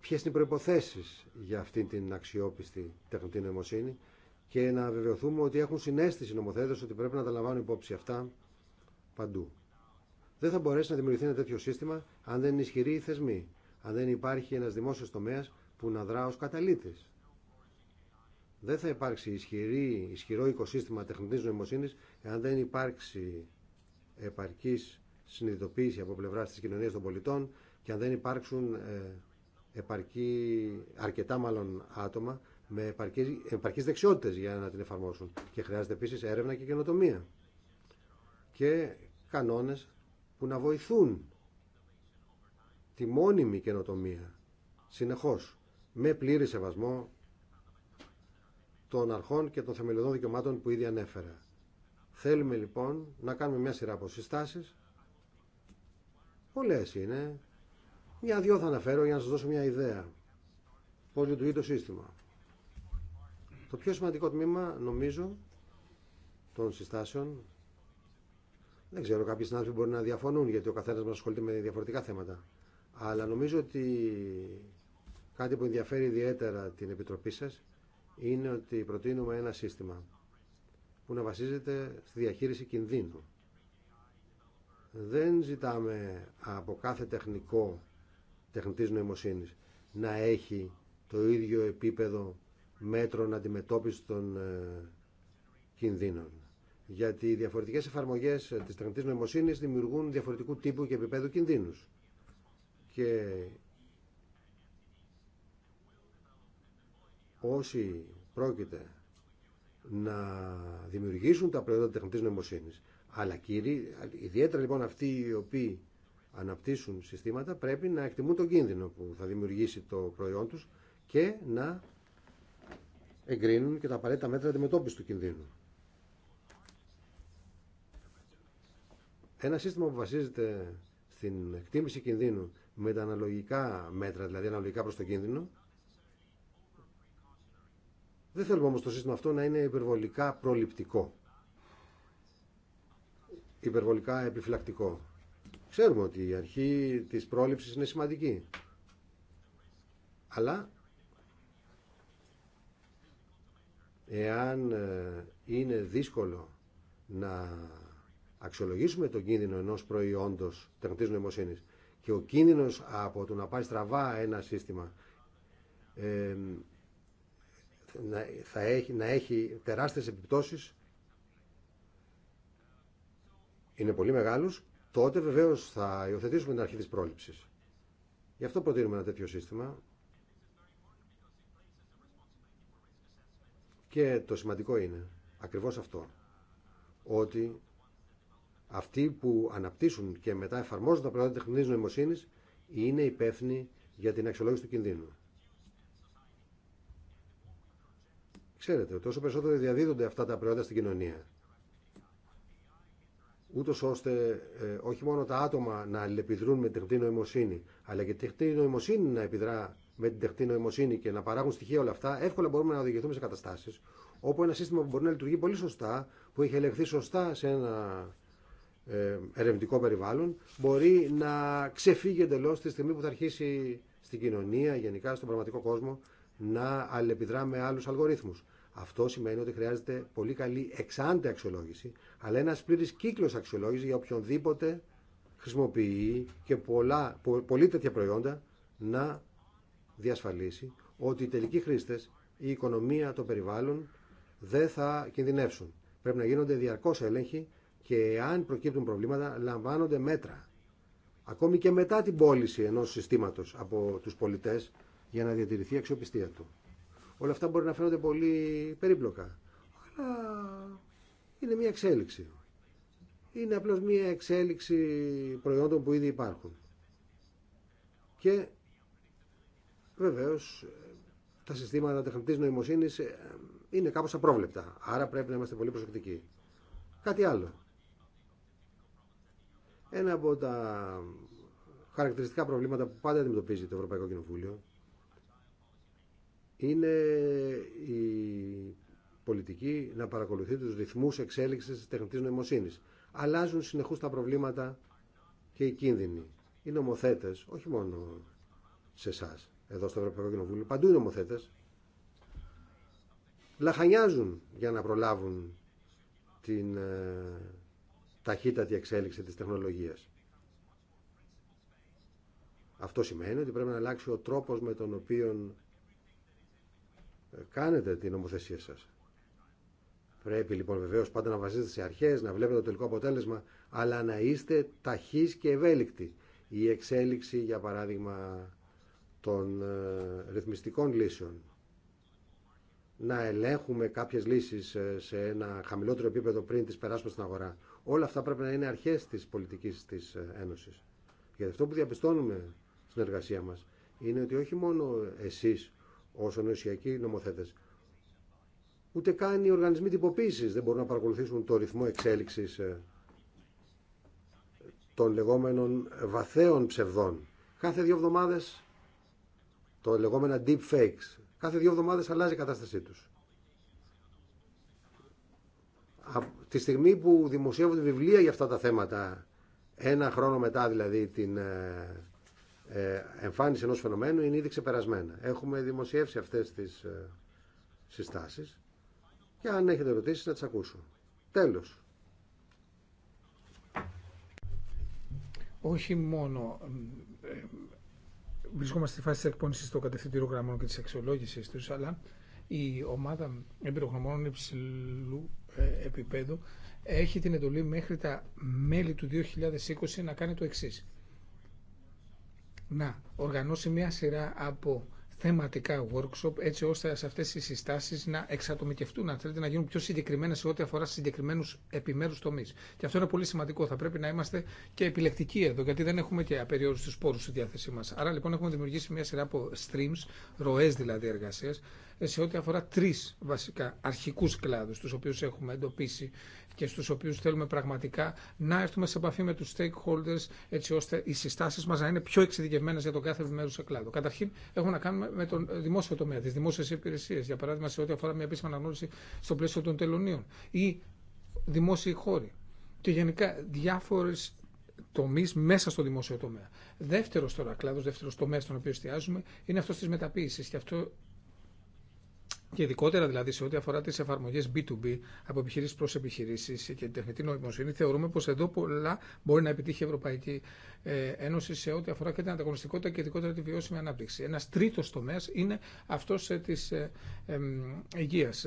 ποιες είναι οι προϋποθέσεις για αυτή την αξιόπιστη τεχνητή νοημοσύνη και να βεβαιωθούμε ότι έχουν συνέστηση οι νομοθέτες ότι πρέπει να τα λαμβάνουν υπόψη αυτά παντού. Δεν θα μπορέσει να δημιουργηθεί ένα τέτοιο σύστημα αν δεν είναι ισχυροί οι θεσμοί, αν δεν υπάρχει ένας δημόσιος τομέας που να δρά ως καταλήτης. Δεν θα υπάρξει ισχυρή, ισχυρό οικοσύστημα τεχνητής νοημοσύνης αν δεν υπάρξει επαρκής συνειδητοποίηση από πλευρά τη κοινωνία των πολιτών και αν δεν υπάρξουν ε, επαρκή, αρκετά μάλλον άτομα με επαρκεί δεξιότητε για να την εφαρμόσουν. Και χρειάζεται επίση έρευνα και καινοτομία. Και κανόνε που να βοηθούν τη μόνιμη καινοτομία συνεχώς με πλήρη σεβασμό των αρχών και των θεμελιωδών δικαιωμάτων που ήδη ανέφερα. Θέλουμε λοιπόν να κάνουμε μια σειρά από πολλε ειναι είναι. Μια-δυο θα αναφέρω για να σας δώσω μια ιδέα. Πώς λειτουργεί το σύστημα. Το πιο σημαντικό τμήμα, νομίζω, των συστάσεων, δεν ξέρω, κάποιοι συνάδελφοι μπορεί να διαφωνούν, γιατί ο καθένα μας ασχολείται με διαφορετικά θέματα. Αλλά νομίζω ότι κάτι που ενδιαφέρει ιδιαίτερα την Επιτροπή σα είναι ότι προτείνουμε ένα σύστημα που να βασίζεται στη διαχείριση κινδύνου δεν ζητάμε από κάθε τεχνικό τεχνητής νοημοσύνης να έχει το ίδιο επίπεδο μέτρων αντιμετώπισης των ε, κινδύνων. Γιατί οι διαφορετικές εφαρμογές ε, της τεχνητής νοημοσύνης δημιουργούν διαφορετικού τύπου και επίπεδου κινδύνους. Και όσοι πρόκειται να δημιουργήσουν τα προϊόντα τεχνητής νοημοσύνης αλλά κύριοι, ιδιαίτερα λοιπόν αυτοί οι οποίοι αναπτύσσουν συστήματα πρέπει να εκτιμούν τον κίνδυνο που θα δημιουργήσει το προϊόν τους και να εγκρίνουν και τα απαραίτητα μέτρα αντιμετώπιση του κινδύνου. Ένα σύστημα που βασίζεται στην εκτίμηση κινδύνου με τα αναλογικά μέτρα, δηλαδή αναλογικά προς τον κίνδυνο, δεν θέλουμε όμως το σύστημα αυτό να είναι υπερβολικά προληπτικό υπερβολικά επιφυλακτικό. Ξέρουμε ότι η αρχή της πρόληψης είναι σημαντική. Αλλά εάν ε, είναι δύσκολο να αξιολογήσουμε τον κίνδυνο ενός προϊόντος τεχνητής νοημοσύνης και ο κίνδυνος από το να πάει στραβά ένα σύστημα ε, θα έχει, να έχει τεράστιες επιπτώσεις είναι πολύ μεγάλου, τότε βεβαίως θα υιοθετήσουμε την αρχή της πρόληψης. Γι' αυτό προτείνουμε ένα τέτοιο σύστημα. Και το σημαντικό είναι ακριβώς αυτό, ότι αυτοί που αναπτύσσουν και μετά εφαρμόζουν τα προϊόντα τεχνητή νοημοσύνης είναι υπεύθυνοι για την αξιολόγηση του κινδύνου. Ξέρετε, τόσο περισσότερο διαδίδονται αυτά τα προϊόντα στην κοινωνία ούτω ώστε ε, όχι μόνο τα άτομα να αλληλεπιδρούν με την τεχνητή νοημοσύνη, αλλά και η τεχνητή νοημοσύνη να επιδρά με την τεχνητή νοημοσύνη και να παράγουν στοιχεία όλα αυτά, εύκολα μπορούμε να οδηγηθούμε σε καταστάσει όπου ένα σύστημα που μπορεί να λειτουργεί πολύ σωστά, που έχει ελεγχθεί σωστά σε ένα ε, ερευνητικό περιβάλλον, μπορεί να ξεφύγει εντελώ τη στιγμή που θα αρχίσει στην κοινωνία, γενικά στον πραγματικό κόσμο, να αλληλεπιδρά με άλλου αλγορίθμου. Αυτό σημαίνει ότι χρειάζεται πολύ καλή εξάντια αξιολόγηση, αλλά ένα πλήρη κύκλο αξιολόγηση για οποιονδήποτε χρησιμοποιεί και πολλά, πολύ τέτοια προϊόντα να διασφαλίσει ότι οι τελικοί χρήστε, η οικονομία, το περιβάλλον δεν θα κινδυνεύσουν. Πρέπει να γίνονται διαρκώ έλεγχοι και αν προκύπτουν προβλήματα λαμβάνονται μέτρα. Ακόμη και μετά την πώληση ενό συστήματο από του πολιτέ για να διατηρηθεί η αξιοπιστία του. Όλα αυτά μπορεί να φαίνονται πολύ περίπλοκα. Αλλά είναι μια εξέλιξη. Είναι απλώς μια εξέλιξη προϊόντων που ήδη υπάρχουν. Και βεβαίως τα συστήματα τεχνητής νοημοσύνης ε, είναι κάπως απρόβλεπτα. Άρα πρέπει να είμαστε πολύ προσεκτικοί. Κάτι άλλο. Ένα από τα χαρακτηριστικά προβλήματα που πάντα αντιμετωπίζει το Ευρωπαϊκό Κοινοβούλιο είναι η πολιτική να παρακολουθεί τους ρυθμούς εξέλιξης της τεχνητής νοημοσύνης. Αλλάζουν συνεχώς τα προβλήματα και οι κίνδυνοι. Οι νομοθέτε, όχι μόνο σε εσά, εδώ στο Ευρωπαϊκό Κοινοβούλιο, παντού οι νομοθέτες, λαχανιάζουν για να προλάβουν την ε, ταχύτατη εξέλιξη της τεχνολογίας. Αυτό σημαίνει ότι πρέπει να αλλάξει ο τρόπος με τον οποίο ε, κάνετε την νομοθεσία σας. Πρέπει λοιπόν βεβαίως πάντα να βασίζεστε σε αρχές, να βλέπετε το τελικό αποτέλεσμα, αλλά να είστε ταχεί και ευέλικτοι. Η εξέλιξη, για παράδειγμα, των ε, ρυθμιστικών λύσεων. Να ελέγχουμε κάποιες λύσεις ε, σε ένα χαμηλότερο επίπεδο πριν τις περάσουμε στην αγορά. Όλα αυτά πρέπει να είναι αρχές της πολιτικής της Ένωσης. Γιατί αυτό που διαπιστώνουμε στην εργασία μας είναι ότι όχι μόνο εσείς ως ενωσιακοί νομοθέτες. Ούτε καν οι οργανισμοί τυποποίησης δεν μπορούν να παρακολουθήσουν το ρυθμό εξέλιξης ε, των λεγόμενων βαθέων ψευδών. Κάθε δύο εβδομάδες, το λεγόμενα deep fakes, κάθε δύο εβδομάδες αλλάζει η κατάστασή τους. τη στιγμή που δημοσιεύονται βιβλία για αυτά τα θέματα, ένα χρόνο μετά δηλαδή την ε, ε, εμφάνιση ενός φαινομένου είναι ήδη ξεπερασμένα. Έχουμε δημοσιεύσει αυτές τις ε, συστάσεις και αν έχετε ερωτήσεις να τις ακούσω. Τέλος. Όχι μόνο ε, βρισκόμαστε στη φάση της εκπόνησης των κατευθυντήρων γραμμών και της αξιολόγηση τους, αλλά η ομάδα εμπειρογνωμόνων υψηλού επίπεδου έχει την εντολή μέχρι τα μέλη του 2020 να κάνει το εξής να οργανώσει μια σειρά από θεματικά workshop έτσι ώστε σε αυτές οι συστάσεις να εξατομικευτούν, αν θέλετε, να γίνουν πιο συγκεκριμένες σε ό,τι αφορά συγκεκριμένους επιμέρους τομείς. Και αυτό είναι πολύ σημαντικό. Θα πρέπει να είμαστε και επιλεκτικοί εδώ, γιατί δεν έχουμε και απεριόριστους πόρους στη διάθεσή μας. Άρα λοιπόν έχουμε δημιουργήσει μια σειρά από streams, ροές δηλαδή εργασίας, σε ό,τι αφορά τρεις βασικά αρχικούς κλάδους, τους οποίους έχουμε εντοπίσει και στους οποίους θέλουμε πραγματικά να έρθουμε σε επαφή με τους stakeholders έτσι ώστε οι συστάσεις μας να είναι πιο εξειδικευμένες για τον κάθε σε κλάδο. Καταρχήν έχουμε να κάνουμε με τον δημόσιο τομέα, τις δημόσιες υπηρεσίες, για παράδειγμα σε ό,τι αφορά μια επίσημη αναγνώριση στο πλαίσιο των τελωνίων ή δημόσιοι χώροι και γενικά διάφορες τομεί μέσα στο δημόσιο τομέα. Δεύτερο τώρα κλάδο, δεύτερο τομέα στον οποίο εστιάζουμε είναι αυτό τη μεταποίηση. Και αυτό και ειδικότερα δηλαδή σε ό,τι αφορά τις εφαρμογε b B2B από επιχειρήσει προς επιχειρήσει και την τεχνητή νοημοσύνη, θεωρούμε πως εδώ πολλά μπορεί να επιτύχει η Ευρωπαϊκή ε, Ένωση σε ό,τι αφορά και την ανταγωνιστικότητα και ειδικότερα τη βιώσιμη ανάπτυξη. Ένα τρίτο τομέα είναι αυτός ε, της ε, υγείας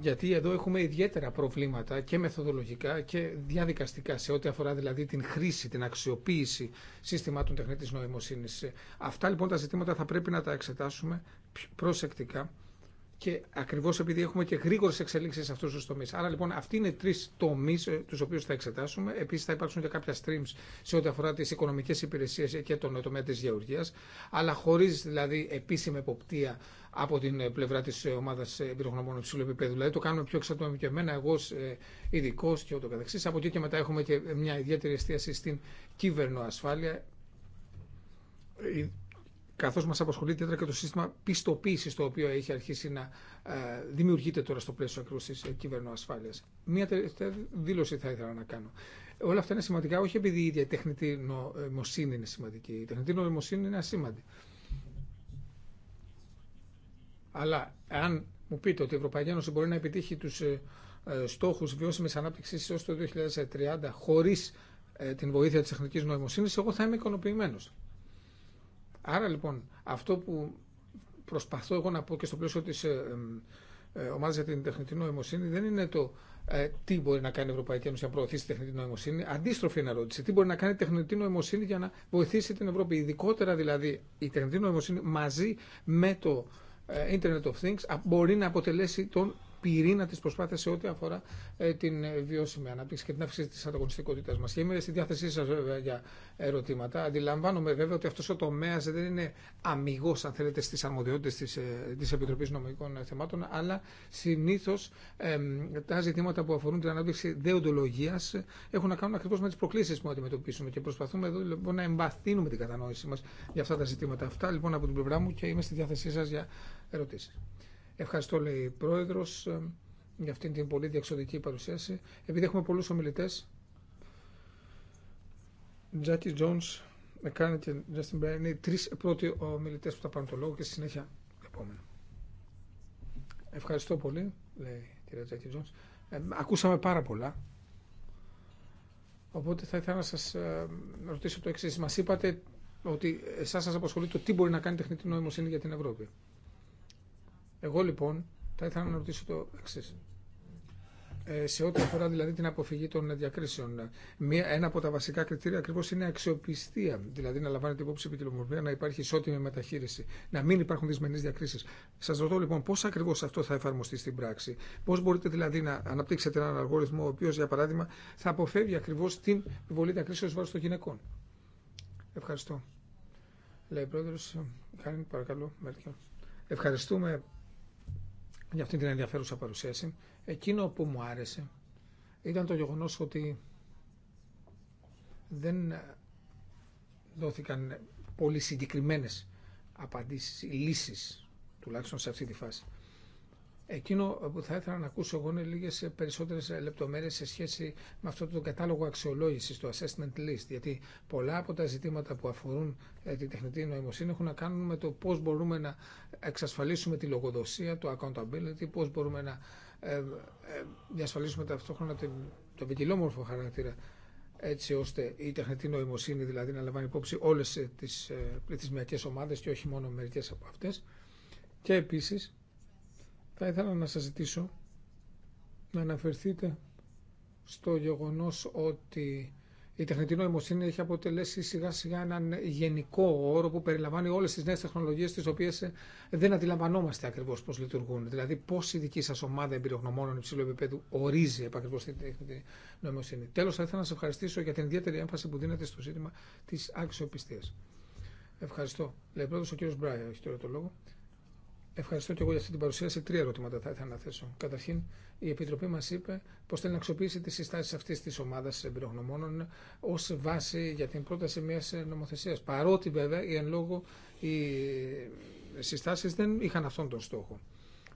γιατί εδώ έχουμε ιδιαίτερα προβλήματα και μεθοδολογικά και διαδικαστικά σε ό,τι αφορά δηλαδή την χρήση, την αξιοποίηση συστημάτων τεχνητής νοημοσύνης. Αυτά λοιπόν τα ζητήματα θα πρέπει να τα εξετάσουμε προσεκτικά και ακριβώ επειδή έχουμε και γρήγορε εξελίξει σε αυτού του τομεί. Άρα λοιπόν αυτοί είναι τρει τομεί ε, του οποίου θα εξετάσουμε. Επίση θα υπάρξουν και κάποια streams σε ό,τι αφορά τι οικονομικέ υπηρεσίε και τον τομέα τη γεωργία, αλλά χωρί δηλαδή επίσημη εποπτεία από την πλευρά τη ομάδα πυρογνωμών υψηλού επίπεδου. Δηλαδή το κάνουμε πιο εξατομικευμένα, εγώ ε, ειδικό και ούτω καθεξή. Από εκεί και μετά έχουμε και μια ιδιαίτερη εστίαση στην κυβερνοασφάλεια ε, καθώς μας απασχολεί ιδιαίτερα και το σύστημα πιστοποίησης το οποίο έχει αρχίσει να ε, δημιουργείται τώρα στο πλαίσιο ακριβώς της ε, κυβερνοασφάλειας. Μία τελευταία δήλωση θα ήθελα να κάνω. Όλα αυτά είναι σημαντικά όχι επειδή η ίδια η τεχνητή νοημοσύνη είναι σημαντική. Η τεχνητή νοημοσύνη είναι ασήμαντη. Αλλά αν μου πείτε ότι η Ευρωπαϊκή Ένωση μπορεί να επιτύχει τους ε, στόχους βιώσιμης ανάπτυξης έως το 2030 χωρίς την βοήθεια της τεχνικής νοημοσύνης, εγώ θα είμαι ικανοποιημένος. Άρα λοιπόν αυτό που προσπαθώ εγώ να πω και στο πλαίσιο της ε, ε, ομάδας για την τεχνητή νοημοσύνη δεν είναι το ε, τι μπορεί να κάνει η Ευρωπαϊκή Ένωση για να προωθήσει την τεχνητή νοημοσύνη. Αντίστροφη είναι ερώτηση. Τι μπορεί να κάνει η τεχνητή νοημοσύνη για να βοηθήσει την Ευρώπη. Ειδικότερα δηλαδή η τεχνητή νοημοσύνη μαζί με το Internet of Things μπορεί να αποτελέσει τον πυρήνα τη προσπάθεια σε ό,τι αφορά ε, την ε, βιώσιμη ανάπτυξη και την αύξηση τη ανταγωνιστικότητά μα. Και είμαι στη διάθεσή σα βέβαια για ερωτήματα. Αντιλαμβάνομαι βέβαια ότι αυτό ο τομέα δεν είναι αμυγό, αν θέλετε, στι αρμοδιότητε τη ε, Επιτροπή Νομικών Θεμάτων, αλλά συνήθω τα ζητήματα που αφορούν την ανάπτυξη δεοντολογία έχουν να κάνουν ακριβώ με τι προκλήσει που αντιμετωπίσουμε και προσπαθούμε εδώ λοιπόν, να εμβαθύνουμε την κατανόησή μα για αυτά τα ζητήματα. Αυτά λοιπόν από την πλευρά μου και είμαι στη διάθεσή σα για ερωτήσει. Ευχαριστώ, λέει η Πρόεδρο, ε, για αυτήν την πολύ διεξοδική παρουσίαση. Επειδή έχουμε πολλού ομιλητέ, Τζάκι Τζόν, και Justin Bieber είναι οι τρει πρώτοι ομιλητέ που θα πάρουν το λόγο και στη συνέχεια επόμενο. Ευχαριστώ πολύ, λέει η κυρία Τζάκι Τζόν. Ε, ακούσαμε πάρα πολλά. Οπότε θα ήθελα να σας ε, ρωτήσω το εξή. Μα είπατε ότι εσά σα απασχολεί το τι μπορεί να κάνει η τεχνητή νοημοσύνη για την Ευρώπη. Εγώ λοιπόν θα ήθελα να ρωτήσω το εξή. Ε, σε ό,τι αφορά δηλαδή την αποφυγή των διακρίσεων, μία, ένα από τα βασικά κριτήρια ακριβώ είναι αξιοπιστία. Δηλαδή να λαμβάνετε υπόψη επικοινωνία, να υπάρχει ισότιμη μεταχείριση, να μην υπάρχουν δυσμενεί διακρίσει. Σα ρωτώ λοιπόν πώ ακριβώ αυτό θα εφαρμοστεί στην πράξη. Πώ μπορείτε δηλαδή να αναπτύξετε έναν αλγόριθμο ο οποίο, για παράδειγμα, θα αποφεύγει ακριβώ την επιβολή διακρίσεω βάρο των γυναικών. Ευχαριστώ. Λέει πρόεδρο, παρακαλώ, Μέρκελ. Ευχαριστούμε για αυτή την ενδιαφέρουσα παρουσίαση. Εκείνο που μου άρεσε ήταν το γεγονός ότι δεν δόθηκαν πολύ συγκεκριμένες απαντήσεις, λύσεις τουλάχιστον σε αυτή τη φάση. Εκείνο που θα ήθελα να ακούσω εγώ είναι λίγε περισσότερε ε, λεπτομέρειε σε σχέση με αυτό το κατάλογο αξιολόγηση, το assessment list. Γιατί πολλά από τα ζητήματα που αφορούν ε, την τεχνητή νοημοσύνη έχουν να κάνουν με το πώ μπορούμε να εξασφαλίσουμε τη λογοδοσία, το accountability, πώ μπορούμε να ε, διασφαλίσουμε ταυτόχρονα το ποικιλόμορφο χαρακτήρα έτσι ώστε η τεχνητή νοημοσύνη δηλαδή να λαμβάνει υπόψη όλες τις πληθυσμιακές ομάδες και όχι μόνο μερικές από αυτές. Και επίσης θα ήθελα να σας ζητήσω να αναφερθείτε στο γεγονός ότι η τεχνητή νοημοσύνη έχει αποτελέσει σιγά σιγά έναν γενικό όρο που περιλαμβάνει όλες τις νέες τεχνολογίες τις οποίες ε, δεν αντιλαμβανόμαστε ακριβώς πώς λειτουργούν. Δηλαδή πώς η δική σας ομάδα εμπειρογνωμόνων υψηλού επίπεδου ορίζει επακριβώς την τεχνητή νοημοσύνη. Τέλος θα ήθελα να σας ευχαριστήσω για την ιδιαίτερη έμφαση που δίνετε στο ζήτημα της αξιοπιστίας. Ευχαριστώ. Λέει πρώτος ο κύριος έχει τώρα το λόγο. Ευχαριστώ και εγώ για αυτή την παρουσίαση. Τρία ερωτήματα θα ήθελα να θέσω. Καταρχήν, η Επιτροπή μα είπε πω θέλει να αξιοποιήσει τι συστάσει αυτή τη ομάδα εμπειρογνωμόνων ω βάση για την πρόταση μια νομοθεσία. Παρότι βέβαια η εν λόγω οι συστάσει δεν είχαν αυτόν τον στόχο.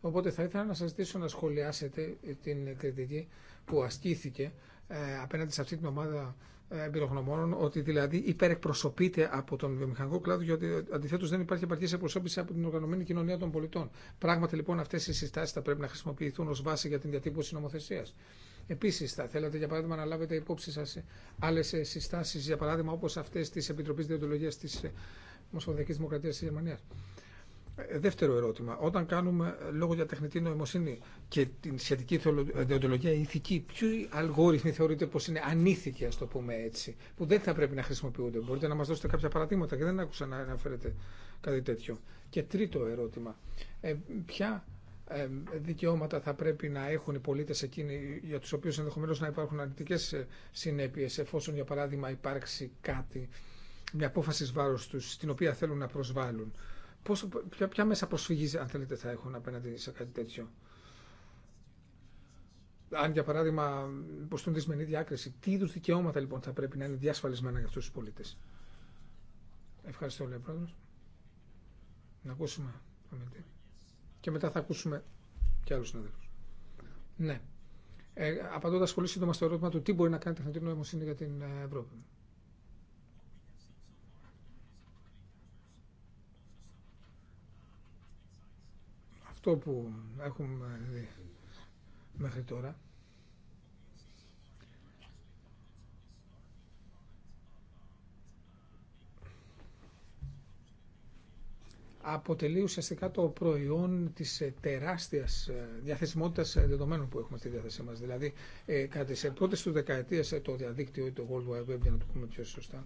Οπότε θα ήθελα να σα ζητήσω να σχολιάσετε την κριτική που ασκήθηκε ε, απέναντι σε αυτή την ομάδα ε, εμπειρογνωμόνων ότι δηλαδή υπερεκπροσωπείται από τον βιομηχανικό κλάδο, γιατί αντιθέτω δεν υπάρχει επαρκή εκπροσώπηση από την οργανωμένη κοινωνία των πολιτών. Πράγματι λοιπόν αυτέ οι συστάσει θα πρέπει να χρησιμοποιηθούν ω βάση για την διατύπωση νομοθεσία. Επίση, θα θέλατε για παράδειγμα να λάβετε υπόψη σα άλλε συστάσει, για παράδειγμα όπω αυτέ τη Επιτροπή Διοντολογία τη ε, Ομοσπονδιακή Δημοκρατία τη Γερμανία. Ε, δεύτερο ερώτημα. Όταν κάνουμε ε, λόγο για τεχνητή νοημοσύνη και την σχετική ε, δεοντολογία ηθική, ποιοι αλγόριθμοι θεωρείτε πω είναι ανήθικοι, α το πούμε έτσι, που δεν θα πρέπει να χρησιμοποιούνται. Μπορείτε να μα δώσετε κάποια παραδείγματα και δεν άκουσα να αναφέρετε κάτι τέτοιο. Και τρίτο ερώτημα. Ε, ποια δικαιώματα θα πρέπει να έχουν οι πολίτε εκείνοι για του οποίου ενδεχομένω να υπάρχουν αρνητικέ συνέπειε, εφόσον για παράδειγμα υπάρξει κάτι, μια απόφαση βάρο του, στην οποία θέλουν να προσβάλλουν. Πώς, ποια, ποια μέσα προσφυγή, αν θέλετε, θα έχουν απέναντι σε κάτι τέτοιο. Αν για παράδειγμα υποστούν δυσμενή διάκριση, τι είδου δικαιώματα λοιπόν θα πρέπει να είναι διασφαλισμένα για αυτού του πολίτε. Ευχαριστώ, λέει ο Να ακούσουμε Και μετά θα ακούσουμε και άλλου συναδέλφου. Ναι. Ε, Απαντώντα πολύ σύντομα στο ερώτημα του τι μπορεί να κάνει η τεχνητή νοημοσύνη για την ε, Ευρώπη. αυτό που έχουμε δει μέχρι τώρα αποτελεί ουσιαστικά το προϊόν της ε, τεράστιας ε, διαθεσιμότητας ε, δεδομένων που έχουμε στη διάθεσή μας. Δηλαδή, κατά τις πρώτες του δεκαετίες το διαδίκτυο ή το World Wide Web, για να το πούμε πιο σωστά,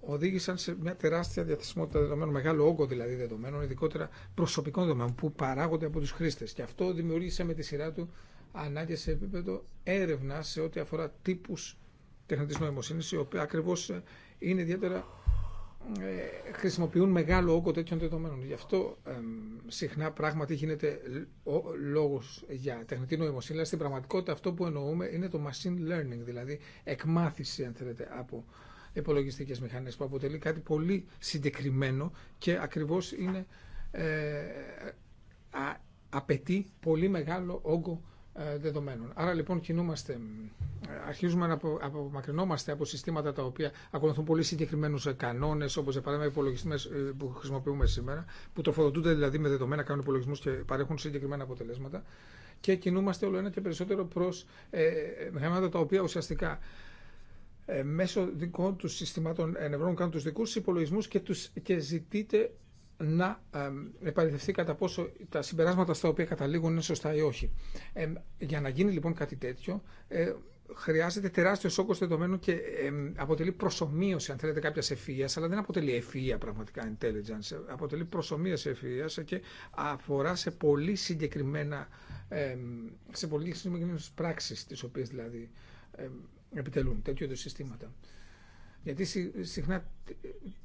οδήγησαν σε μια τεράστια διαθεσιμότητα δεδομένων, μεγάλο όγκο δηλαδή δεδομένων, ειδικότερα προσωπικών δεδομένων που παράγονται από του χρήστε. Και αυτό δημιούργησε με τη σειρά του ανάγκη σε επίπεδο έρευνα σε ό,τι αφορά τύπου τεχνητής νοημοσύνης, οι οποίοι ακριβώ ε, είναι ιδιαίτερα ε, χρησιμοποιούν μεγάλο όγκο τέτοιων δεδομένων. Γι' αυτό συχνά πράγματι γίνεται λόγος για τεχνητή νοημοσύνη, αλλά στην πραγματικότητα αυτό που εννοούμε είναι το machine learning, δηλαδή εκμάθηση, αν θέλετε, από υπολογιστικέ μηχανέ που αποτελεί κάτι πολύ συγκεκριμένο και ακριβώ είναι. Ε, απαιτεί πολύ μεγάλο όγκο ε, δεδομένων. Άρα λοιπόν κινούμαστε, ε, αρχίζουμε να απομακρυνόμαστε από συστήματα τα οποία ακολουθούν πολύ συγκεκριμένου ε, κανόνε, όπω για παράδειγμα οι που χρησιμοποιούμε σήμερα, που τροφοδοτούνται δηλαδή με δεδομένα, κάνουν υπολογισμού και παρέχουν συγκεκριμένα αποτελέσματα και κινούμαστε όλο ένα και περισσότερο προ ε, μηχανήματα τα οποία ουσιαστικά ε, μέσω δικών του συστημάτων ενευρών, κάνουν τους δικούς υπολογισμούς και, τους, και ζητείτε να επαληθευτεί κατά πόσο τα συμπεράσματα στα οποία καταλήγουν είναι σωστά ή όχι. Ε, για να γίνει λοιπόν κάτι τέτοιο, ε, χρειάζεται τεράστιο όγκο δεδομένου και αποτελεί προσωμείωση, αν θέλετε, κάποια ευφυία, αλλά δεν αποτελεί ευφυία πραγματικά intelligence. Αποτελεί προσωμείωση ευφυία και αφορά σε πολύ συγκεκριμένα, σε πολύ συγκεκριμένε πράξει, τι οποίε δηλαδή επιτελούν τέτοιου είδου συστήματα. Γιατί συχνά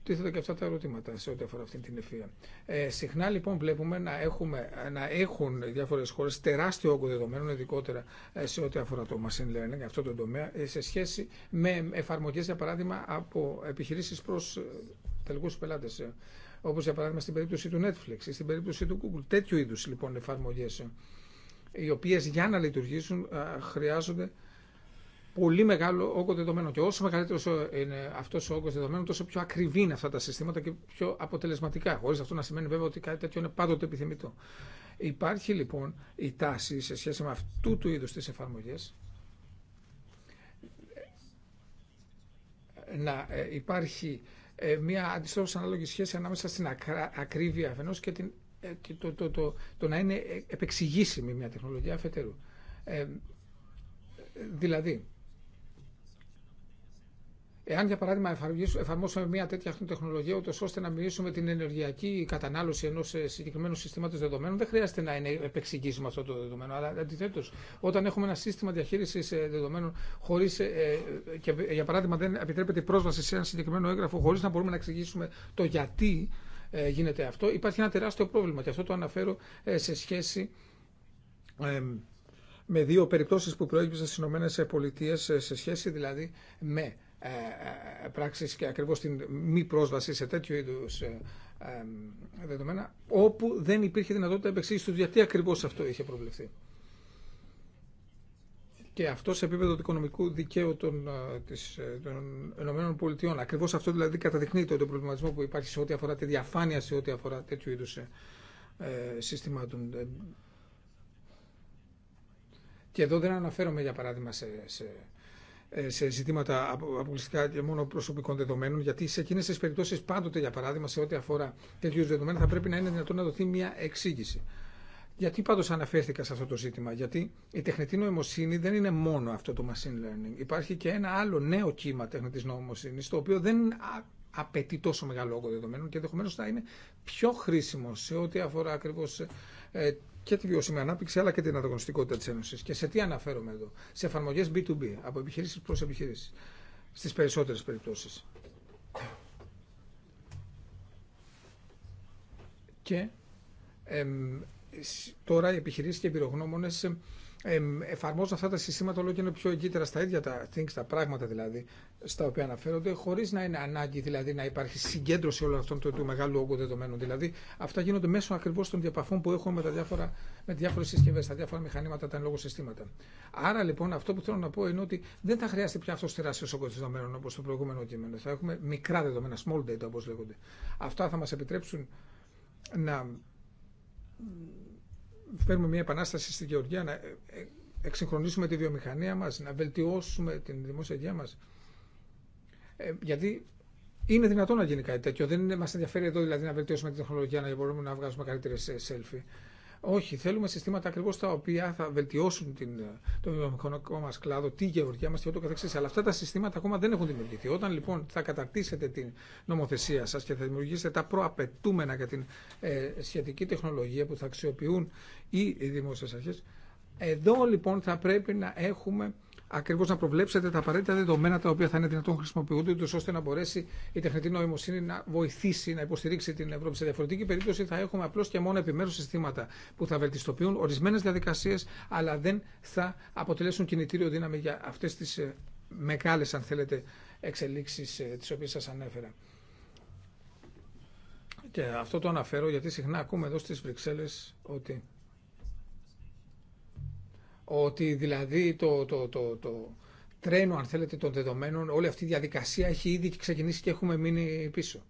τίθεται και αυτά τα ερωτήματα σε ό,τι αφορά αυτή την ευθεία. Ε, συχνά λοιπόν βλέπουμε να, έχουμε, να έχουν διάφορε χώρε τεράστιο όγκο δεδομένων, ειδικότερα ε, σε ό,τι αφορά το machine learning, αυτό το τομέα, ε, σε σχέση με εφαρμογέ, για παράδειγμα, από επιχειρήσει προ ε, τελικού πελάτε. Όπω για παράδειγμα στην περίπτωση του Netflix ή στην περίπτωση του Google. Τέτοιου είδου λοιπόν εφαρμογέ, οι οποίε για να λειτουργήσουν χρειάζονται πολύ μεγάλο όγκο δεδομένων. Και όσο μεγαλύτερο ε, είναι αυτό ο όγκο δεδομένων, τόσο πιο ακριβή είναι αυτά τα συστήματα και πιο αποτελεσματικά. Χωρί αυτό να σημαίνει βέβαια ότι κάτι τέτοιο είναι πάντοτε επιθυμητό. Υπάρχει λοιπόν η τάση σε σχέση με αυτού του είδου τι εφαρμογέ να ε, υπάρχει ε, μια αντιστρόφως ανάλογη σχέση ανάμεσα στην ακρίβεια αφενό και, την, το, το, το, το, να είναι επεξηγήσιμη μια τεχνολογία αφετέρου. Ε, δηλαδή, Εάν, για παράδειγμα, εφαρμόσουμε μια τέτοια τεχνολογία, ούτω ώστε να μειώσουμε την ενεργειακή κατανάλωση ενό ε, συγκεκριμένου συστήματο δεδομένων, δεν χρειάζεται να είναι επεξηγήσουμε αυτό το δεδομένο. Αλλά αντιθέτω, όταν έχουμε ένα σύστημα διαχείριση ε, δεδομένων, χωρίς, ε, και για παράδειγμα, δεν επιτρέπεται η πρόσβαση σε ένα συγκεκριμένο έγγραφο χωρί να μπορούμε να εξηγήσουμε το γιατί γίνεται αυτό, υπάρχει ένα τεράστιο πρόβλημα. Και αυτό το αναφέρω σε σχέση με δύο περιπτώσεις που προέκυψαν στις Ηνωμένες σε σχέση δηλαδή με ε, ε, πράξεις και ακριβώς την μη πρόσβαση σε τέτοιου είδους ε, δεδομένα, όπου δεν υπήρχε δυνατότητα επεξήγηση του γιατί ακριβώς αυτό είχε προβλεφθεί. Και αυτό σε επίπεδο του οικονομικού δικαίου των, της, των ΗΠΑ. Ακριβώς αυτό δηλαδή καταδεικνύει τον προβληματισμό που υπάρχει σε ό,τι αφορά τη διαφάνεια, σε ό,τι αφορά τέτοιου είδους ε, συστημάτων. Και εδώ δεν αναφέρομαι για παράδειγμα σε ε, σε ζητήματα αποκλειστικά και μόνο προσωπικών δεδομένων, γιατί σε εκείνε τι περιπτώσει πάντοτε, για παράδειγμα, σε ό,τι αφορά τέτοιου δεδομένων θα πρέπει να είναι δυνατόν να δοθεί μια εξήγηση. Γιατί πάντω αναφέρθηκα σε αυτό το ζήτημα, Γιατί η τεχνητή νοημοσύνη δεν είναι μόνο αυτό το machine learning. Υπάρχει και ένα άλλο νέο κύμα τεχνητή νοημοσύνη, το οποίο δεν απαιτεί τόσο μεγάλο όγκο δεδομένων και ενδεχομένω θα είναι πιο χρήσιμο σε ό,τι αφορά ακριβώ ε, και τη βιώσιμη ανάπτυξη αλλά και την ανταγωνιστικότητα τη Ένωση. Και σε τι αναφέρομαι εδώ, σε εφαρμογέ B2B, από επιχειρήσει προ επιχειρήσει, στι περισσότερε περιπτώσει. Και τώρα οι επιχειρήσει και οι πυρογνώμονε εφαρμόζουν αυτά τα συστήματα όλο και είναι πιο εγκύτερα στα ίδια τα things, τα πράγματα δηλαδή, στα οποία αναφέρονται, χωρί να είναι ανάγκη δηλαδή να υπάρχει συγκέντρωση όλων αυτών του, του μεγάλου όγκου δεδομένων. Δηλαδή, αυτά γίνονται μέσω ακριβώ των διαπαφών που έχουμε με, τα διάφορα, με διάφορε συσκευέ, τα διάφορα μηχανήματα, τα εν λόγω συστήματα. Άρα λοιπόν, αυτό που θέλω να πω είναι ότι δεν θα χρειάζεται πια αυτό τεράστιο όγκο δεδομένων όπω το προηγούμενο κείμενο. Θα έχουμε μικρά δεδομένα, small data όπω λέγονται. Αυτά θα μα επιτρέψουν να φέρουμε μια επανάσταση στη Γεωργία, να ε, ε, εξυγχρονίσουμε τη βιομηχανία μας, να βελτιώσουμε την δημόσια υγεία μας. Ε, γιατί είναι δυνατόν να γίνει κάτι τέτοιο. Δεν μα ενδιαφέρει εδώ δηλαδή να βελτιώσουμε την τεχνολογία, να μπορούμε να βγάζουμε καλύτερε σέλφι. Όχι, θέλουμε συστήματα ακριβώ τα οποία θα βελτιώσουν την, το βιομηχανικό μα κλάδο, τη γεωργία μα και ούτω καθεξή. Αλλά αυτά τα συστήματα ακόμα δεν έχουν δημιουργηθεί. Όταν λοιπόν θα καταρτήσετε την νομοθεσία σα και θα δημιουργήσετε τα προαπαιτούμενα για την ε, σχετική τεχνολογία που θα αξιοποιούν οι δημόσιε αρχέ, εδώ λοιπόν θα πρέπει να έχουμε ακριβώ να προβλέψετε τα απαραίτητα δεδομένα τα οποία θα είναι δυνατόν χρησιμοποιούνται, ώστε να μπορέσει η τεχνητή νοημοσύνη να βοηθήσει, να υποστηρίξει την Ευρώπη. Σε διαφορετική περίπτωση θα έχουμε απλώ και μόνο επιμέρου συστήματα που θα βελτιστοποιούν ορισμένε διαδικασίε, αλλά δεν θα αποτελέσουν κινητήριο δύναμη για αυτέ τι ε, μεγάλε, αν θέλετε, εξελίξει ε, τι οποίε σα ανέφερα. Και αυτό το αναφέρω γιατί συχνά ακούμε εδώ στις Βρυξέλλες ότι ότι δηλαδή το, το, το, το τρένο, αν θέλετε, των δεδομένων, όλη αυτή η διαδικασία έχει ήδη ξεκινήσει και έχουμε μείνει πίσω.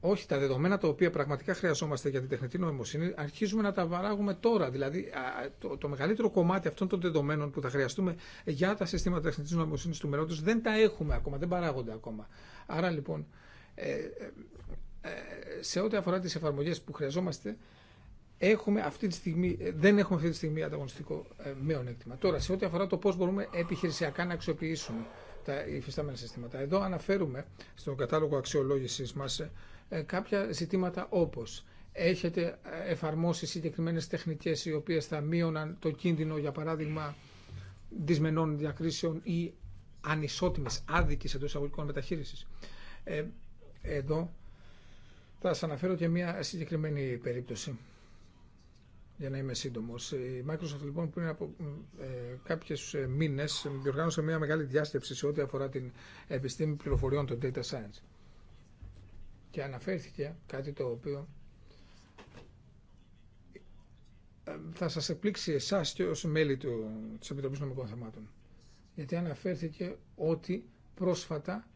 Όχι, τα δεδομένα τα οποία πραγματικά χρειαζόμαστε για την τεχνητή νοημοσύνη αρχίζουμε να τα παράγουμε τώρα. Δηλαδή, το, το μεγαλύτερο κομμάτι αυτών των δεδομένων που θα χρειαστούμε για τα συστήματα τεχνητή νοημοσύνη του μελλοντο δεν τα έχουμε ακόμα, δεν παράγονται ακόμα. Άρα λοιπόν, ε, ε, ε, σε ό,τι αφορά τι εφαρμογέ που χρειαζόμαστε, έχουμε αυτή τη στιγμή, ε, δεν έχουμε αυτή τη στιγμή ανταγωνιστικό ε, μειονέκτημα. Τώρα, σε ό,τι αφορά το πώ μπορούμε επιχειρησιακά να αξιοποιήσουμε τα υφιστάμενα συστήματα. Εδώ αναφέρουμε στον κατάλογο αξιολόγηση μα ε, κάποια ζητήματα όπω έχετε εφαρμόσει συγκεκριμένε τεχνικέ οι οποίε θα μείωναν το κίνδυνο, για παράδειγμα, δυσμενών διακρίσεων ή ανισότιμη άδικη εντό εισαγωγικών μεταχείρισης. εδώ θα σας αναφέρω και μια συγκεκριμένη περίπτωση για να είμαι σύντομο. Η Microsoft λοιπόν πριν από ε, κάποιε ε, μήνε διοργάνωσε μια μεγάλη διάσκεψη σε ό,τι αφορά την επιστήμη πληροφοριών, το data science. Και αναφέρθηκε κάτι το οποίο ε, θα σας εκπλήξει εσά και ως μέλη του, της Επιτροπής Νομικών Θεμάτων. Γιατί αναφέρθηκε ότι πρόσφατα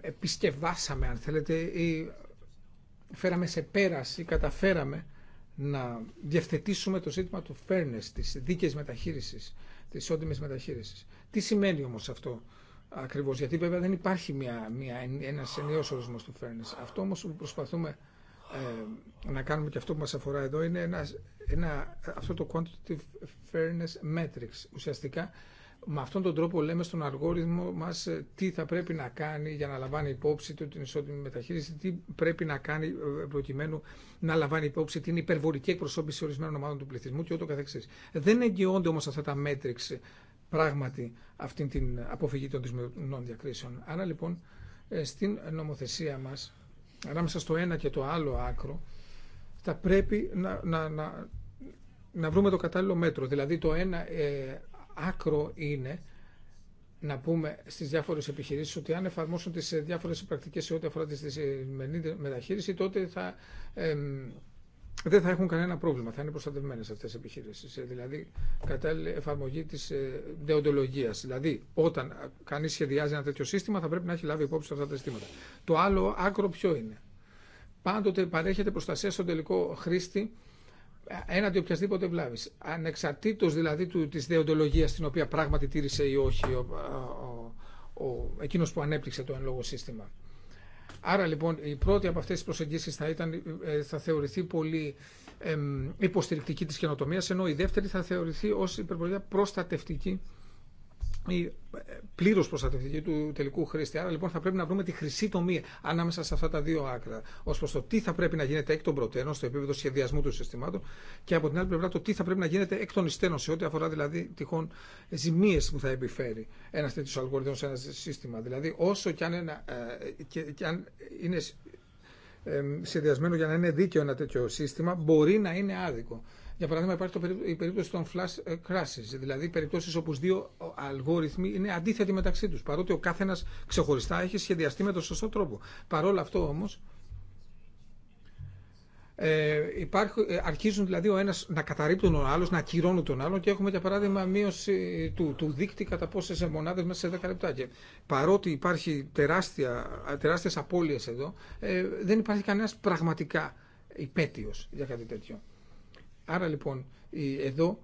επισκευάσαμε, αν θέλετε, ή φέραμε σε πέραση, καταφέραμε να διευθετήσουμε το ζήτημα του fairness, της δίκαιης μεταχείρισης, της όντιμης μεταχείρισης. Τι σημαίνει όμως αυτό ακριβώς, γιατί βέβαια δεν υπάρχει μια, μια, ένας ενιαίος ορισμός του fairness. Αυτό όμως που προσπαθούμε ε, να κάνουμε και αυτό που μας αφορά εδώ είναι ένα, ένα, αυτό το quantitative fairness metrics. Ουσιαστικά με αυτόν τον τρόπο λέμε στον αλγόριθμο μας ε, τι θα πρέπει να κάνει για να λαμβάνει υπόψη του την ισότιμη μεταχείριση, τι πρέπει να κάνει ε, προκειμένου να λαμβάνει υπόψη την υπερβολική εκπροσώπηση ορισμένων ομάδων του πληθυσμού και ούτω καθεξής. Δεν εγγυώνται όμως αυτά τα μέτρηξ πράγματι αυτή την αποφυγή των δυσμενών διακρίσεων. Άρα λοιπόν ε, στην νομοθεσία μας, ανάμεσα στο ένα και το άλλο άκρο, θα πρέπει να, να, να, να βρούμε το κατάλληλο μέτρο. Δηλαδή το ένα άκρο είναι να πούμε στι διάφορε επιχειρήσει ότι αν εφαρμόσουν τι διάφορε πρακτικέ σε ό,τι αφορά τη σημερινή μεταχείριση, τότε θα, δεν θα έχουν κανένα πρόβλημα. Θα είναι προστατευμένε αυτέ οι επιχειρήσει. Ε, δηλαδή, κατάλληλη εφαρμογή τη ε, δεοντολογία. Δηλαδή, όταν κανεί σχεδιάζει ένα τέτοιο σύστημα, θα πρέπει να έχει λάβει υπόψη αυτά τα αισθήματα. Το άλλο άκρο ποιο είναι. Πάντοτε παρέχεται προστασία στον τελικό χρήστη έναντι οποιασδήποτε βλάβης. Ανεξαρτήτως δηλαδή του, της δεοντολογίας την οποία πράγματι τήρησε ή όχι ο, ο, εκείνος που ανέπτυξε το εν λόγω σύστημα. Άρα λοιπόν η πρώτη από αυτές τις προσεγγίσεις θα, ήταν, ε, θα θεωρηθεί πολύ εμ, υποστηρικτική της καινοτομίας, ενώ η δεύτερη θα θεωρηθεί ως υπερβολικά προστατευτική η ε, πλήρω προστατευτική του τελικού χρήστη. Άρα λοιπόν θα πρέπει να βρούμε τη χρυσή τομή ανάμεσα σε αυτά τα δύο άκρα. Ω προ το τι θα πρέπει να γίνεται εκ των προτέρων στο επίπεδο σχεδιασμού του συστημάτων και από την άλλη πλευρά το τι θα πρέπει να γίνεται εκ των υστέρων σε ό,τι αφορά δηλαδή τυχόν ζημίε που θα επιφέρει ένα τέτοιο αλγόριθμο σε ένα σύστημα. Δηλαδή όσο κι αν, ένα, ε, και, και αν είναι ε, σχεδιασμένο για να είναι δίκαιο ένα τέτοιο σύστημα, μπορεί να είναι άδικο. Για παράδειγμα, υπάρχει το, η περίπτωση των flash ε, crashes, δηλαδή περιπτώσει όπου δύο αλγόριθμοι είναι αντίθετοι μεταξύ του, παρότι ο κάθε ένα ξεχωριστά έχει σχεδιαστεί με τον σωστό τρόπο. Παρόλο αυτό όμω, ε, υπάρχουν, ε, αρχίζουν δηλαδή ο ένας να καταρρύπτουν ο άλλος, να ακυρώνουν τον άλλο και έχουμε για παράδειγμα μείωση του, του δίκτυ κατά πόσες μονάδες μέσα σε 10 λεπτά. Και παρότι υπάρχει τεράστια, τεράστιες απώλειες εδώ, ε, δεν υπάρχει κανένας πραγματικά υπέτειος για κάτι τέτοιο. Άρα λοιπόν εδώ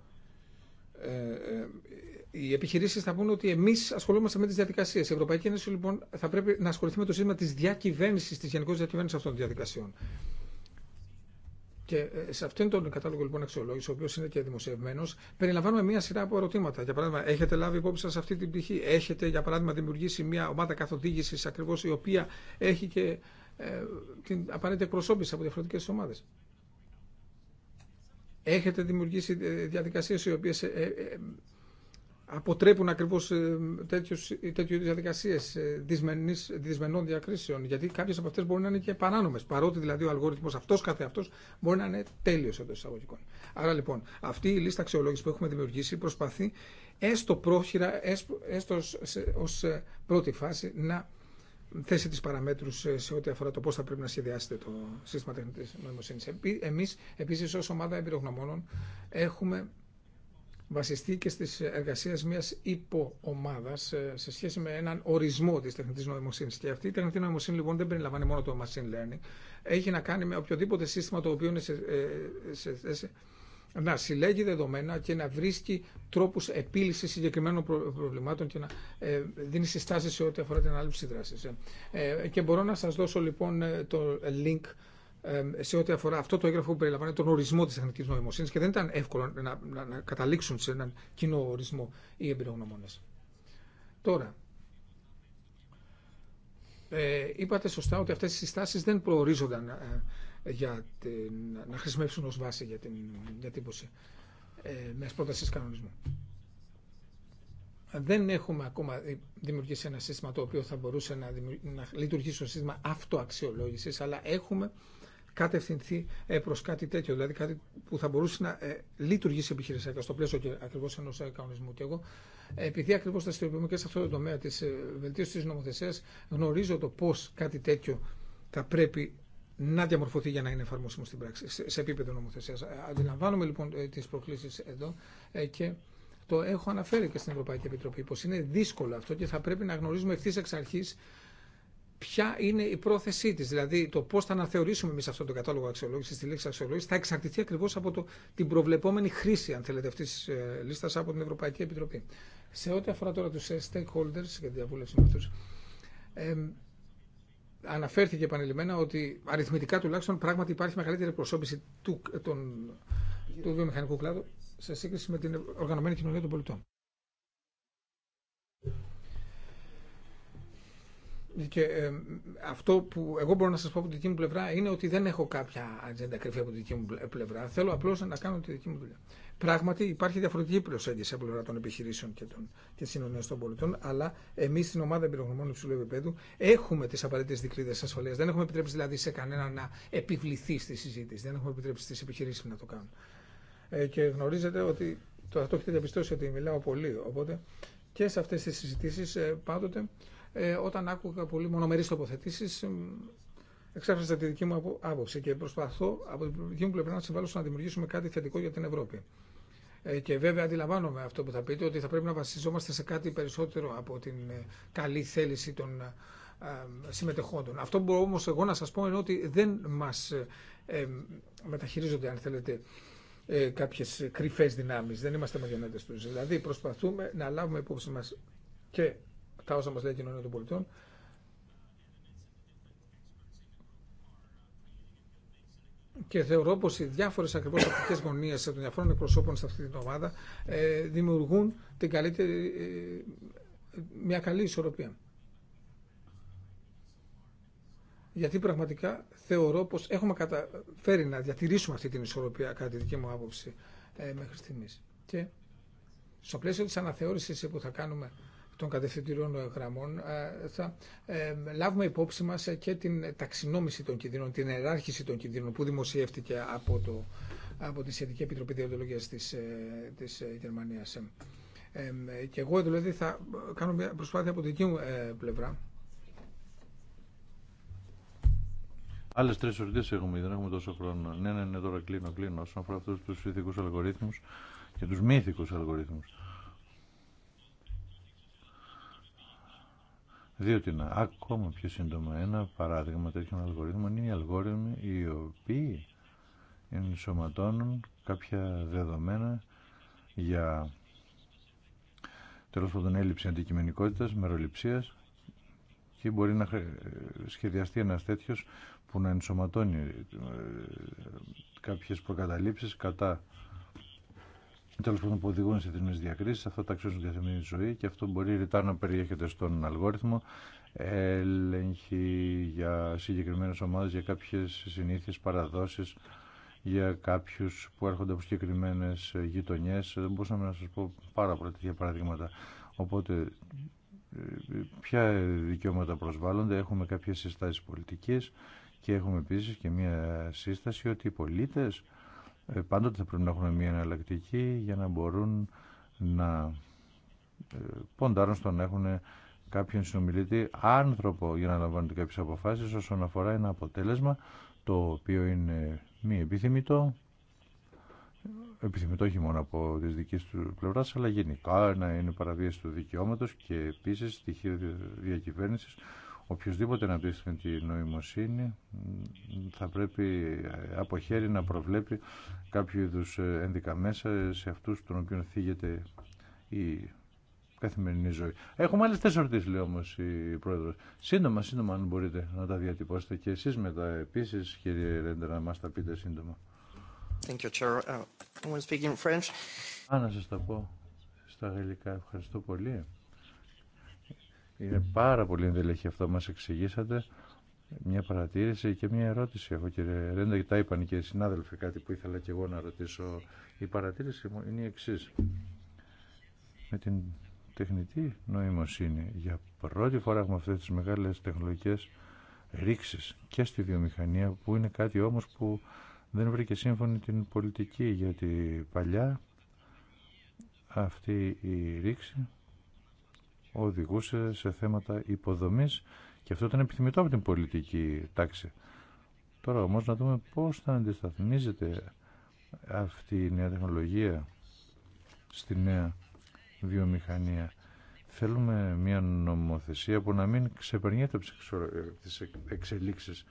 ε, ε, οι επιχειρήσει θα πούν ότι εμεί ασχολούμαστε με τι διαδικασίε. Η Ευρωπαϊκή Ένωση λοιπόν θα πρέπει να ασχοληθεί με το σύστημα τη διακυβέρνηση, τη γενικώ διακυβέρνηση αυτών των διαδικασιών. Και ε, σε αυτόν τον κατάλογο λοιπόν αξιολόγηση, ο οποίο είναι και δημοσιευμένο, περιλαμβάνουμε μία σειρά από ερωτήματα. Για παράδειγμα, έχετε λάβει υπόψη σα αυτή την πτυχή. Έχετε, για παράδειγμα, δημιουργήσει μία ομάδα καθοδήγηση ακριβώ η οποία έχει και την απαραίτητη εκπροσώπηση από διαφορετικέ ομάδε έχετε δημιουργήσει ε, διαδικασίες οι οποίες ε, ε, αποτρέπουν ακριβώς τέτοιους, τέτοιου διαδικασίες δυσμενών διακρίσεων γιατί κάποιες από αυτές μπορεί να είναι και παράνομες παρότι δηλαδή ο αλγόριθμος αυτός κάθε αυτός μπορεί να είναι τέλειος εντός εισαγωγικών. Άρα λοιπόν αυτή η λίστα αξιολόγηση που έχουμε δημιουργήσει προσπαθεί έστω πρόχειρα, έστω ως πρώτη φάση να θέσει τις παραμέτρους σε ό,τι αφορά το πώς θα πρέπει να σχεδιάσετε το σύστημα τεχνητής νοημοσύνης. Εμείς, επίσης, ως ομάδα εμπειρογνωμόνων, έχουμε βασιστεί και στις εργασίες μιας υποομάδας ε, σε σχέση με έναν ορισμό της τεχνητής νοημοσύνης. Και αυτή η τεχνητή νοημοσύνη λοιπόν δεν περιλαμβάνει μόνο το machine learning. Έχει να κάνει με οποιοδήποτε σύστημα το οποίο είναι σε, ε, σε, σε, να συλλέγει δεδομένα και να βρίσκει τρόπους επίλυσης συγκεκριμένων προβλημάτων και να ε, δίνει συστάσεις σε ό,τι αφορά την ανάληψη δράσης. Ε, ε, και μπορώ να σας δώσω λοιπόν το link σε ό,τι αφορά αυτό το έγγραφο που περιλαμβάνει τον ορισμό της τεχνικής νοημοσύνης και δεν ήταν εύκολο να, καταλήξουν σε έναν κοινό ορισμό οι εμπειρογνωμόνες. Τώρα, ε, είπατε σωστά ότι αυτές οι συστάσεις δεν προορίζονταν για την, να χρησιμεύσουν ως βάση για την διατύπωση ε, πρόταση πρότασης κανονισμού. Δεν έχουμε ακόμα δημιουργήσει ένα σύστημα το οποίο θα μπορούσε να, να λειτουργήσει ως σύστημα αυτοαξιολόγησης, αλλά έχουμε κατευθυνθεί ε, προς κάτι τέτοιο, δηλαδή κάτι που θα μπορούσε να ε, λειτουργήσει επιχειρησιακά στο πλαίσιο και ακριβώς ενός ε, κανονισμού. Και εγώ, επειδή ακριβώς δραστηριοποιούμε και σε αυτό το τομέα της βελτίωσης της νομοθεσίας, γνωρίζω το πώς κάτι τέτοιο θα πρέπει να διαμορφωθεί για να είναι εφαρμόσιμο στην πράξη, σε επίπεδο νομοθεσία. Ε, αντιλαμβάνομαι λοιπόν ε, τι προκλήσει εδώ ε, και το έχω αναφέρει και στην Ευρωπαϊκή Επιτροπή πω είναι δύσκολο αυτό και θα πρέπει να γνωρίζουμε ευθύ εξ αρχή ποια είναι η πρόθεσή τη. Δηλαδή το πώ θα αναθεωρήσουμε εμεί αυτόν τον κατάλογο αξιολόγηση, τη λέξη αξιολόγηση, θα εξαρτηθεί ακριβώ από το, την προβλεπόμενη χρήση, αν θέλετε, αυτή τη λίστα από την Ευρωπαϊκή Επιτροπή. Σε ό,τι αφορά τώρα του stakeholders και τη διαβούλευση με αυτού, αναφέρθηκε επανειλημμένα ότι αριθμητικά τουλάχιστον πράγματι υπάρχει μεγαλύτερη προσώπηση του, τον, του βιομηχανικού κλάδου σε σύγκριση με την οργανωμένη κοινωνία των πολιτών. Και αυτό που εγώ μπορώ να σα πω από τη δική μου πλευρά είναι ότι δεν έχω κάποια ατζέντα κρυφή από τη δική μου πλευρά. Θέλω απλώ να κάνω τη δική μου δουλειά. Πράγματι υπάρχει διαφορετική προσέγγιση από πλευρά των επιχειρήσεων και, των, και των πολιτών, αλλά εμεί στην ομάδα εμπειρογνωμών υψηλού επίπεδου έχουμε τι απαραίτητε δικλείδε ασφαλείας. Δεν έχουμε επιτρέψει δηλαδή σε κανένα να επιβληθεί στη συζήτηση. Δεν έχουμε επιτρέψει στι επιχειρήσει να το κάνουν. Ε, και γνωρίζετε ότι το, αυτό έχετε διαπιστώσει ότι μιλάω πολύ, οπότε και σε αυτές τις συζητήσεις ε, πάντοτε ε, όταν άκουγα πολύ μονομερείς τοποθετήσει, εξέφρασα τη δική μου άποψη και προσπαθώ από την δική μου πλευρά να συμβάλλω στο να δημιουργήσουμε κάτι θετικό για την Ευρώπη. Ε, και βέβαια αντιλαμβάνομαι αυτό που θα πείτε, ότι θα πρέπει να βασιζόμαστε σε κάτι περισσότερο από την ε, καλή θέληση των συμμετεχόντων. Αυτό που μπορώ όμως εγώ να σας πω είναι ότι δεν μας μεταχειρίζονται, αν θέλετε, ε, κάποιες κρυφές δυνάμεις. Δεν είμαστε μαγιονέτες τους. Δηλαδή προσπαθούμε να λάβουμε υπόψη μας και τα όσα μας λέει η κοινωνία των πολιτών, Και θεωρώ πως οι διάφορες ακριβώς οπτικές γωνίες των διαφόρων εκπροσώπων σε αυτή την ομάδα ε, δημιουργούν την καλύτερη, ε, μια καλή ισορροπία. Γιατί πραγματικά θεωρώ πως έχουμε καταφέρει να διατηρήσουμε αυτή την ισορροπία κατά τη δική μου άποψη ε, μέχρι στιγμής. Και στο πλαίσιο της αναθεώρησης που θα κάνουμε των κατευθυντήριων ε, γραμμών ε, θα ε, λάβουμε υπόψη μας και την ταξινόμηση των κινδύνων, την εράρχηση των κινδύνων που δημοσιεύτηκε από, το, από τη Σχετική Επιτροπή Διοντολογίας της, της Γερμανίας. και εγώ δηλαδή θα κάνω μια προσπάθεια από την δική μου πλευρά. Άλλε τρει ερωτήσει έχουμε, δεν έχουμε τόσο χρόνο. Ναι, ναι, ναι, τώρα κλείνω, κλείνω. Όσον αφορά αυτού του ηθικού αλγορίθμου και του μη ηθικού αλγορίθμου. Διότι είναι ακόμα πιο σύντομα ένα παράδειγμα τέτοιων αλγορίθμων είναι οι αλγόριθμοι οι οποίοι ενσωματώνουν κάποια δεδομένα για τέλο πάντων έλλειψη αντικειμενικότητα, μεροληψία και μπορεί να σχεδιαστεί ένα τέτοιο που να ενσωματώνει ε, κάποιες προκαταλήψεις κατά τέλο πάντων που οδηγούν σε τιμέ διακρίσει, αυτό τα αξίζουν καθημερινή ζωή και αυτό μπορεί ρητά να περιέχεται στον αλγόριθμο. Έλεγχη για συγκεκριμένε ομάδε, για κάποιε συνήθειε, παραδόσει, για κάποιου που έρχονται από συγκεκριμένε γειτονιέ. Δεν μπορούσαμε να σα πω πάρα πολλά τέτοια παραδείγματα. Οπότε, ποια δικαιώματα προσβάλλονται, έχουμε κάποιε συστάσει πολιτική και έχουμε επίση και μία σύσταση ότι οι πολίτε ε, πάντοτε θα πρέπει να έχουν μια εναλλακτική για να μπορούν να ε, ποντάρουν στο να έχουν κάποιον συνομιλητή άνθρωπο για να λαμβάνονται κάποιες αποφάσεις όσον αφορά ένα αποτέλεσμα το οποίο είναι μη επιθυμητό επιθυμητό όχι μόνο από τη δική του πλευρά, αλλά γενικά να είναι παραβίαση του δικαιώματο και επίση στοιχείο διακυβέρνηση οποιοδήποτε να πείσει με τη νοημοσύνη θα πρέπει ε, από χέρι να προβλέπει κάποιο είδου ε, ένδικα μέσα σε αυτούς των οποίων θίγεται η καθημερινή ζωή. Έχουμε άλλες τέσσερι ερωτήσει, λέει όμω η πρόεδρο. Σύντομα, σύντομα, αν μπορείτε να τα διατυπώσετε και εσεί μετά επίση, κύριε Ρέντερ, να μα τα πείτε σύντομα. Thank you, uh, να τα πω στα γαλλικά. Ευχαριστώ πολύ. Είναι πάρα πολύ ενδελεχή αυτό που μας εξηγήσατε. Μια παρατήρηση και μια ερώτηση έχω κύριε Ρέντα, και τα είπαν και οι συνάδελφοι κάτι που ήθελα και εγώ να ρωτήσω. Η παρατήρηση μου είναι η εξή. Με την τεχνητή νοημοσύνη, για πρώτη φορά έχουμε αυτές τις μεγάλες τεχνολογικές ρήξεις και στη βιομηχανία, που είναι κάτι όμως που δεν βρήκε σύμφωνη την πολιτική, γιατί παλιά αυτή η ρήξη οδηγούσε σε θέματα υποδομής και αυτό ήταν επιθυμητό από την πολιτική τάξη. Τώρα όμως να δούμε πώς θα αντισταθμίζεται αυτή η νέα τεχνολογία στη νέα βιομηχανία. Θέλουμε μια νομοθεσία που να μην ξεπερνιέται από τις εξελίξεις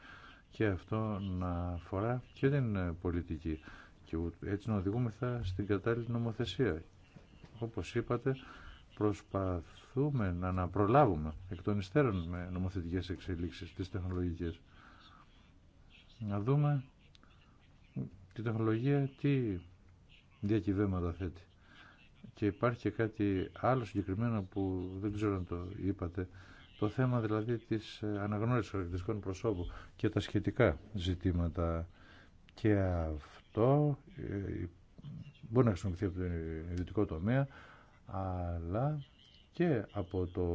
και αυτό να αφορά και την ε, πολιτική και έτσι να οδηγούμεθα στην κατάλληλη νομοθεσία. Όπως είπατε, προσπαθούμε προσπαθούμε να, να προλάβουμε εκ των υστέρων με νομοθετικές εξελίξεις τις τεχνολογικές. Να δούμε τη τεχνολογία τι διακυβέματα θέτει. Και υπάρχει και κάτι άλλο συγκεκριμένο που δεν ξέρω αν το είπατε, το θέμα δηλαδή της αναγνώρισης χαρακτηριστικών προσώπου και τα σχετικά ζητήματα. Και αυτό ε, μπορεί να χρησιμοποιηθεί από το ιδιωτικό τομέα, αλλά και από το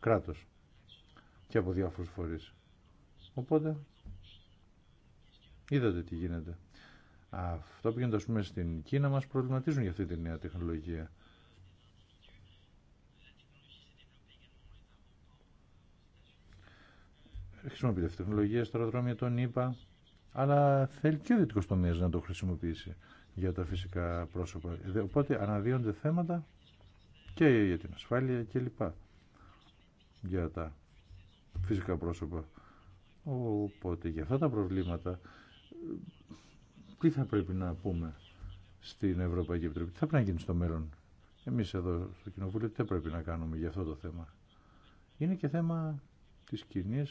κράτος και από διάφορους φορείς. Οπότε, είδατε τι γίνεται. Αυτό που γίνεται ας πούμε, στην Κίνα μας προβληματίζουν για αυτή τη νέα τεχνολογία. Χρησιμοποιείται αυτή τη τεχνολογία στο αεροδρόμιο των ΗΠΑ, αλλά θέλει και ο δυτικός τομέας να το χρησιμοποιήσει για τα φυσικά πρόσωπα. Οπότε αναδύονται θέματα και για την ασφάλεια και λοιπά, Για τα φυσικά πρόσωπα. Οπότε για αυτά τα προβλήματα τι θα πρέπει να πούμε στην Ευρωπαϊκή Επιτροπή, τι θα πρέπει να γίνει στο μέλλον. Εμείς εδώ στο Κοινοβούλιο τι πρέπει να κάνουμε για αυτό το θέμα. Είναι και θέμα της κοινή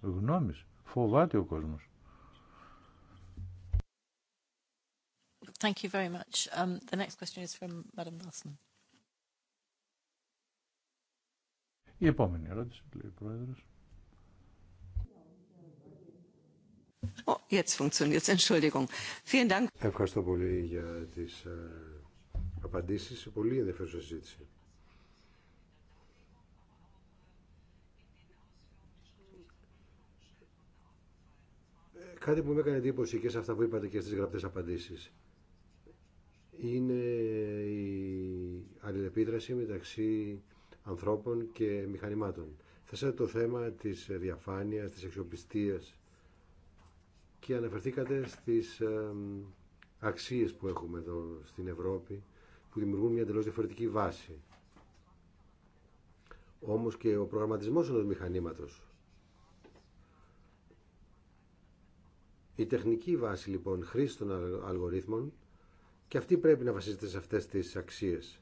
γνώμης. Φοβάται ο κόσμος. Thank you very much. Um, the next question is from Madam Η επόμενη ερώτηση, λέει ο oh, Ευχαριστώ πολύ για τις ε, απαντήσεις. Πολύ ενδιαφέρουσα συζήτηση. Ε, κάτι που με έκανε εντύπωση και σε αυτά που είπατε και στις γραπτές απαντήσεις είναι η αλληλεπίδραση μεταξύ ανθρώπων και μηχανημάτων. Θέσατε το θέμα της διαφάνειας, της αξιοπιστίας και αναφερθήκατε στις αξίες που έχουμε εδώ στην Ευρώπη που δημιουργούν μια εντελώς διαφορετική βάση. Όμως και ο προγραμματισμός ενός μηχανήματος. Η τεχνική βάση λοιπόν χρήση των αλγορίθμων και αυτή πρέπει να βασίζεται σε αυτές τις αξίες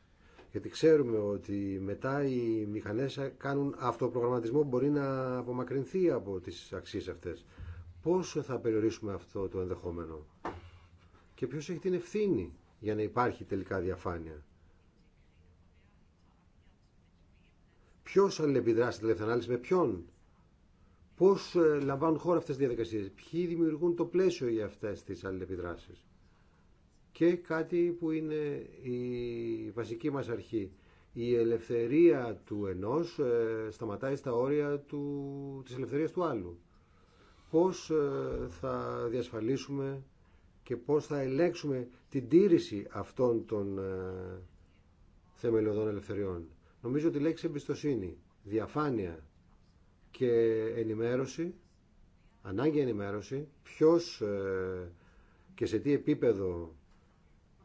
γιατί ξέρουμε ότι μετά οι μηχανές κάνουν αυτοπρογραμματισμό που μπορεί να απομακρυνθεί από τις αξίες αυτές. Πόσο θα περιορίσουμε αυτό το ενδεχόμενο και ποιος έχει την ευθύνη για να υπάρχει τελικά διαφάνεια. Ποιος αλληλεπιδράσει τελευταία ανάλυση με ποιον. Πώς ε, λαμβάνουν χώρα αυτές τις διαδικασίες. Ποιοι δημιουργούν το πλαίσιο για αυτές τις αλληλεπιδράσεις και κάτι που είναι η βασική μας αρχή. Η ελευθερία του ενός ε, σταματάει στα όρια του, της ελευθερίας του άλλου. Πώς ε, θα διασφαλίσουμε και πώς θα ελέγξουμε την τήρηση αυτών των ε, θεμελιωδών ελευθεριών. Νομίζω ότι η λέξη εμπιστοσύνη, διαφάνεια και ενημέρωση, ανάγκη ενημέρωση, ποιος και σε τι επίπεδο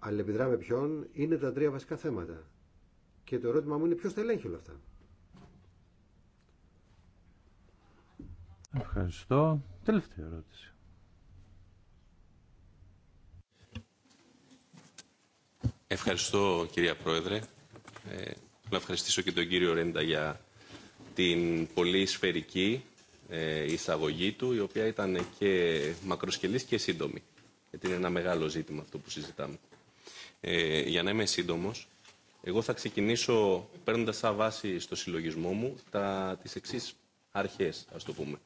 αλληλεπιδρά με ποιον, είναι τα τρία βασικά θέματα. Και το ερώτημα μου είναι ποιος τα ελέγχει όλα αυτά. Ευχαριστώ. Τελευταία ερώτηση. Ευχαριστώ κυρία Πρόεδρε. Ε, να ευχαριστήσω και τον κύριο Ρέντα για την πολύ σφαιρική ε, εισαγωγή του, η οποία ήταν και μακροσκελής και σύντομη. Γιατί είναι ένα μεγάλο ζήτημα αυτό που συζητάμε. Ε, για να είμαι σύντομο, εγώ θα ξεκινήσω παίρνοντα σαν βάση στο συλλογισμό μου τι εξή αρχέ, α το πούμε.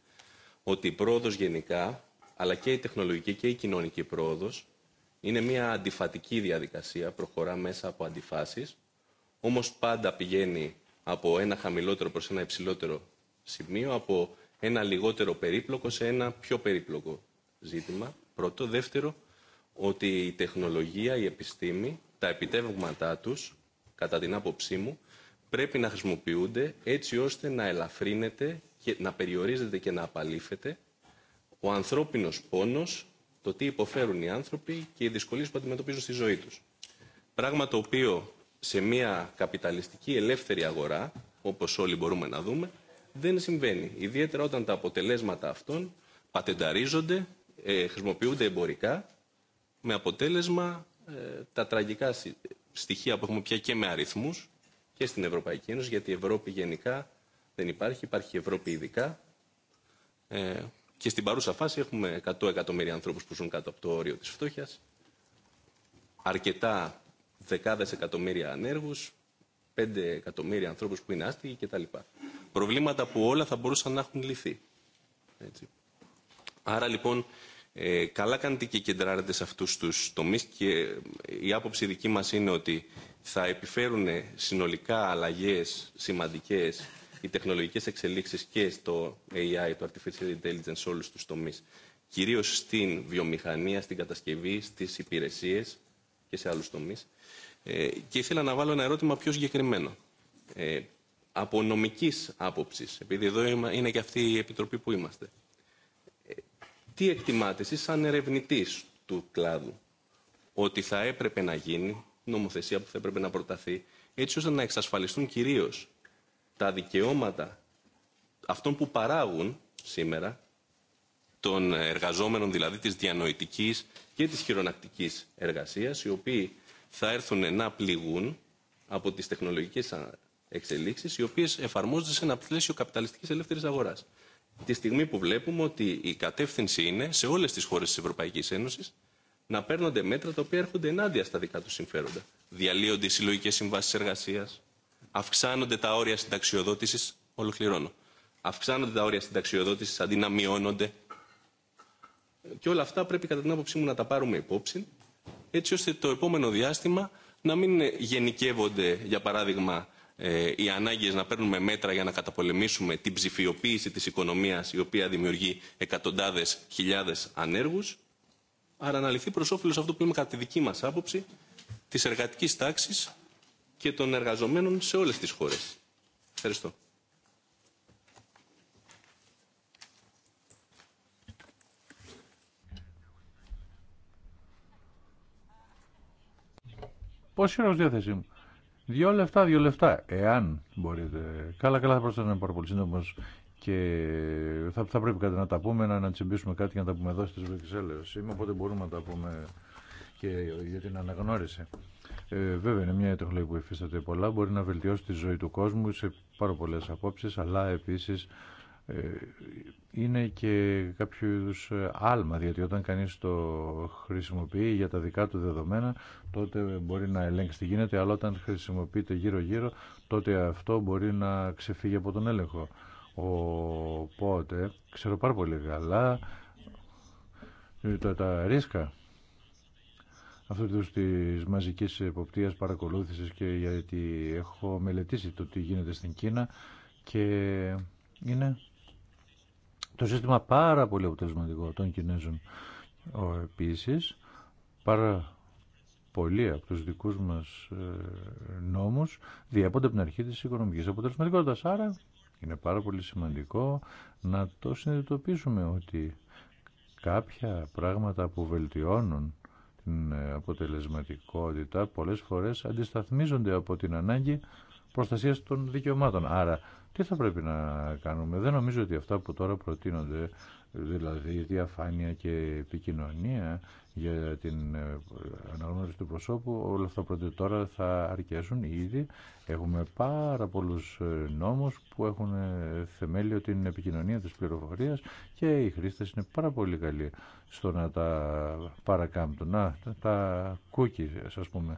Ότι η πρόοδο γενικά, αλλά και η τεχνολογική και η κοινωνική πρόοδο, είναι μια αντιφατική διαδικασία, προχωρά μέσα από αντιφάσει, όμω πάντα πηγαίνει από ένα χαμηλότερο προ ένα υψηλότερο σημείο, από ένα λιγότερο περίπλοκο σε ένα πιο περίπλοκο ζήτημα. Πρώτο. Δεύτερο, ότι η τεχνολογία, η επιστήμη, τα επιτεύγματά τους, κατά την άποψή μου, πρέπει να χρησιμοποιούνται έτσι ώστε να ελαφρύνεται, και να περιορίζεται και να απαλήφεται ο ανθρώπινος πόνος, το τι υποφέρουν οι άνθρωποι και οι δυσκολίες που αντιμετωπίζουν στη ζωή τους. Πράγμα το οποίο σε μια καπιταλιστική ελεύθερη αγορά, όπως όλοι μπορούμε να δούμε, δεν συμβαίνει. Ιδιαίτερα όταν τα αποτελέσματα αυτών πατενταρίζονται, ε, χρησιμοποιούνται εμπορικά με αποτέλεσμα ε, τα τραγικά στοιχεία που έχουμε πια και με αριθμούς και στην Ευρωπαϊκή Ένωση, γιατί η Ευρώπη γενικά δεν υπάρχει, υπάρχει η Ευρώπη ειδικά. Ε, και στην παρούσα φάση έχουμε 100 εκατομμύρια ανθρώπους που ζουν κάτω από το όριο της φτώχειας, αρκετά δεκάδες εκατομμύρια ανέργους, 5 εκατομμύρια ανθρώπους που είναι άστιγοι κτλ. Προβλήματα που όλα θα μπορούσαν να έχουν λυθεί. Έτσι. Άρα λοιπόν ε, καλά κάνετε και κεντράρετε σε αυτούς τους τομείς και ε, η άποψη δική μας είναι ότι θα επιφέρουν συνολικά αλλαγές σημαντικές οι τεχνολογικές εξελίξεις και στο AI, το Artificial Intelligence, σε όλους τους τομείς. Κυρίως στην βιομηχανία, στην κατασκευή, στις υπηρεσίες και σε άλλους τομείς. Ε, και ήθελα να βάλω ένα ερώτημα πιο συγκεκριμένο. Ε, από νομικής άποψης, επειδή εδώ είναι και αυτή η επιτροπή που είμαστε. Τι εκτιμάτε εσείς σαν ερευνητής του κλάδου ότι θα έπρεπε να γίνει, νομοθεσία που θα έπρεπε να προταθεί, έτσι ώστε να εξασφαλιστούν κυρίως τα δικαιώματα αυτών που παράγουν σήμερα, των εργαζόμενων δηλαδή της διανοητικής και της χειρονακτικής εργασίας, οι οποίοι θα έρθουν να πληγούν από τις τεχνολογικές εξελίξεις, οι οποίες εφαρμόζονται σε ένα πλαίσιο καπιταλιστικής ελεύθερης αγοράς τη στιγμή που βλέπουμε ότι η κατεύθυνση είναι σε όλες τις χώρες της Ευρωπαϊκής Ένωσης να παίρνονται μέτρα τα οποία έρχονται ενάντια στα δικά του συμφέροντα. Διαλύονται οι συλλογικέ συμβάσει εργασία, αυξάνονται τα όρια συνταξιοδότηση, ολοκληρώνω. Αυξάνονται τα όρια συνταξιοδότηση αντί να μειώνονται. Και όλα αυτά πρέπει κατά την άποψή μου να τα πάρουμε υπόψη, έτσι ώστε το επόμενο διάστημα να μην γενικεύονται, για παράδειγμα, ε, οι ανάγκε να παίρνουμε μέτρα για να καταπολεμήσουμε την ψηφιοποίηση της οικονομίας η οποία δημιουργεί εκατοντάδες χιλιάδες ανέργους άρα να λυθεί προ όφελο αυτό που λέμε κατά τη δική μα άποψη της εργατικής τάξης και των εργαζομένων σε όλες τις χώρες. Ευχαριστώ. Πόση ώρα διάθεσή μου. Δύο λεφτά, δύο λεφτά, εάν μπορείτε. Καλά, καλά, θα προσπαθήσω να είναι πάρα πολύ σύντομο και θα, θα πρέπει κάτι να τα πούμε, να, να τσιμπήσουμε κάτι και να τα πούμε εδώ στι Βρυξέλλε. Είμαι οπότε μπορούμε να τα πούμε και για την αναγνώριση. Ε, βέβαια, είναι μια τεχνολογία που υφίσταται πολλά, μπορεί να βελτιώσει τη ζωή του κόσμου σε πάρα πολλέ απόψει, αλλά επίση ε, είναι και κάποιο είδου ε, άλμα, διότι όταν κανείς το χρησιμοποιεί για τα δικά του δεδομένα, τότε μπορεί να ελέγξει τι γίνεται, αλλά όταν χρησιμοποιείται γύρω-γύρω, τότε αυτό μπορεί να ξεφύγει από τον έλεγχο. Οπότε, ξέρω πάρα πολύ καλά ε, τα, τα ρίσκα αυτού του τη μαζική εποπτεία παρακολούθηση και γιατί έχω μελετήσει το τι γίνεται στην Κίνα και είναι το σύστημα πάρα πολύ αποτελεσματικό των Κινέζων. Επίσης, πάρα πολλοί από τους δικούς μας ε, νόμους διαπώνται από την αρχή της οικονομικής αποτελεσματικότητας. Άρα είναι πάρα πολύ σημαντικό να το συνειδητοποιήσουμε ότι κάποια πράγματα που βελτιώνουν την ε, αποτελεσματικότητα πολλές φορές αντισταθμίζονται από την ανάγκη προστασίας των δικαιωμάτων. Άρα τι θα πρέπει να κάνουμε. Δεν νομίζω ότι αυτά που τώρα προτείνονται, δηλαδή διαφάνεια και επικοινωνία για την ε, αναγνώριση του προσώπου, όλα αυτά που τώρα θα αρκέσουν ήδη. Έχουμε πάρα πολλούς ε, νόμους που έχουν ε, θεμέλιο την επικοινωνία της πληροφορίας και οι χρήστες είναι πάρα πολύ καλοί στο να τα παρακάμπτουν, τα ας πούμε,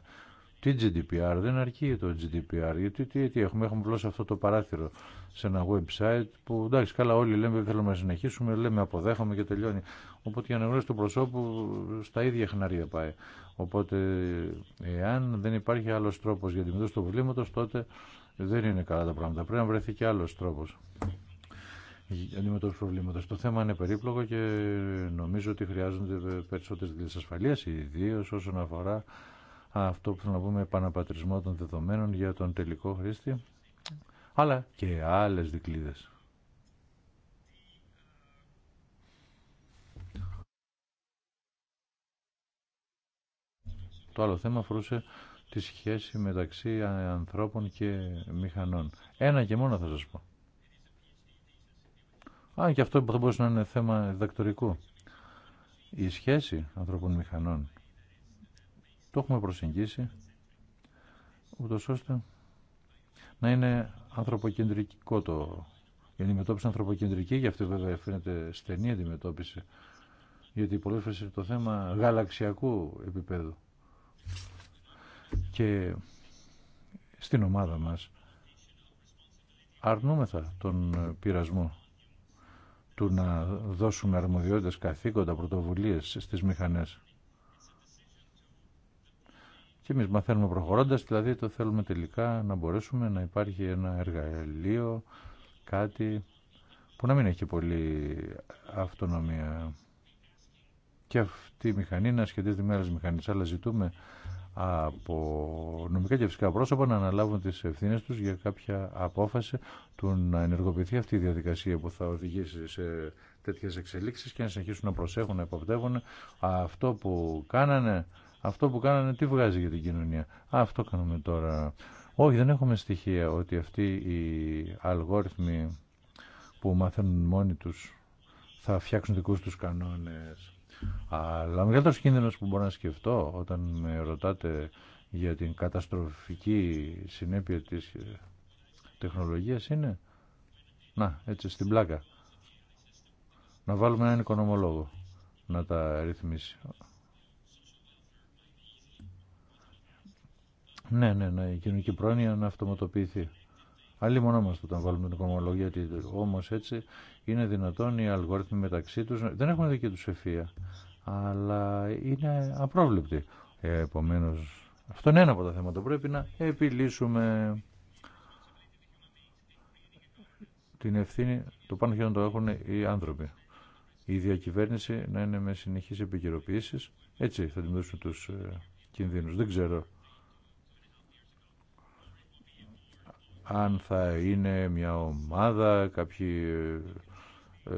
τι GDPR, δεν αρκεί το GDPR, γιατί τι, τι έχουμε, έχουμε βλώσει αυτό το παράθυρο σε ένα website που εντάξει καλά όλοι λέμε θέλουμε να συνεχίσουμε, λέμε αποδέχομαι και τελειώνει. Οπότε για να αναγνώριση του προσώπου στα ίδια χναρία πάει. Οπότε εάν δεν υπάρχει άλλος τρόπος για τη μετώση του προβλήματος τότε δεν είναι καλά τα πράγματα. Πρέπει να βρεθεί και άλλος τρόπος αντιμετώπιση προβλήματος. Το θέμα είναι περίπλοκο και νομίζω ότι χρειάζονται ε, περισσότερες δηλές ασφαλείας, ιδίω όσον αφορά αυτό που θέλω να πούμε επαναπατρισμό των δεδομένων για τον τελικό χρήστη, αλλά και άλλες δικλείδες. Το άλλο θέμα αφορούσε τη σχέση μεταξύ ανθρώπων και μηχανών. Ένα και μόνο θα σας πω. Α, και αυτό θα μπορούσε να είναι θέμα διδακτορικού. Η σχέση ανθρώπων μηχανών το έχουμε προσεγγίσει ούτως ώστε να είναι ανθρωποκεντρικό το η αντιμετώπιση ανθρωποκεντρική, γι' αυτό βέβαια φαίνεται στενή αντιμετώπιση, γιατί πολλές φορές είναι το θέμα γαλαξιακού επίπεδου. Και στην ομάδα μας αρνούμεθα τον πειρασμό του να δώσουμε αρμοδιότητες, καθήκοντα, πρωτοβουλίες στις μηχανές. Και εμείς μαθαίνουμε προχωρώντας, δηλαδή το θέλουμε τελικά να μπορέσουμε να υπάρχει ένα εργαλείο, κάτι που να μην έχει πολύ αυτονομία. Και αυτή η μηχανή να σχετίζεται με άλλες μηχανές, αλλά ζητούμε από νομικά και φυσικά πρόσωπα να αναλάβουν τις ευθύνες τους για κάποια απόφαση του να ενεργοποιηθεί αυτή η διαδικασία που θα οδηγήσει σε τέτοιες εξελίξεις και να συνεχίσουν να προσέχουν, να υποπτεύουν αυτό που κάνανε αυτό που κάνανε τι βγάζει για την κοινωνία. Α, αυτό κάνουμε τώρα. Όχι, δεν έχουμε στοιχεία ότι αυτοί οι αλγόριθμοι που μαθαίνουν μόνοι τους θα φτιάξουν δικούς τους κανόνες. Αλλά ο μεγαλύτερος κίνδυνος που μπορώ να σκεφτώ όταν με ρωτάτε για την καταστροφική συνέπεια της τεχνολογίας είναι να, έτσι στην πλάκα να βάλουμε έναν οικονομολόγο να τα ρυθμίσει Ναι, ναι, ναι, η κοινωνική πρόνοια να αυτοματοποιηθεί. Άλλοι μόνο μας όταν βάλουμε την κομμολογία, γιατί όμως έτσι είναι δυνατόν οι αλγόριθμοι μεταξύ τους. Δεν έχουν δική τους ευφία, αλλά είναι απρόβλεπτοι. Ε, επομένως, αυτό είναι ένα από τα θέματα. Πρέπει να επιλύσουμε την ευθύνη, το πάνω χέρι να το έχουν οι άνθρωποι. Η διακυβέρνηση να είναι με συνεχείς επικαιροποιήσεις. Έτσι θα αντιμετωπίσουν τους ε, κινδύνους. Δεν ξέρω αν θα είναι μια ομάδα, κάποιοι ε,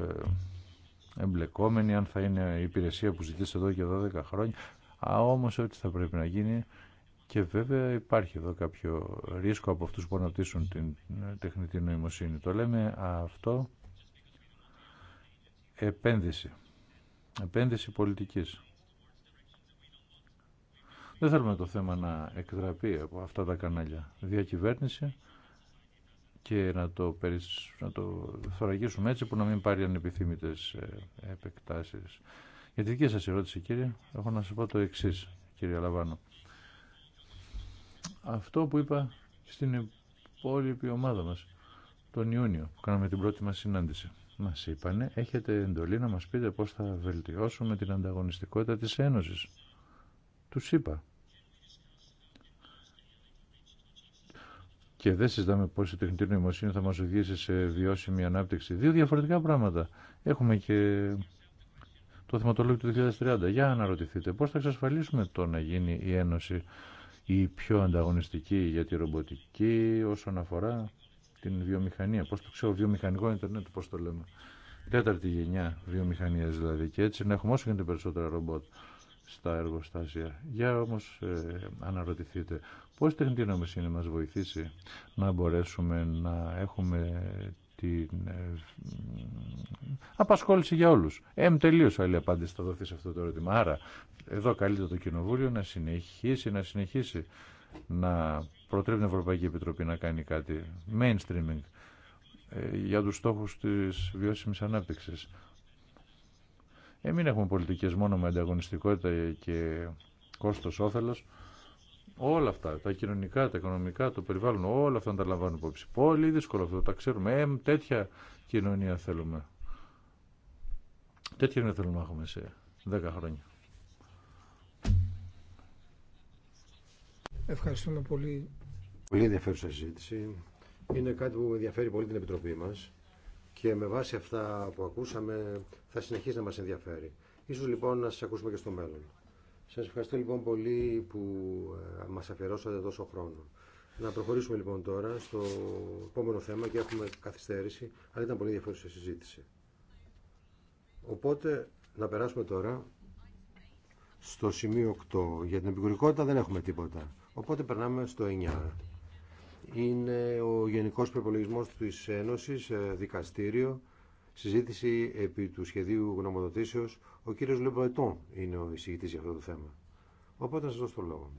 εμπλεκόμενοι, αν θα είναι η υπηρεσία που ζητήσει εδώ και 12 χρόνια. Α, όμως ό,τι θα πρέπει να γίνει και βέβαια υπάρχει εδώ κάποιο ρίσκο από αυτούς που αναπτύσσουν την τεχνητή νοημοσύνη. Το λέμε αυτό επένδυση. Επένδυση πολιτικής. Δεν θέλουμε το θέμα να εκτραπεί από αυτά τα κανάλια. Διακυβέρνηση και να το, περισ... να το θωρακίσουμε έτσι που να μην πάρει ανεπιθύμητες ε, επεκτάσεις. Για τη δική σας ερώτηση κύριε, έχω να σας πω το εξή κύριε Λαβάνο. Αυτό που είπα στην υπόλοιπη ομάδα μας τον Ιούνιο που κάναμε την πρώτη μας συνάντηση. Μας είπανε, έχετε εντολή να μας πείτε πώς θα βελτιώσουμε την ανταγωνιστικότητα της Ένωσης. Τους είπα. και δεν συζητάμε πώ η τεχνητή νοημοσύνη θα μα οδηγήσει σε βιώσιμη ανάπτυξη. Δύο διαφορετικά πράγματα. Έχουμε και το θεματολόγιο του 2030. Για να αναρωτηθείτε, πώ θα εξασφαλίσουμε το να γίνει η Ένωση η πιο ανταγωνιστική για τη ρομποτική όσον αφορά την βιομηχανία. Πώ το ξέρω, βιομηχανικό Ιντερνετ, πώ το λέμε. Τέταρτη γενιά βιομηχανία δηλαδή. Και έτσι να έχουμε όσο γίνεται περισσότερα ρομπότ στα εργοστάσια. Για όμως ε, αναρωτηθείτε Πώς η τεχνητή να μας βοηθήσει να μπορέσουμε να έχουμε την ε, απασχόληση για όλους. Εμ τελείως άλλη απάντηση θα δοθεί σε αυτό το ερώτημα. Άρα εδώ καλείται το Κοινοβούλιο να συνεχίσει, να συνεχίσει να προτρέπει την Ευρωπαϊκή Επιτροπή να κάνει κάτι mainstreaming ε, για τους στόχους της βιώσιμης ανάπτυξης. Εμείς έχουμε πολιτικές μόνο με ανταγωνιστικότητα και κόστος όφελος. Όλα αυτά, τα κοινωνικά, τα οικονομικά, το περιβάλλον, όλα αυτά να τα λαμβάνουν υπόψη. Πολύ δύσκολο αυτό, τα ξέρουμε. Ε, τέτοια κοινωνία θέλουμε. Τέτοια κοινωνία θέλουμε να έχουμε σε 10 χρόνια. Ευχαριστούμε πολύ. Πολύ ενδιαφέρουσα συζήτηση. Είναι κάτι που ενδιαφέρει πολύ την Επιτροπή μας και με βάση αυτά που ακούσαμε θα συνεχίσει να μας ενδιαφέρει. Ίσως λοιπόν να σας ακούσουμε και στο μέλλον. Σας ευχαριστώ λοιπόν πολύ που ε, μας αφιερώσατε τόσο χρόνο. Να προχωρήσουμε λοιπόν τώρα στο επόμενο θέμα και έχουμε καθυστέρηση, αλλά ήταν πολύ ενδιαφέρουσα συζήτηση. Οπότε να περάσουμε τώρα στο σημείο 8. Για την επικουρικότητα δεν έχουμε τίποτα. Οπότε περνάμε στο 9. Είναι ο Γενικός Προπολογισμός της Ένωσης, ε, δικαστήριο, συζήτηση επί του σχεδίου γνωμοδοτήσεως. Ο κύριος Λεμποετών είναι ο εισηγητή για αυτό το θέμα. Οπότε να σα δώσω το λόγο.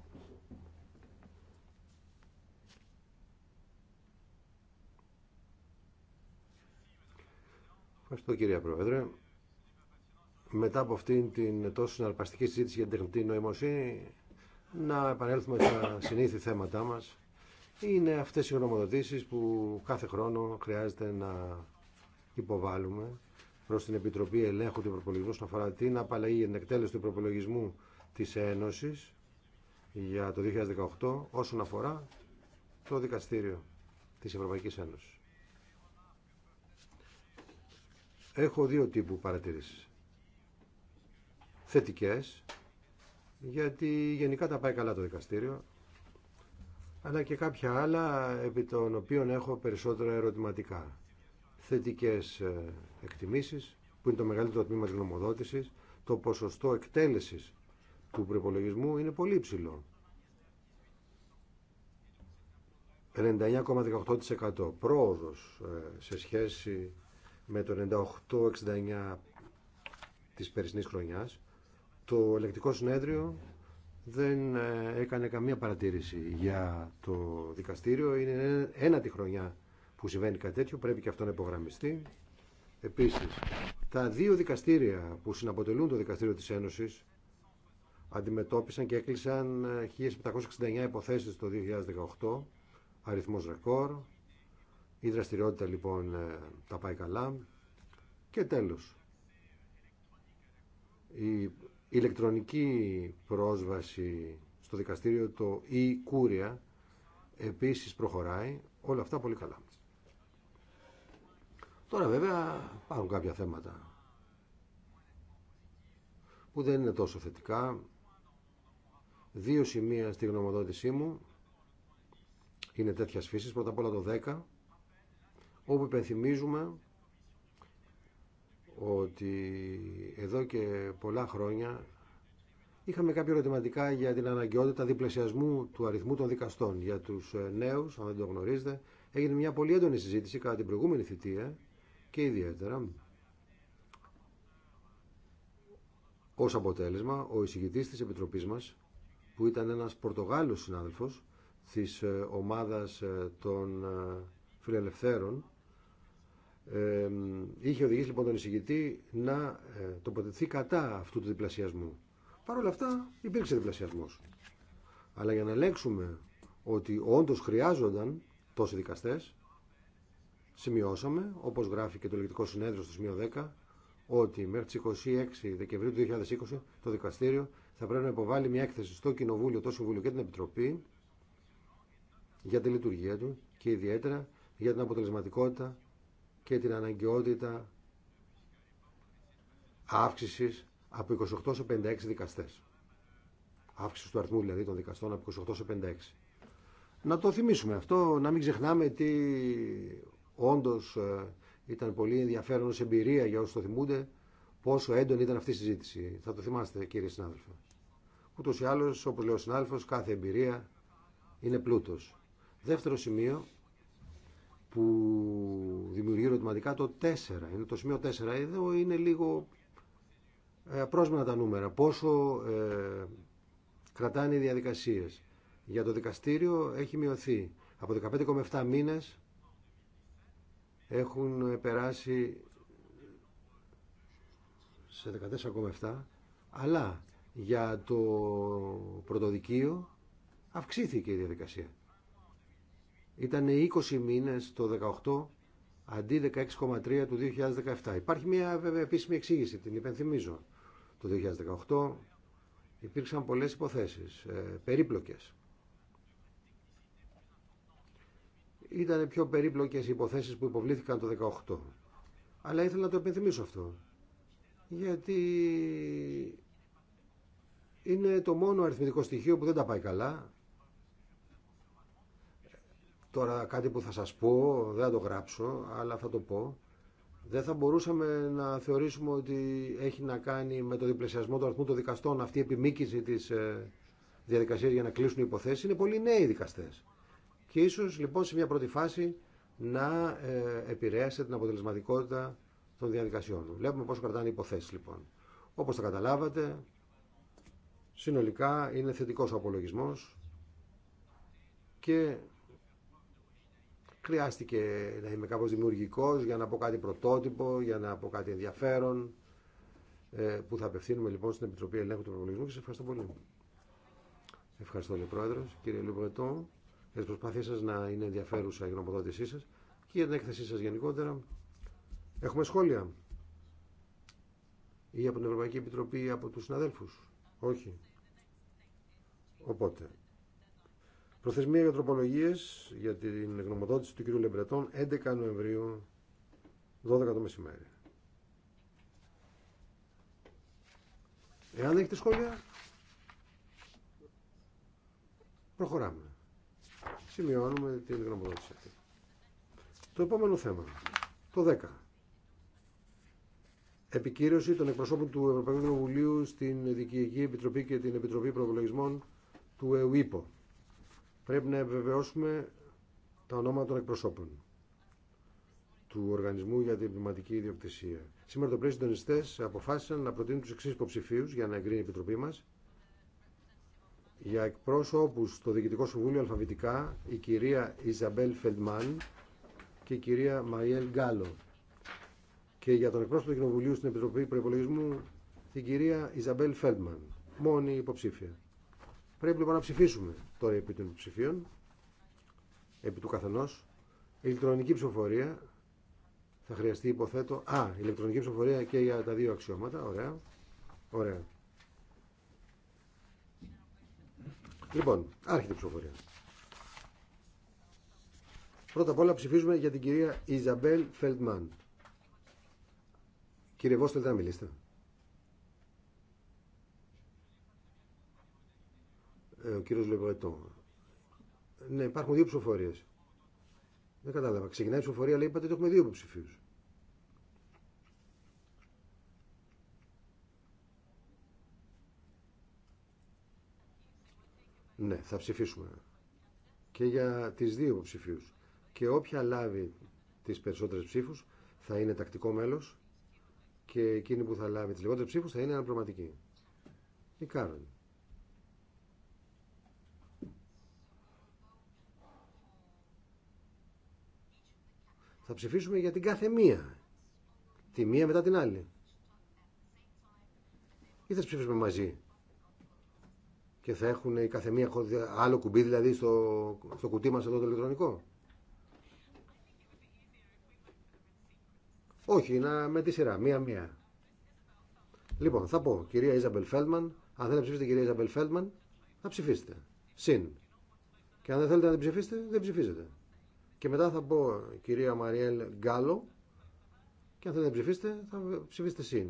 Ευχαριστώ κυρία Πρόεδρε. Μετά από αυτήν την τόσο συναρπαστική συζήτηση για την τεχνητή νοημοσύνη, να επανέλθουμε στα συνήθη θέματά μας. Είναι αυτές οι γνωμοδοτήσεις που κάθε χρόνο χρειάζεται να υποβάλλουμε προ την Επιτροπή Ελέγχου του Προπολογισμού στο αφορά την απαλλαγή για εκτέλεση του προπολογισμού τη Ένωση για το 2018 όσον αφορά το δικαστήριο τη Ευρωπαϊκή Ένωση. Έχω δύο τύπου παρατήρησει Θετικές, γιατί γενικά τα πάει καλά το δικαστήριο, αλλά και κάποια άλλα επί των οποίων έχω περισσότερα ερωτηματικά θετικές ε, εκτιμήσεις, που είναι το μεγαλύτερο τμήμα της γνωμοδότησης, το ποσοστό εκτέλεσης του προπολογισμού είναι πολύ υψηλό. 99,18% πρόοδος ε, σε σχέση με το 98-69% της περσινής χρονιάς. Το ελεκτικό συνέδριο δεν ε, έκανε καμία παρατήρηση για το δικαστήριο. Είναι ένα τη χρονιά που συμβαίνει κάτι τέτοιο, πρέπει και αυτό να υπογραμμιστεί. Επίσης, τα δύο δικαστήρια που συναποτελούν το Δικαστήριο της Ένωσης αντιμετώπισαν και έκλεισαν 1.769 υποθέσεις το 2018, αριθμός ρεκόρ. Η δραστηριότητα λοιπόν ε, τα πάει καλά. Και τέλος, η ηλεκτρονική πρόσβαση στο δικαστήριο, το e-Courier, επίσης προχωράει. Όλα αυτά πολύ καλά. Τώρα βέβαια υπάρχουν κάποια θέματα που δεν είναι τόσο θετικά. Δύο σημεία στη γνωμοδότησή μου είναι τέτοια φύση. Πρώτα απ' όλα το 10, όπου υπενθυμίζουμε ότι εδώ και πολλά χρόνια είχαμε κάποια ερωτηματικά για την αναγκαιότητα διπλασιασμού του αριθμού των δικαστών. Για τους ε, νέους, αν δεν το γνωρίζετε, έγινε μια πολύ έντονη συζήτηση κατά την προηγούμενη θητεία και ιδιαίτερα ως αποτέλεσμα ο εισηγητής της Επιτροπής μας που ήταν ένας Πορτογάλος συνάδελφος της ε, ομάδας ε, των ε, φιλελευθέρων είχε οδηγήσει λοιπόν τον εισηγητή να τοποθετηθεί κατά αυτού του διπλασιασμού. Παρ' όλα αυτά υπήρξε διπλασιασμός. Αλλά για να ελέγξουμε ότι όντως χρειάζονταν τόσοι δικαστές σημειώσαμε, όπως γράφει και το Ελεκτικό Συνέδριο στο σημείο 10, ότι μέχρι τις 26 Δεκεμβρίου του 2020 το Δικαστήριο θα πρέπει να υποβάλει μια έκθεση στο Κοινοβούλιο, το Συμβούλιο και την Επιτροπή για τη λειτουργία του και ιδιαίτερα για την αποτελεσματικότητα και την αναγκαιότητα αύξησης από 28 σε 56 δικαστές. Αύξηση του αριθμού δηλαδή των δικαστών από 28 σε 56. Να το θυμίσουμε αυτό, να μην ξεχνάμε τι Όντως ε, ήταν πολύ ενδιαφέρον ως εμπειρία για όσου το θυμούνται πόσο έντονη ήταν αυτή η συζήτηση. Θα το θυμάστε κύριε συνάδελφε. Ούτως ή άλλως, όπως λέει ο συνάδελφος, κάθε εμπειρία είναι πλούτος. Δεύτερο σημείο που δημιουργεί ερωτηματικά το 4. Είναι το σημείο 4. Εδώ είναι λίγο ε, πρόσμενα τα νούμερα. Πόσο ε, κρατάνε οι διαδικασίες. Για το δικαστήριο έχει μειωθεί από 15,7 μήνες έχουν περάσει σε 14,7 αλλά για το πρωτοδικείο αυξήθηκε η διαδικασία. Ήταν 20 μήνες το 18 αντί 16,3 του 2017. Υπάρχει μια βέβαια επίσημη εξήγηση, την υπενθυμίζω. Το 2018 υπήρξαν πολλές υποθέσεις, ε, περίπλοκες. ήταν πιο περίπλοκες οι υποθέσεις που υποβλήθηκαν το 18. Αλλά ήθελα να το επενθυμίσω αυτό. Γιατί είναι το μόνο αριθμητικό στοιχείο που δεν τα πάει καλά. Τώρα κάτι που θα σας πω, δεν θα το γράψω, αλλά θα το πω. Δεν θα μπορούσαμε να θεωρήσουμε ότι έχει να κάνει με το διπλασιασμό του αριθμού των δικαστών αυτή η επιμήκυση της ε, διαδικασίας για να κλείσουν οι υποθέσεις. Είναι πολύ νέοι δικαστές και ίσως λοιπόν σε μια πρώτη φάση να ε, επηρέασε την αποτελεσματικότητα των διαδικασιών. Βλέπουμε πόσο κρατάνε υποθέσεις λοιπόν. Όπως τα καταλάβατε, συνολικά είναι θετικός ο απολογισμός και χρειάστηκε να είμαι κάπως δημιουργικός για να πω κάτι πρωτότυπο, για να πω κάτι ενδιαφέρον ε, που θα απευθύνουμε λοιπόν στην Επιτροπή Ελέγχου του Προπολογισμού και σε ευχαριστώ πολύ. Ευχαριστώ, λέει Πρόεδρος, κύριε Λουμπρετό για τι προσπάθειέ σα να είναι ενδιαφέρουσα η γνωμοδότησή σα και για την έκθεσή σα γενικότερα. Έχουμε σχόλια ή από την Ευρωπαϊκή Επιτροπή ή από τους συναδέλφους. Όχι. Οπότε, προθεσμία για τροπολογίες για την γνωμοδότηση του κ. Λεμπρετών 11 Νοεμβρίου 12 το μεσημέρι. Εάν έχετε σχόλια, προχωράμε σημειώνουμε την γνωμοδότηση αυτή. Το επόμενο θέμα. Το 10. Επικύρωση των εκπροσώπων του Ευρωπαϊκού Κοινοβουλίου στην Δικηγική Επιτροπή και την Επιτροπή Προπολογισμών του ΕΟΥΠΟ. Πρέπει να επιβεβαιώσουμε τα ονόματα των εκπροσώπων του Οργανισμού για την Πνευματική Ιδιοκτησία. Σήμερα το πλαίσιο συντονιστές αποφάσισαν να προτείνουν του εξή υποψηφίου για να εγκρίνει η Επιτροπή μα για εκπρόσωπους στο Διοικητικό Συμβούλιο Αλφαβητικά η κυρία Ιζαμπέλ Φελτμάν και η κυρία Μαριέλ Γκάλο και για τον εκπρόσωπο του Κοινοβουλίου στην Επιτροπή Προπολογισμού την κυρία Ιζαμπέλ Φέλτμαν, μόνη υποψήφια. Πρέπει λοιπόν να ψηφίσουμε τώρα επί των υποψηφίων, επί του καθενό. Ηλεκτρονική ψηφοφορία θα χρειαστεί, υποθέτω. Α, ηλεκτρονική ψηφοφορία και για τα δύο αξιώματα. Ωραία. Ωραία. Λοιπόν, άρχεται η ψηφοφορία. Πρώτα απ' όλα ψηφίζουμε για την κυρία Ιζαμπέλ Φελτμάν. Κύριε Βός, θέλετε μιλήσετε. Ε, ο κύριος Λεβρετό. Ναι, υπάρχουν δύο ψηφοφορίες. Δεν κατάλαβα. Ξεκινάει η ψηφοφορία, λέει, είπατε ότι έχουμε δύο ψηφίου. Ναι, θα ψηφίσουμε. Και για τις δύο υποψηφίους. Και όποια λάβει τις περισσότερες ψήφους θα είναι τακτικό μέλος και εκείνη που θα λάβει τις λιγότερες ψήφους θα είναι αναπληρωματική. Η Κάρον. Θα ψηφίσουμε για την κάθε μία. Τη μία μετά την άλλη. Ή θα ψηφίσουμε μαζί και θα έχουν η καθεμία άλλο κουμπί δηλαδή στο, στο κουτί μας εδώ το ηλεκτρονικό. Όχι, να με τη σειρά, μία-μία. Λοιπόν, θα πω, κυρία Ιζαμπελ Φέλτμαν, αν θέλετε να ψηφίσετε κυρία Ιζαμπελ Φέλτμαν, θα ψηφίσετε. Συν. Και αν δεν θέλετε να την ψηφίσετε, δεν ψηφίζετε. Και μετά θα πω κυρία Μαριέλ Γκάλο, και αν θέλετε να ψηφίσετε, θα ψηφίσετε συν.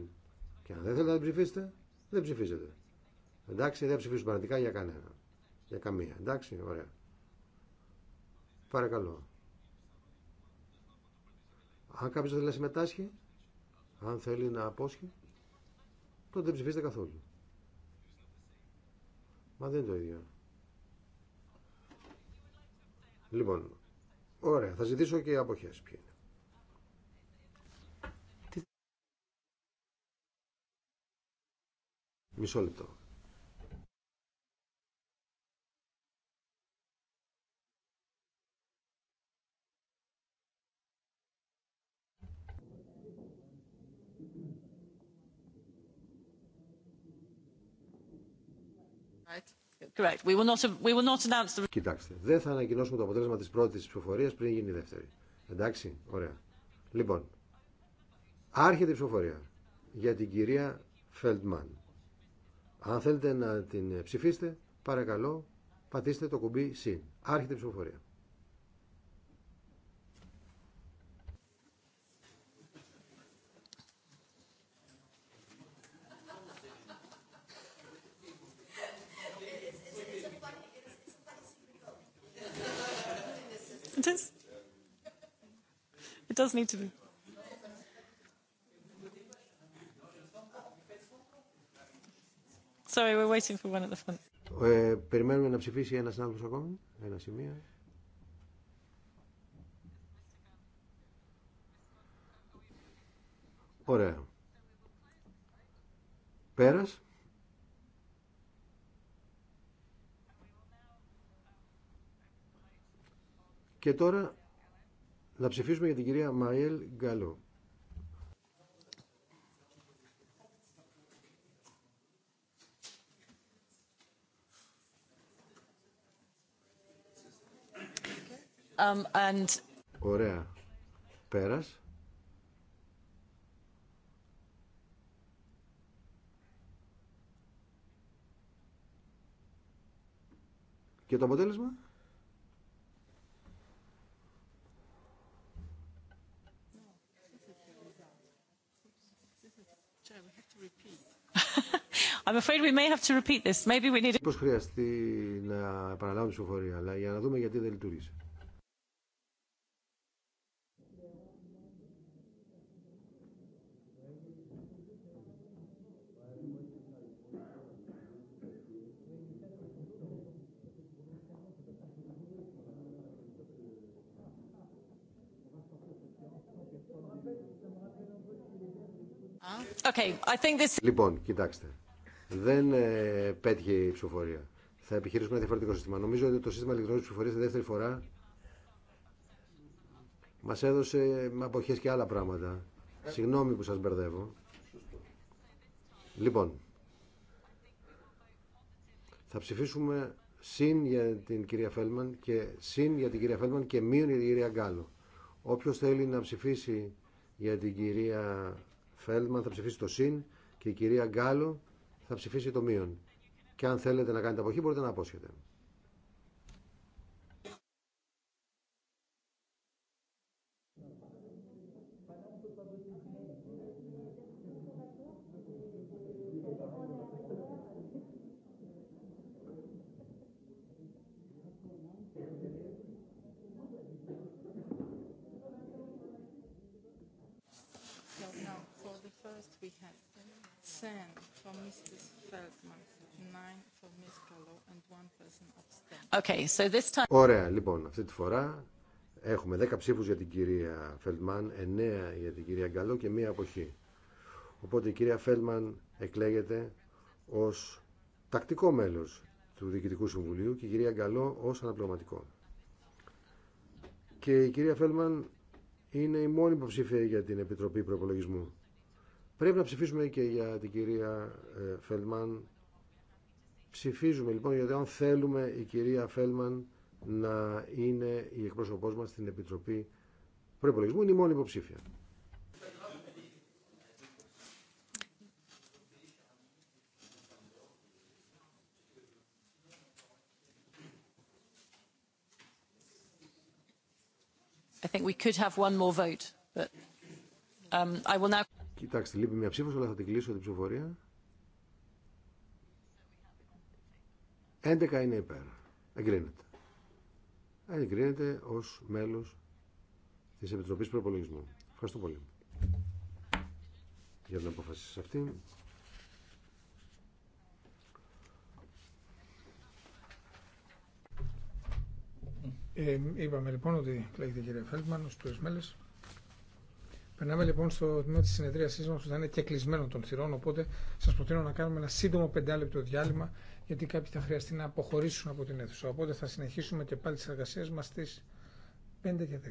Και αν δεν θέλετε να την ψηφίσετε, δεν ψηφίζετε. Εντάξει, δεν ψηφίζουν πραγματικά για κανένα. Για καμία. Εντάξει, ωραία. Παρακαλώ. Αν κάποιο θέλει να συμμετάσχει, αν θέλει να απόσχει, τότε δεν ψηφίζεται καθόλου. Μα δεν είναι το ίδιο. Λοιπόν, ωραία, θα ζητήσω και αποχές ποιοι είναι. Μισό λεπτό. Κοιτάξτε, δεν θα ανακοινώσουμε το αποτέλεσμα της πρώτης ψηφοφορίας πριν γίνει η δεύτερη. Εντάξει, ωραία. Λοιπόν, άρχεται η ψηφοφορία για την κυρία Φελτμάν. Αν θέλετε να την ψηφίσετε, παρακαλώ, πατήστε το κουμπί συν. Άρχεται η ψηφοφορία. It does need to be. Sorry, we're waiting for one at the front. Ε, περιμένουμε να ψηφίσει ένας άλλος ακόμη, ένα σημείο. Ωραία. Πέρας. Και τώρα να ψηφίσουμε για την κυρία Μαέλ Γκαλό. Um, and... Ωραία. Πέρας. Και το αποτέλεσμα. I'm afraid we may have to repeat this. Maybe we need... Πώς χρειαστεί να επαναλάβουμε τη αλλά για να δούμε γιατί δεν λειτουργήσε. Okay, I think this... Λοιπόν, κοιτάξτε δεν ε, πέτυχε η ψηφοφορία. Θα επιχειρήσουμε ένα διαφορετικό σύστημα. Νομίζω ότι το σύστημα ηλεκτρονική ψηφοφορία τη δεύτερη φορά μα έδωσε με αποχέ και άλλα πράγματα. Συγγνώμη που σα μπερδεύω. Λοιπόν, θα ψηφίσουμε συν για την κυρία Φέλμαν και συν για την κυρία Φέλμαν και μείον για την κυρία Γκάλο. Όποιος θέλει να ψηφίσει για την κυρία Φέλμαν θα ψηφίσει το συν και η κυρία Γκάλο θα ψηφίσει το μείον. Και αν θέλετε να κάνετε αποχή μπορείτε να απόσχετε. Ωραία, λοιπόν, αυτή τη φορά έχουμε 10 ψήφους για την κυρία Φελτμάν, 9 για την κυρία Γκαλό και μία αποχή. Οπότε η κυρία Φέλμαν εκλέγεται ως τακτικό μέλος του Διοικητικού Συμβουλίου και η κυρία Γκαλό ως αναπληρωματικό. Και η κυρία Φέλμαν είναι η μόνη υποψήφια για την Επιτροπή Προπολογισμού. Πρέπει να ψηφίσουμε και για την κυρία ε, Φέλμαν. Ψηφίζουμε λοιπόν γιατί αν θέλουμε η κυρία Φέλμαν να είναι η εκπρόσωπός μας στην Επιτροπή Προϋπολογισμού, είναι η μόνη υποψήφια. I think we could have one more vote, but um, I will now. Κοιτάξτε, λείπει μια ψήφος, αλλά θα την κλείσω την ψηφοφορία. 11 είναι υπέρ. Εγκρίνεται. Εγκρίνεται ως μέλος της Επιτροπής Προπολογισμού. Ευχαριστώ πολύ για την απόφαση αυτή. Ε, είπαμε λοιπόν ότι κλαίγεται η κυρία Φέλτμαν, στους τρεις Περνάμε λοιπόν στο τμήμα τη συνεδρίασή μα που θα είναι και κλεισμένο των θυρών. Οπότε σα προτείνω να κάνουμε ένα σύντομο πεντάλεπτο διάλειμμα, γιατί κάποιοι θα χρειαστεί να αποχωρήσουν από την αίθουσα. Οπότε θα συνεχίσουμε και πάλι τι εργασίε μα στι 5 και 10.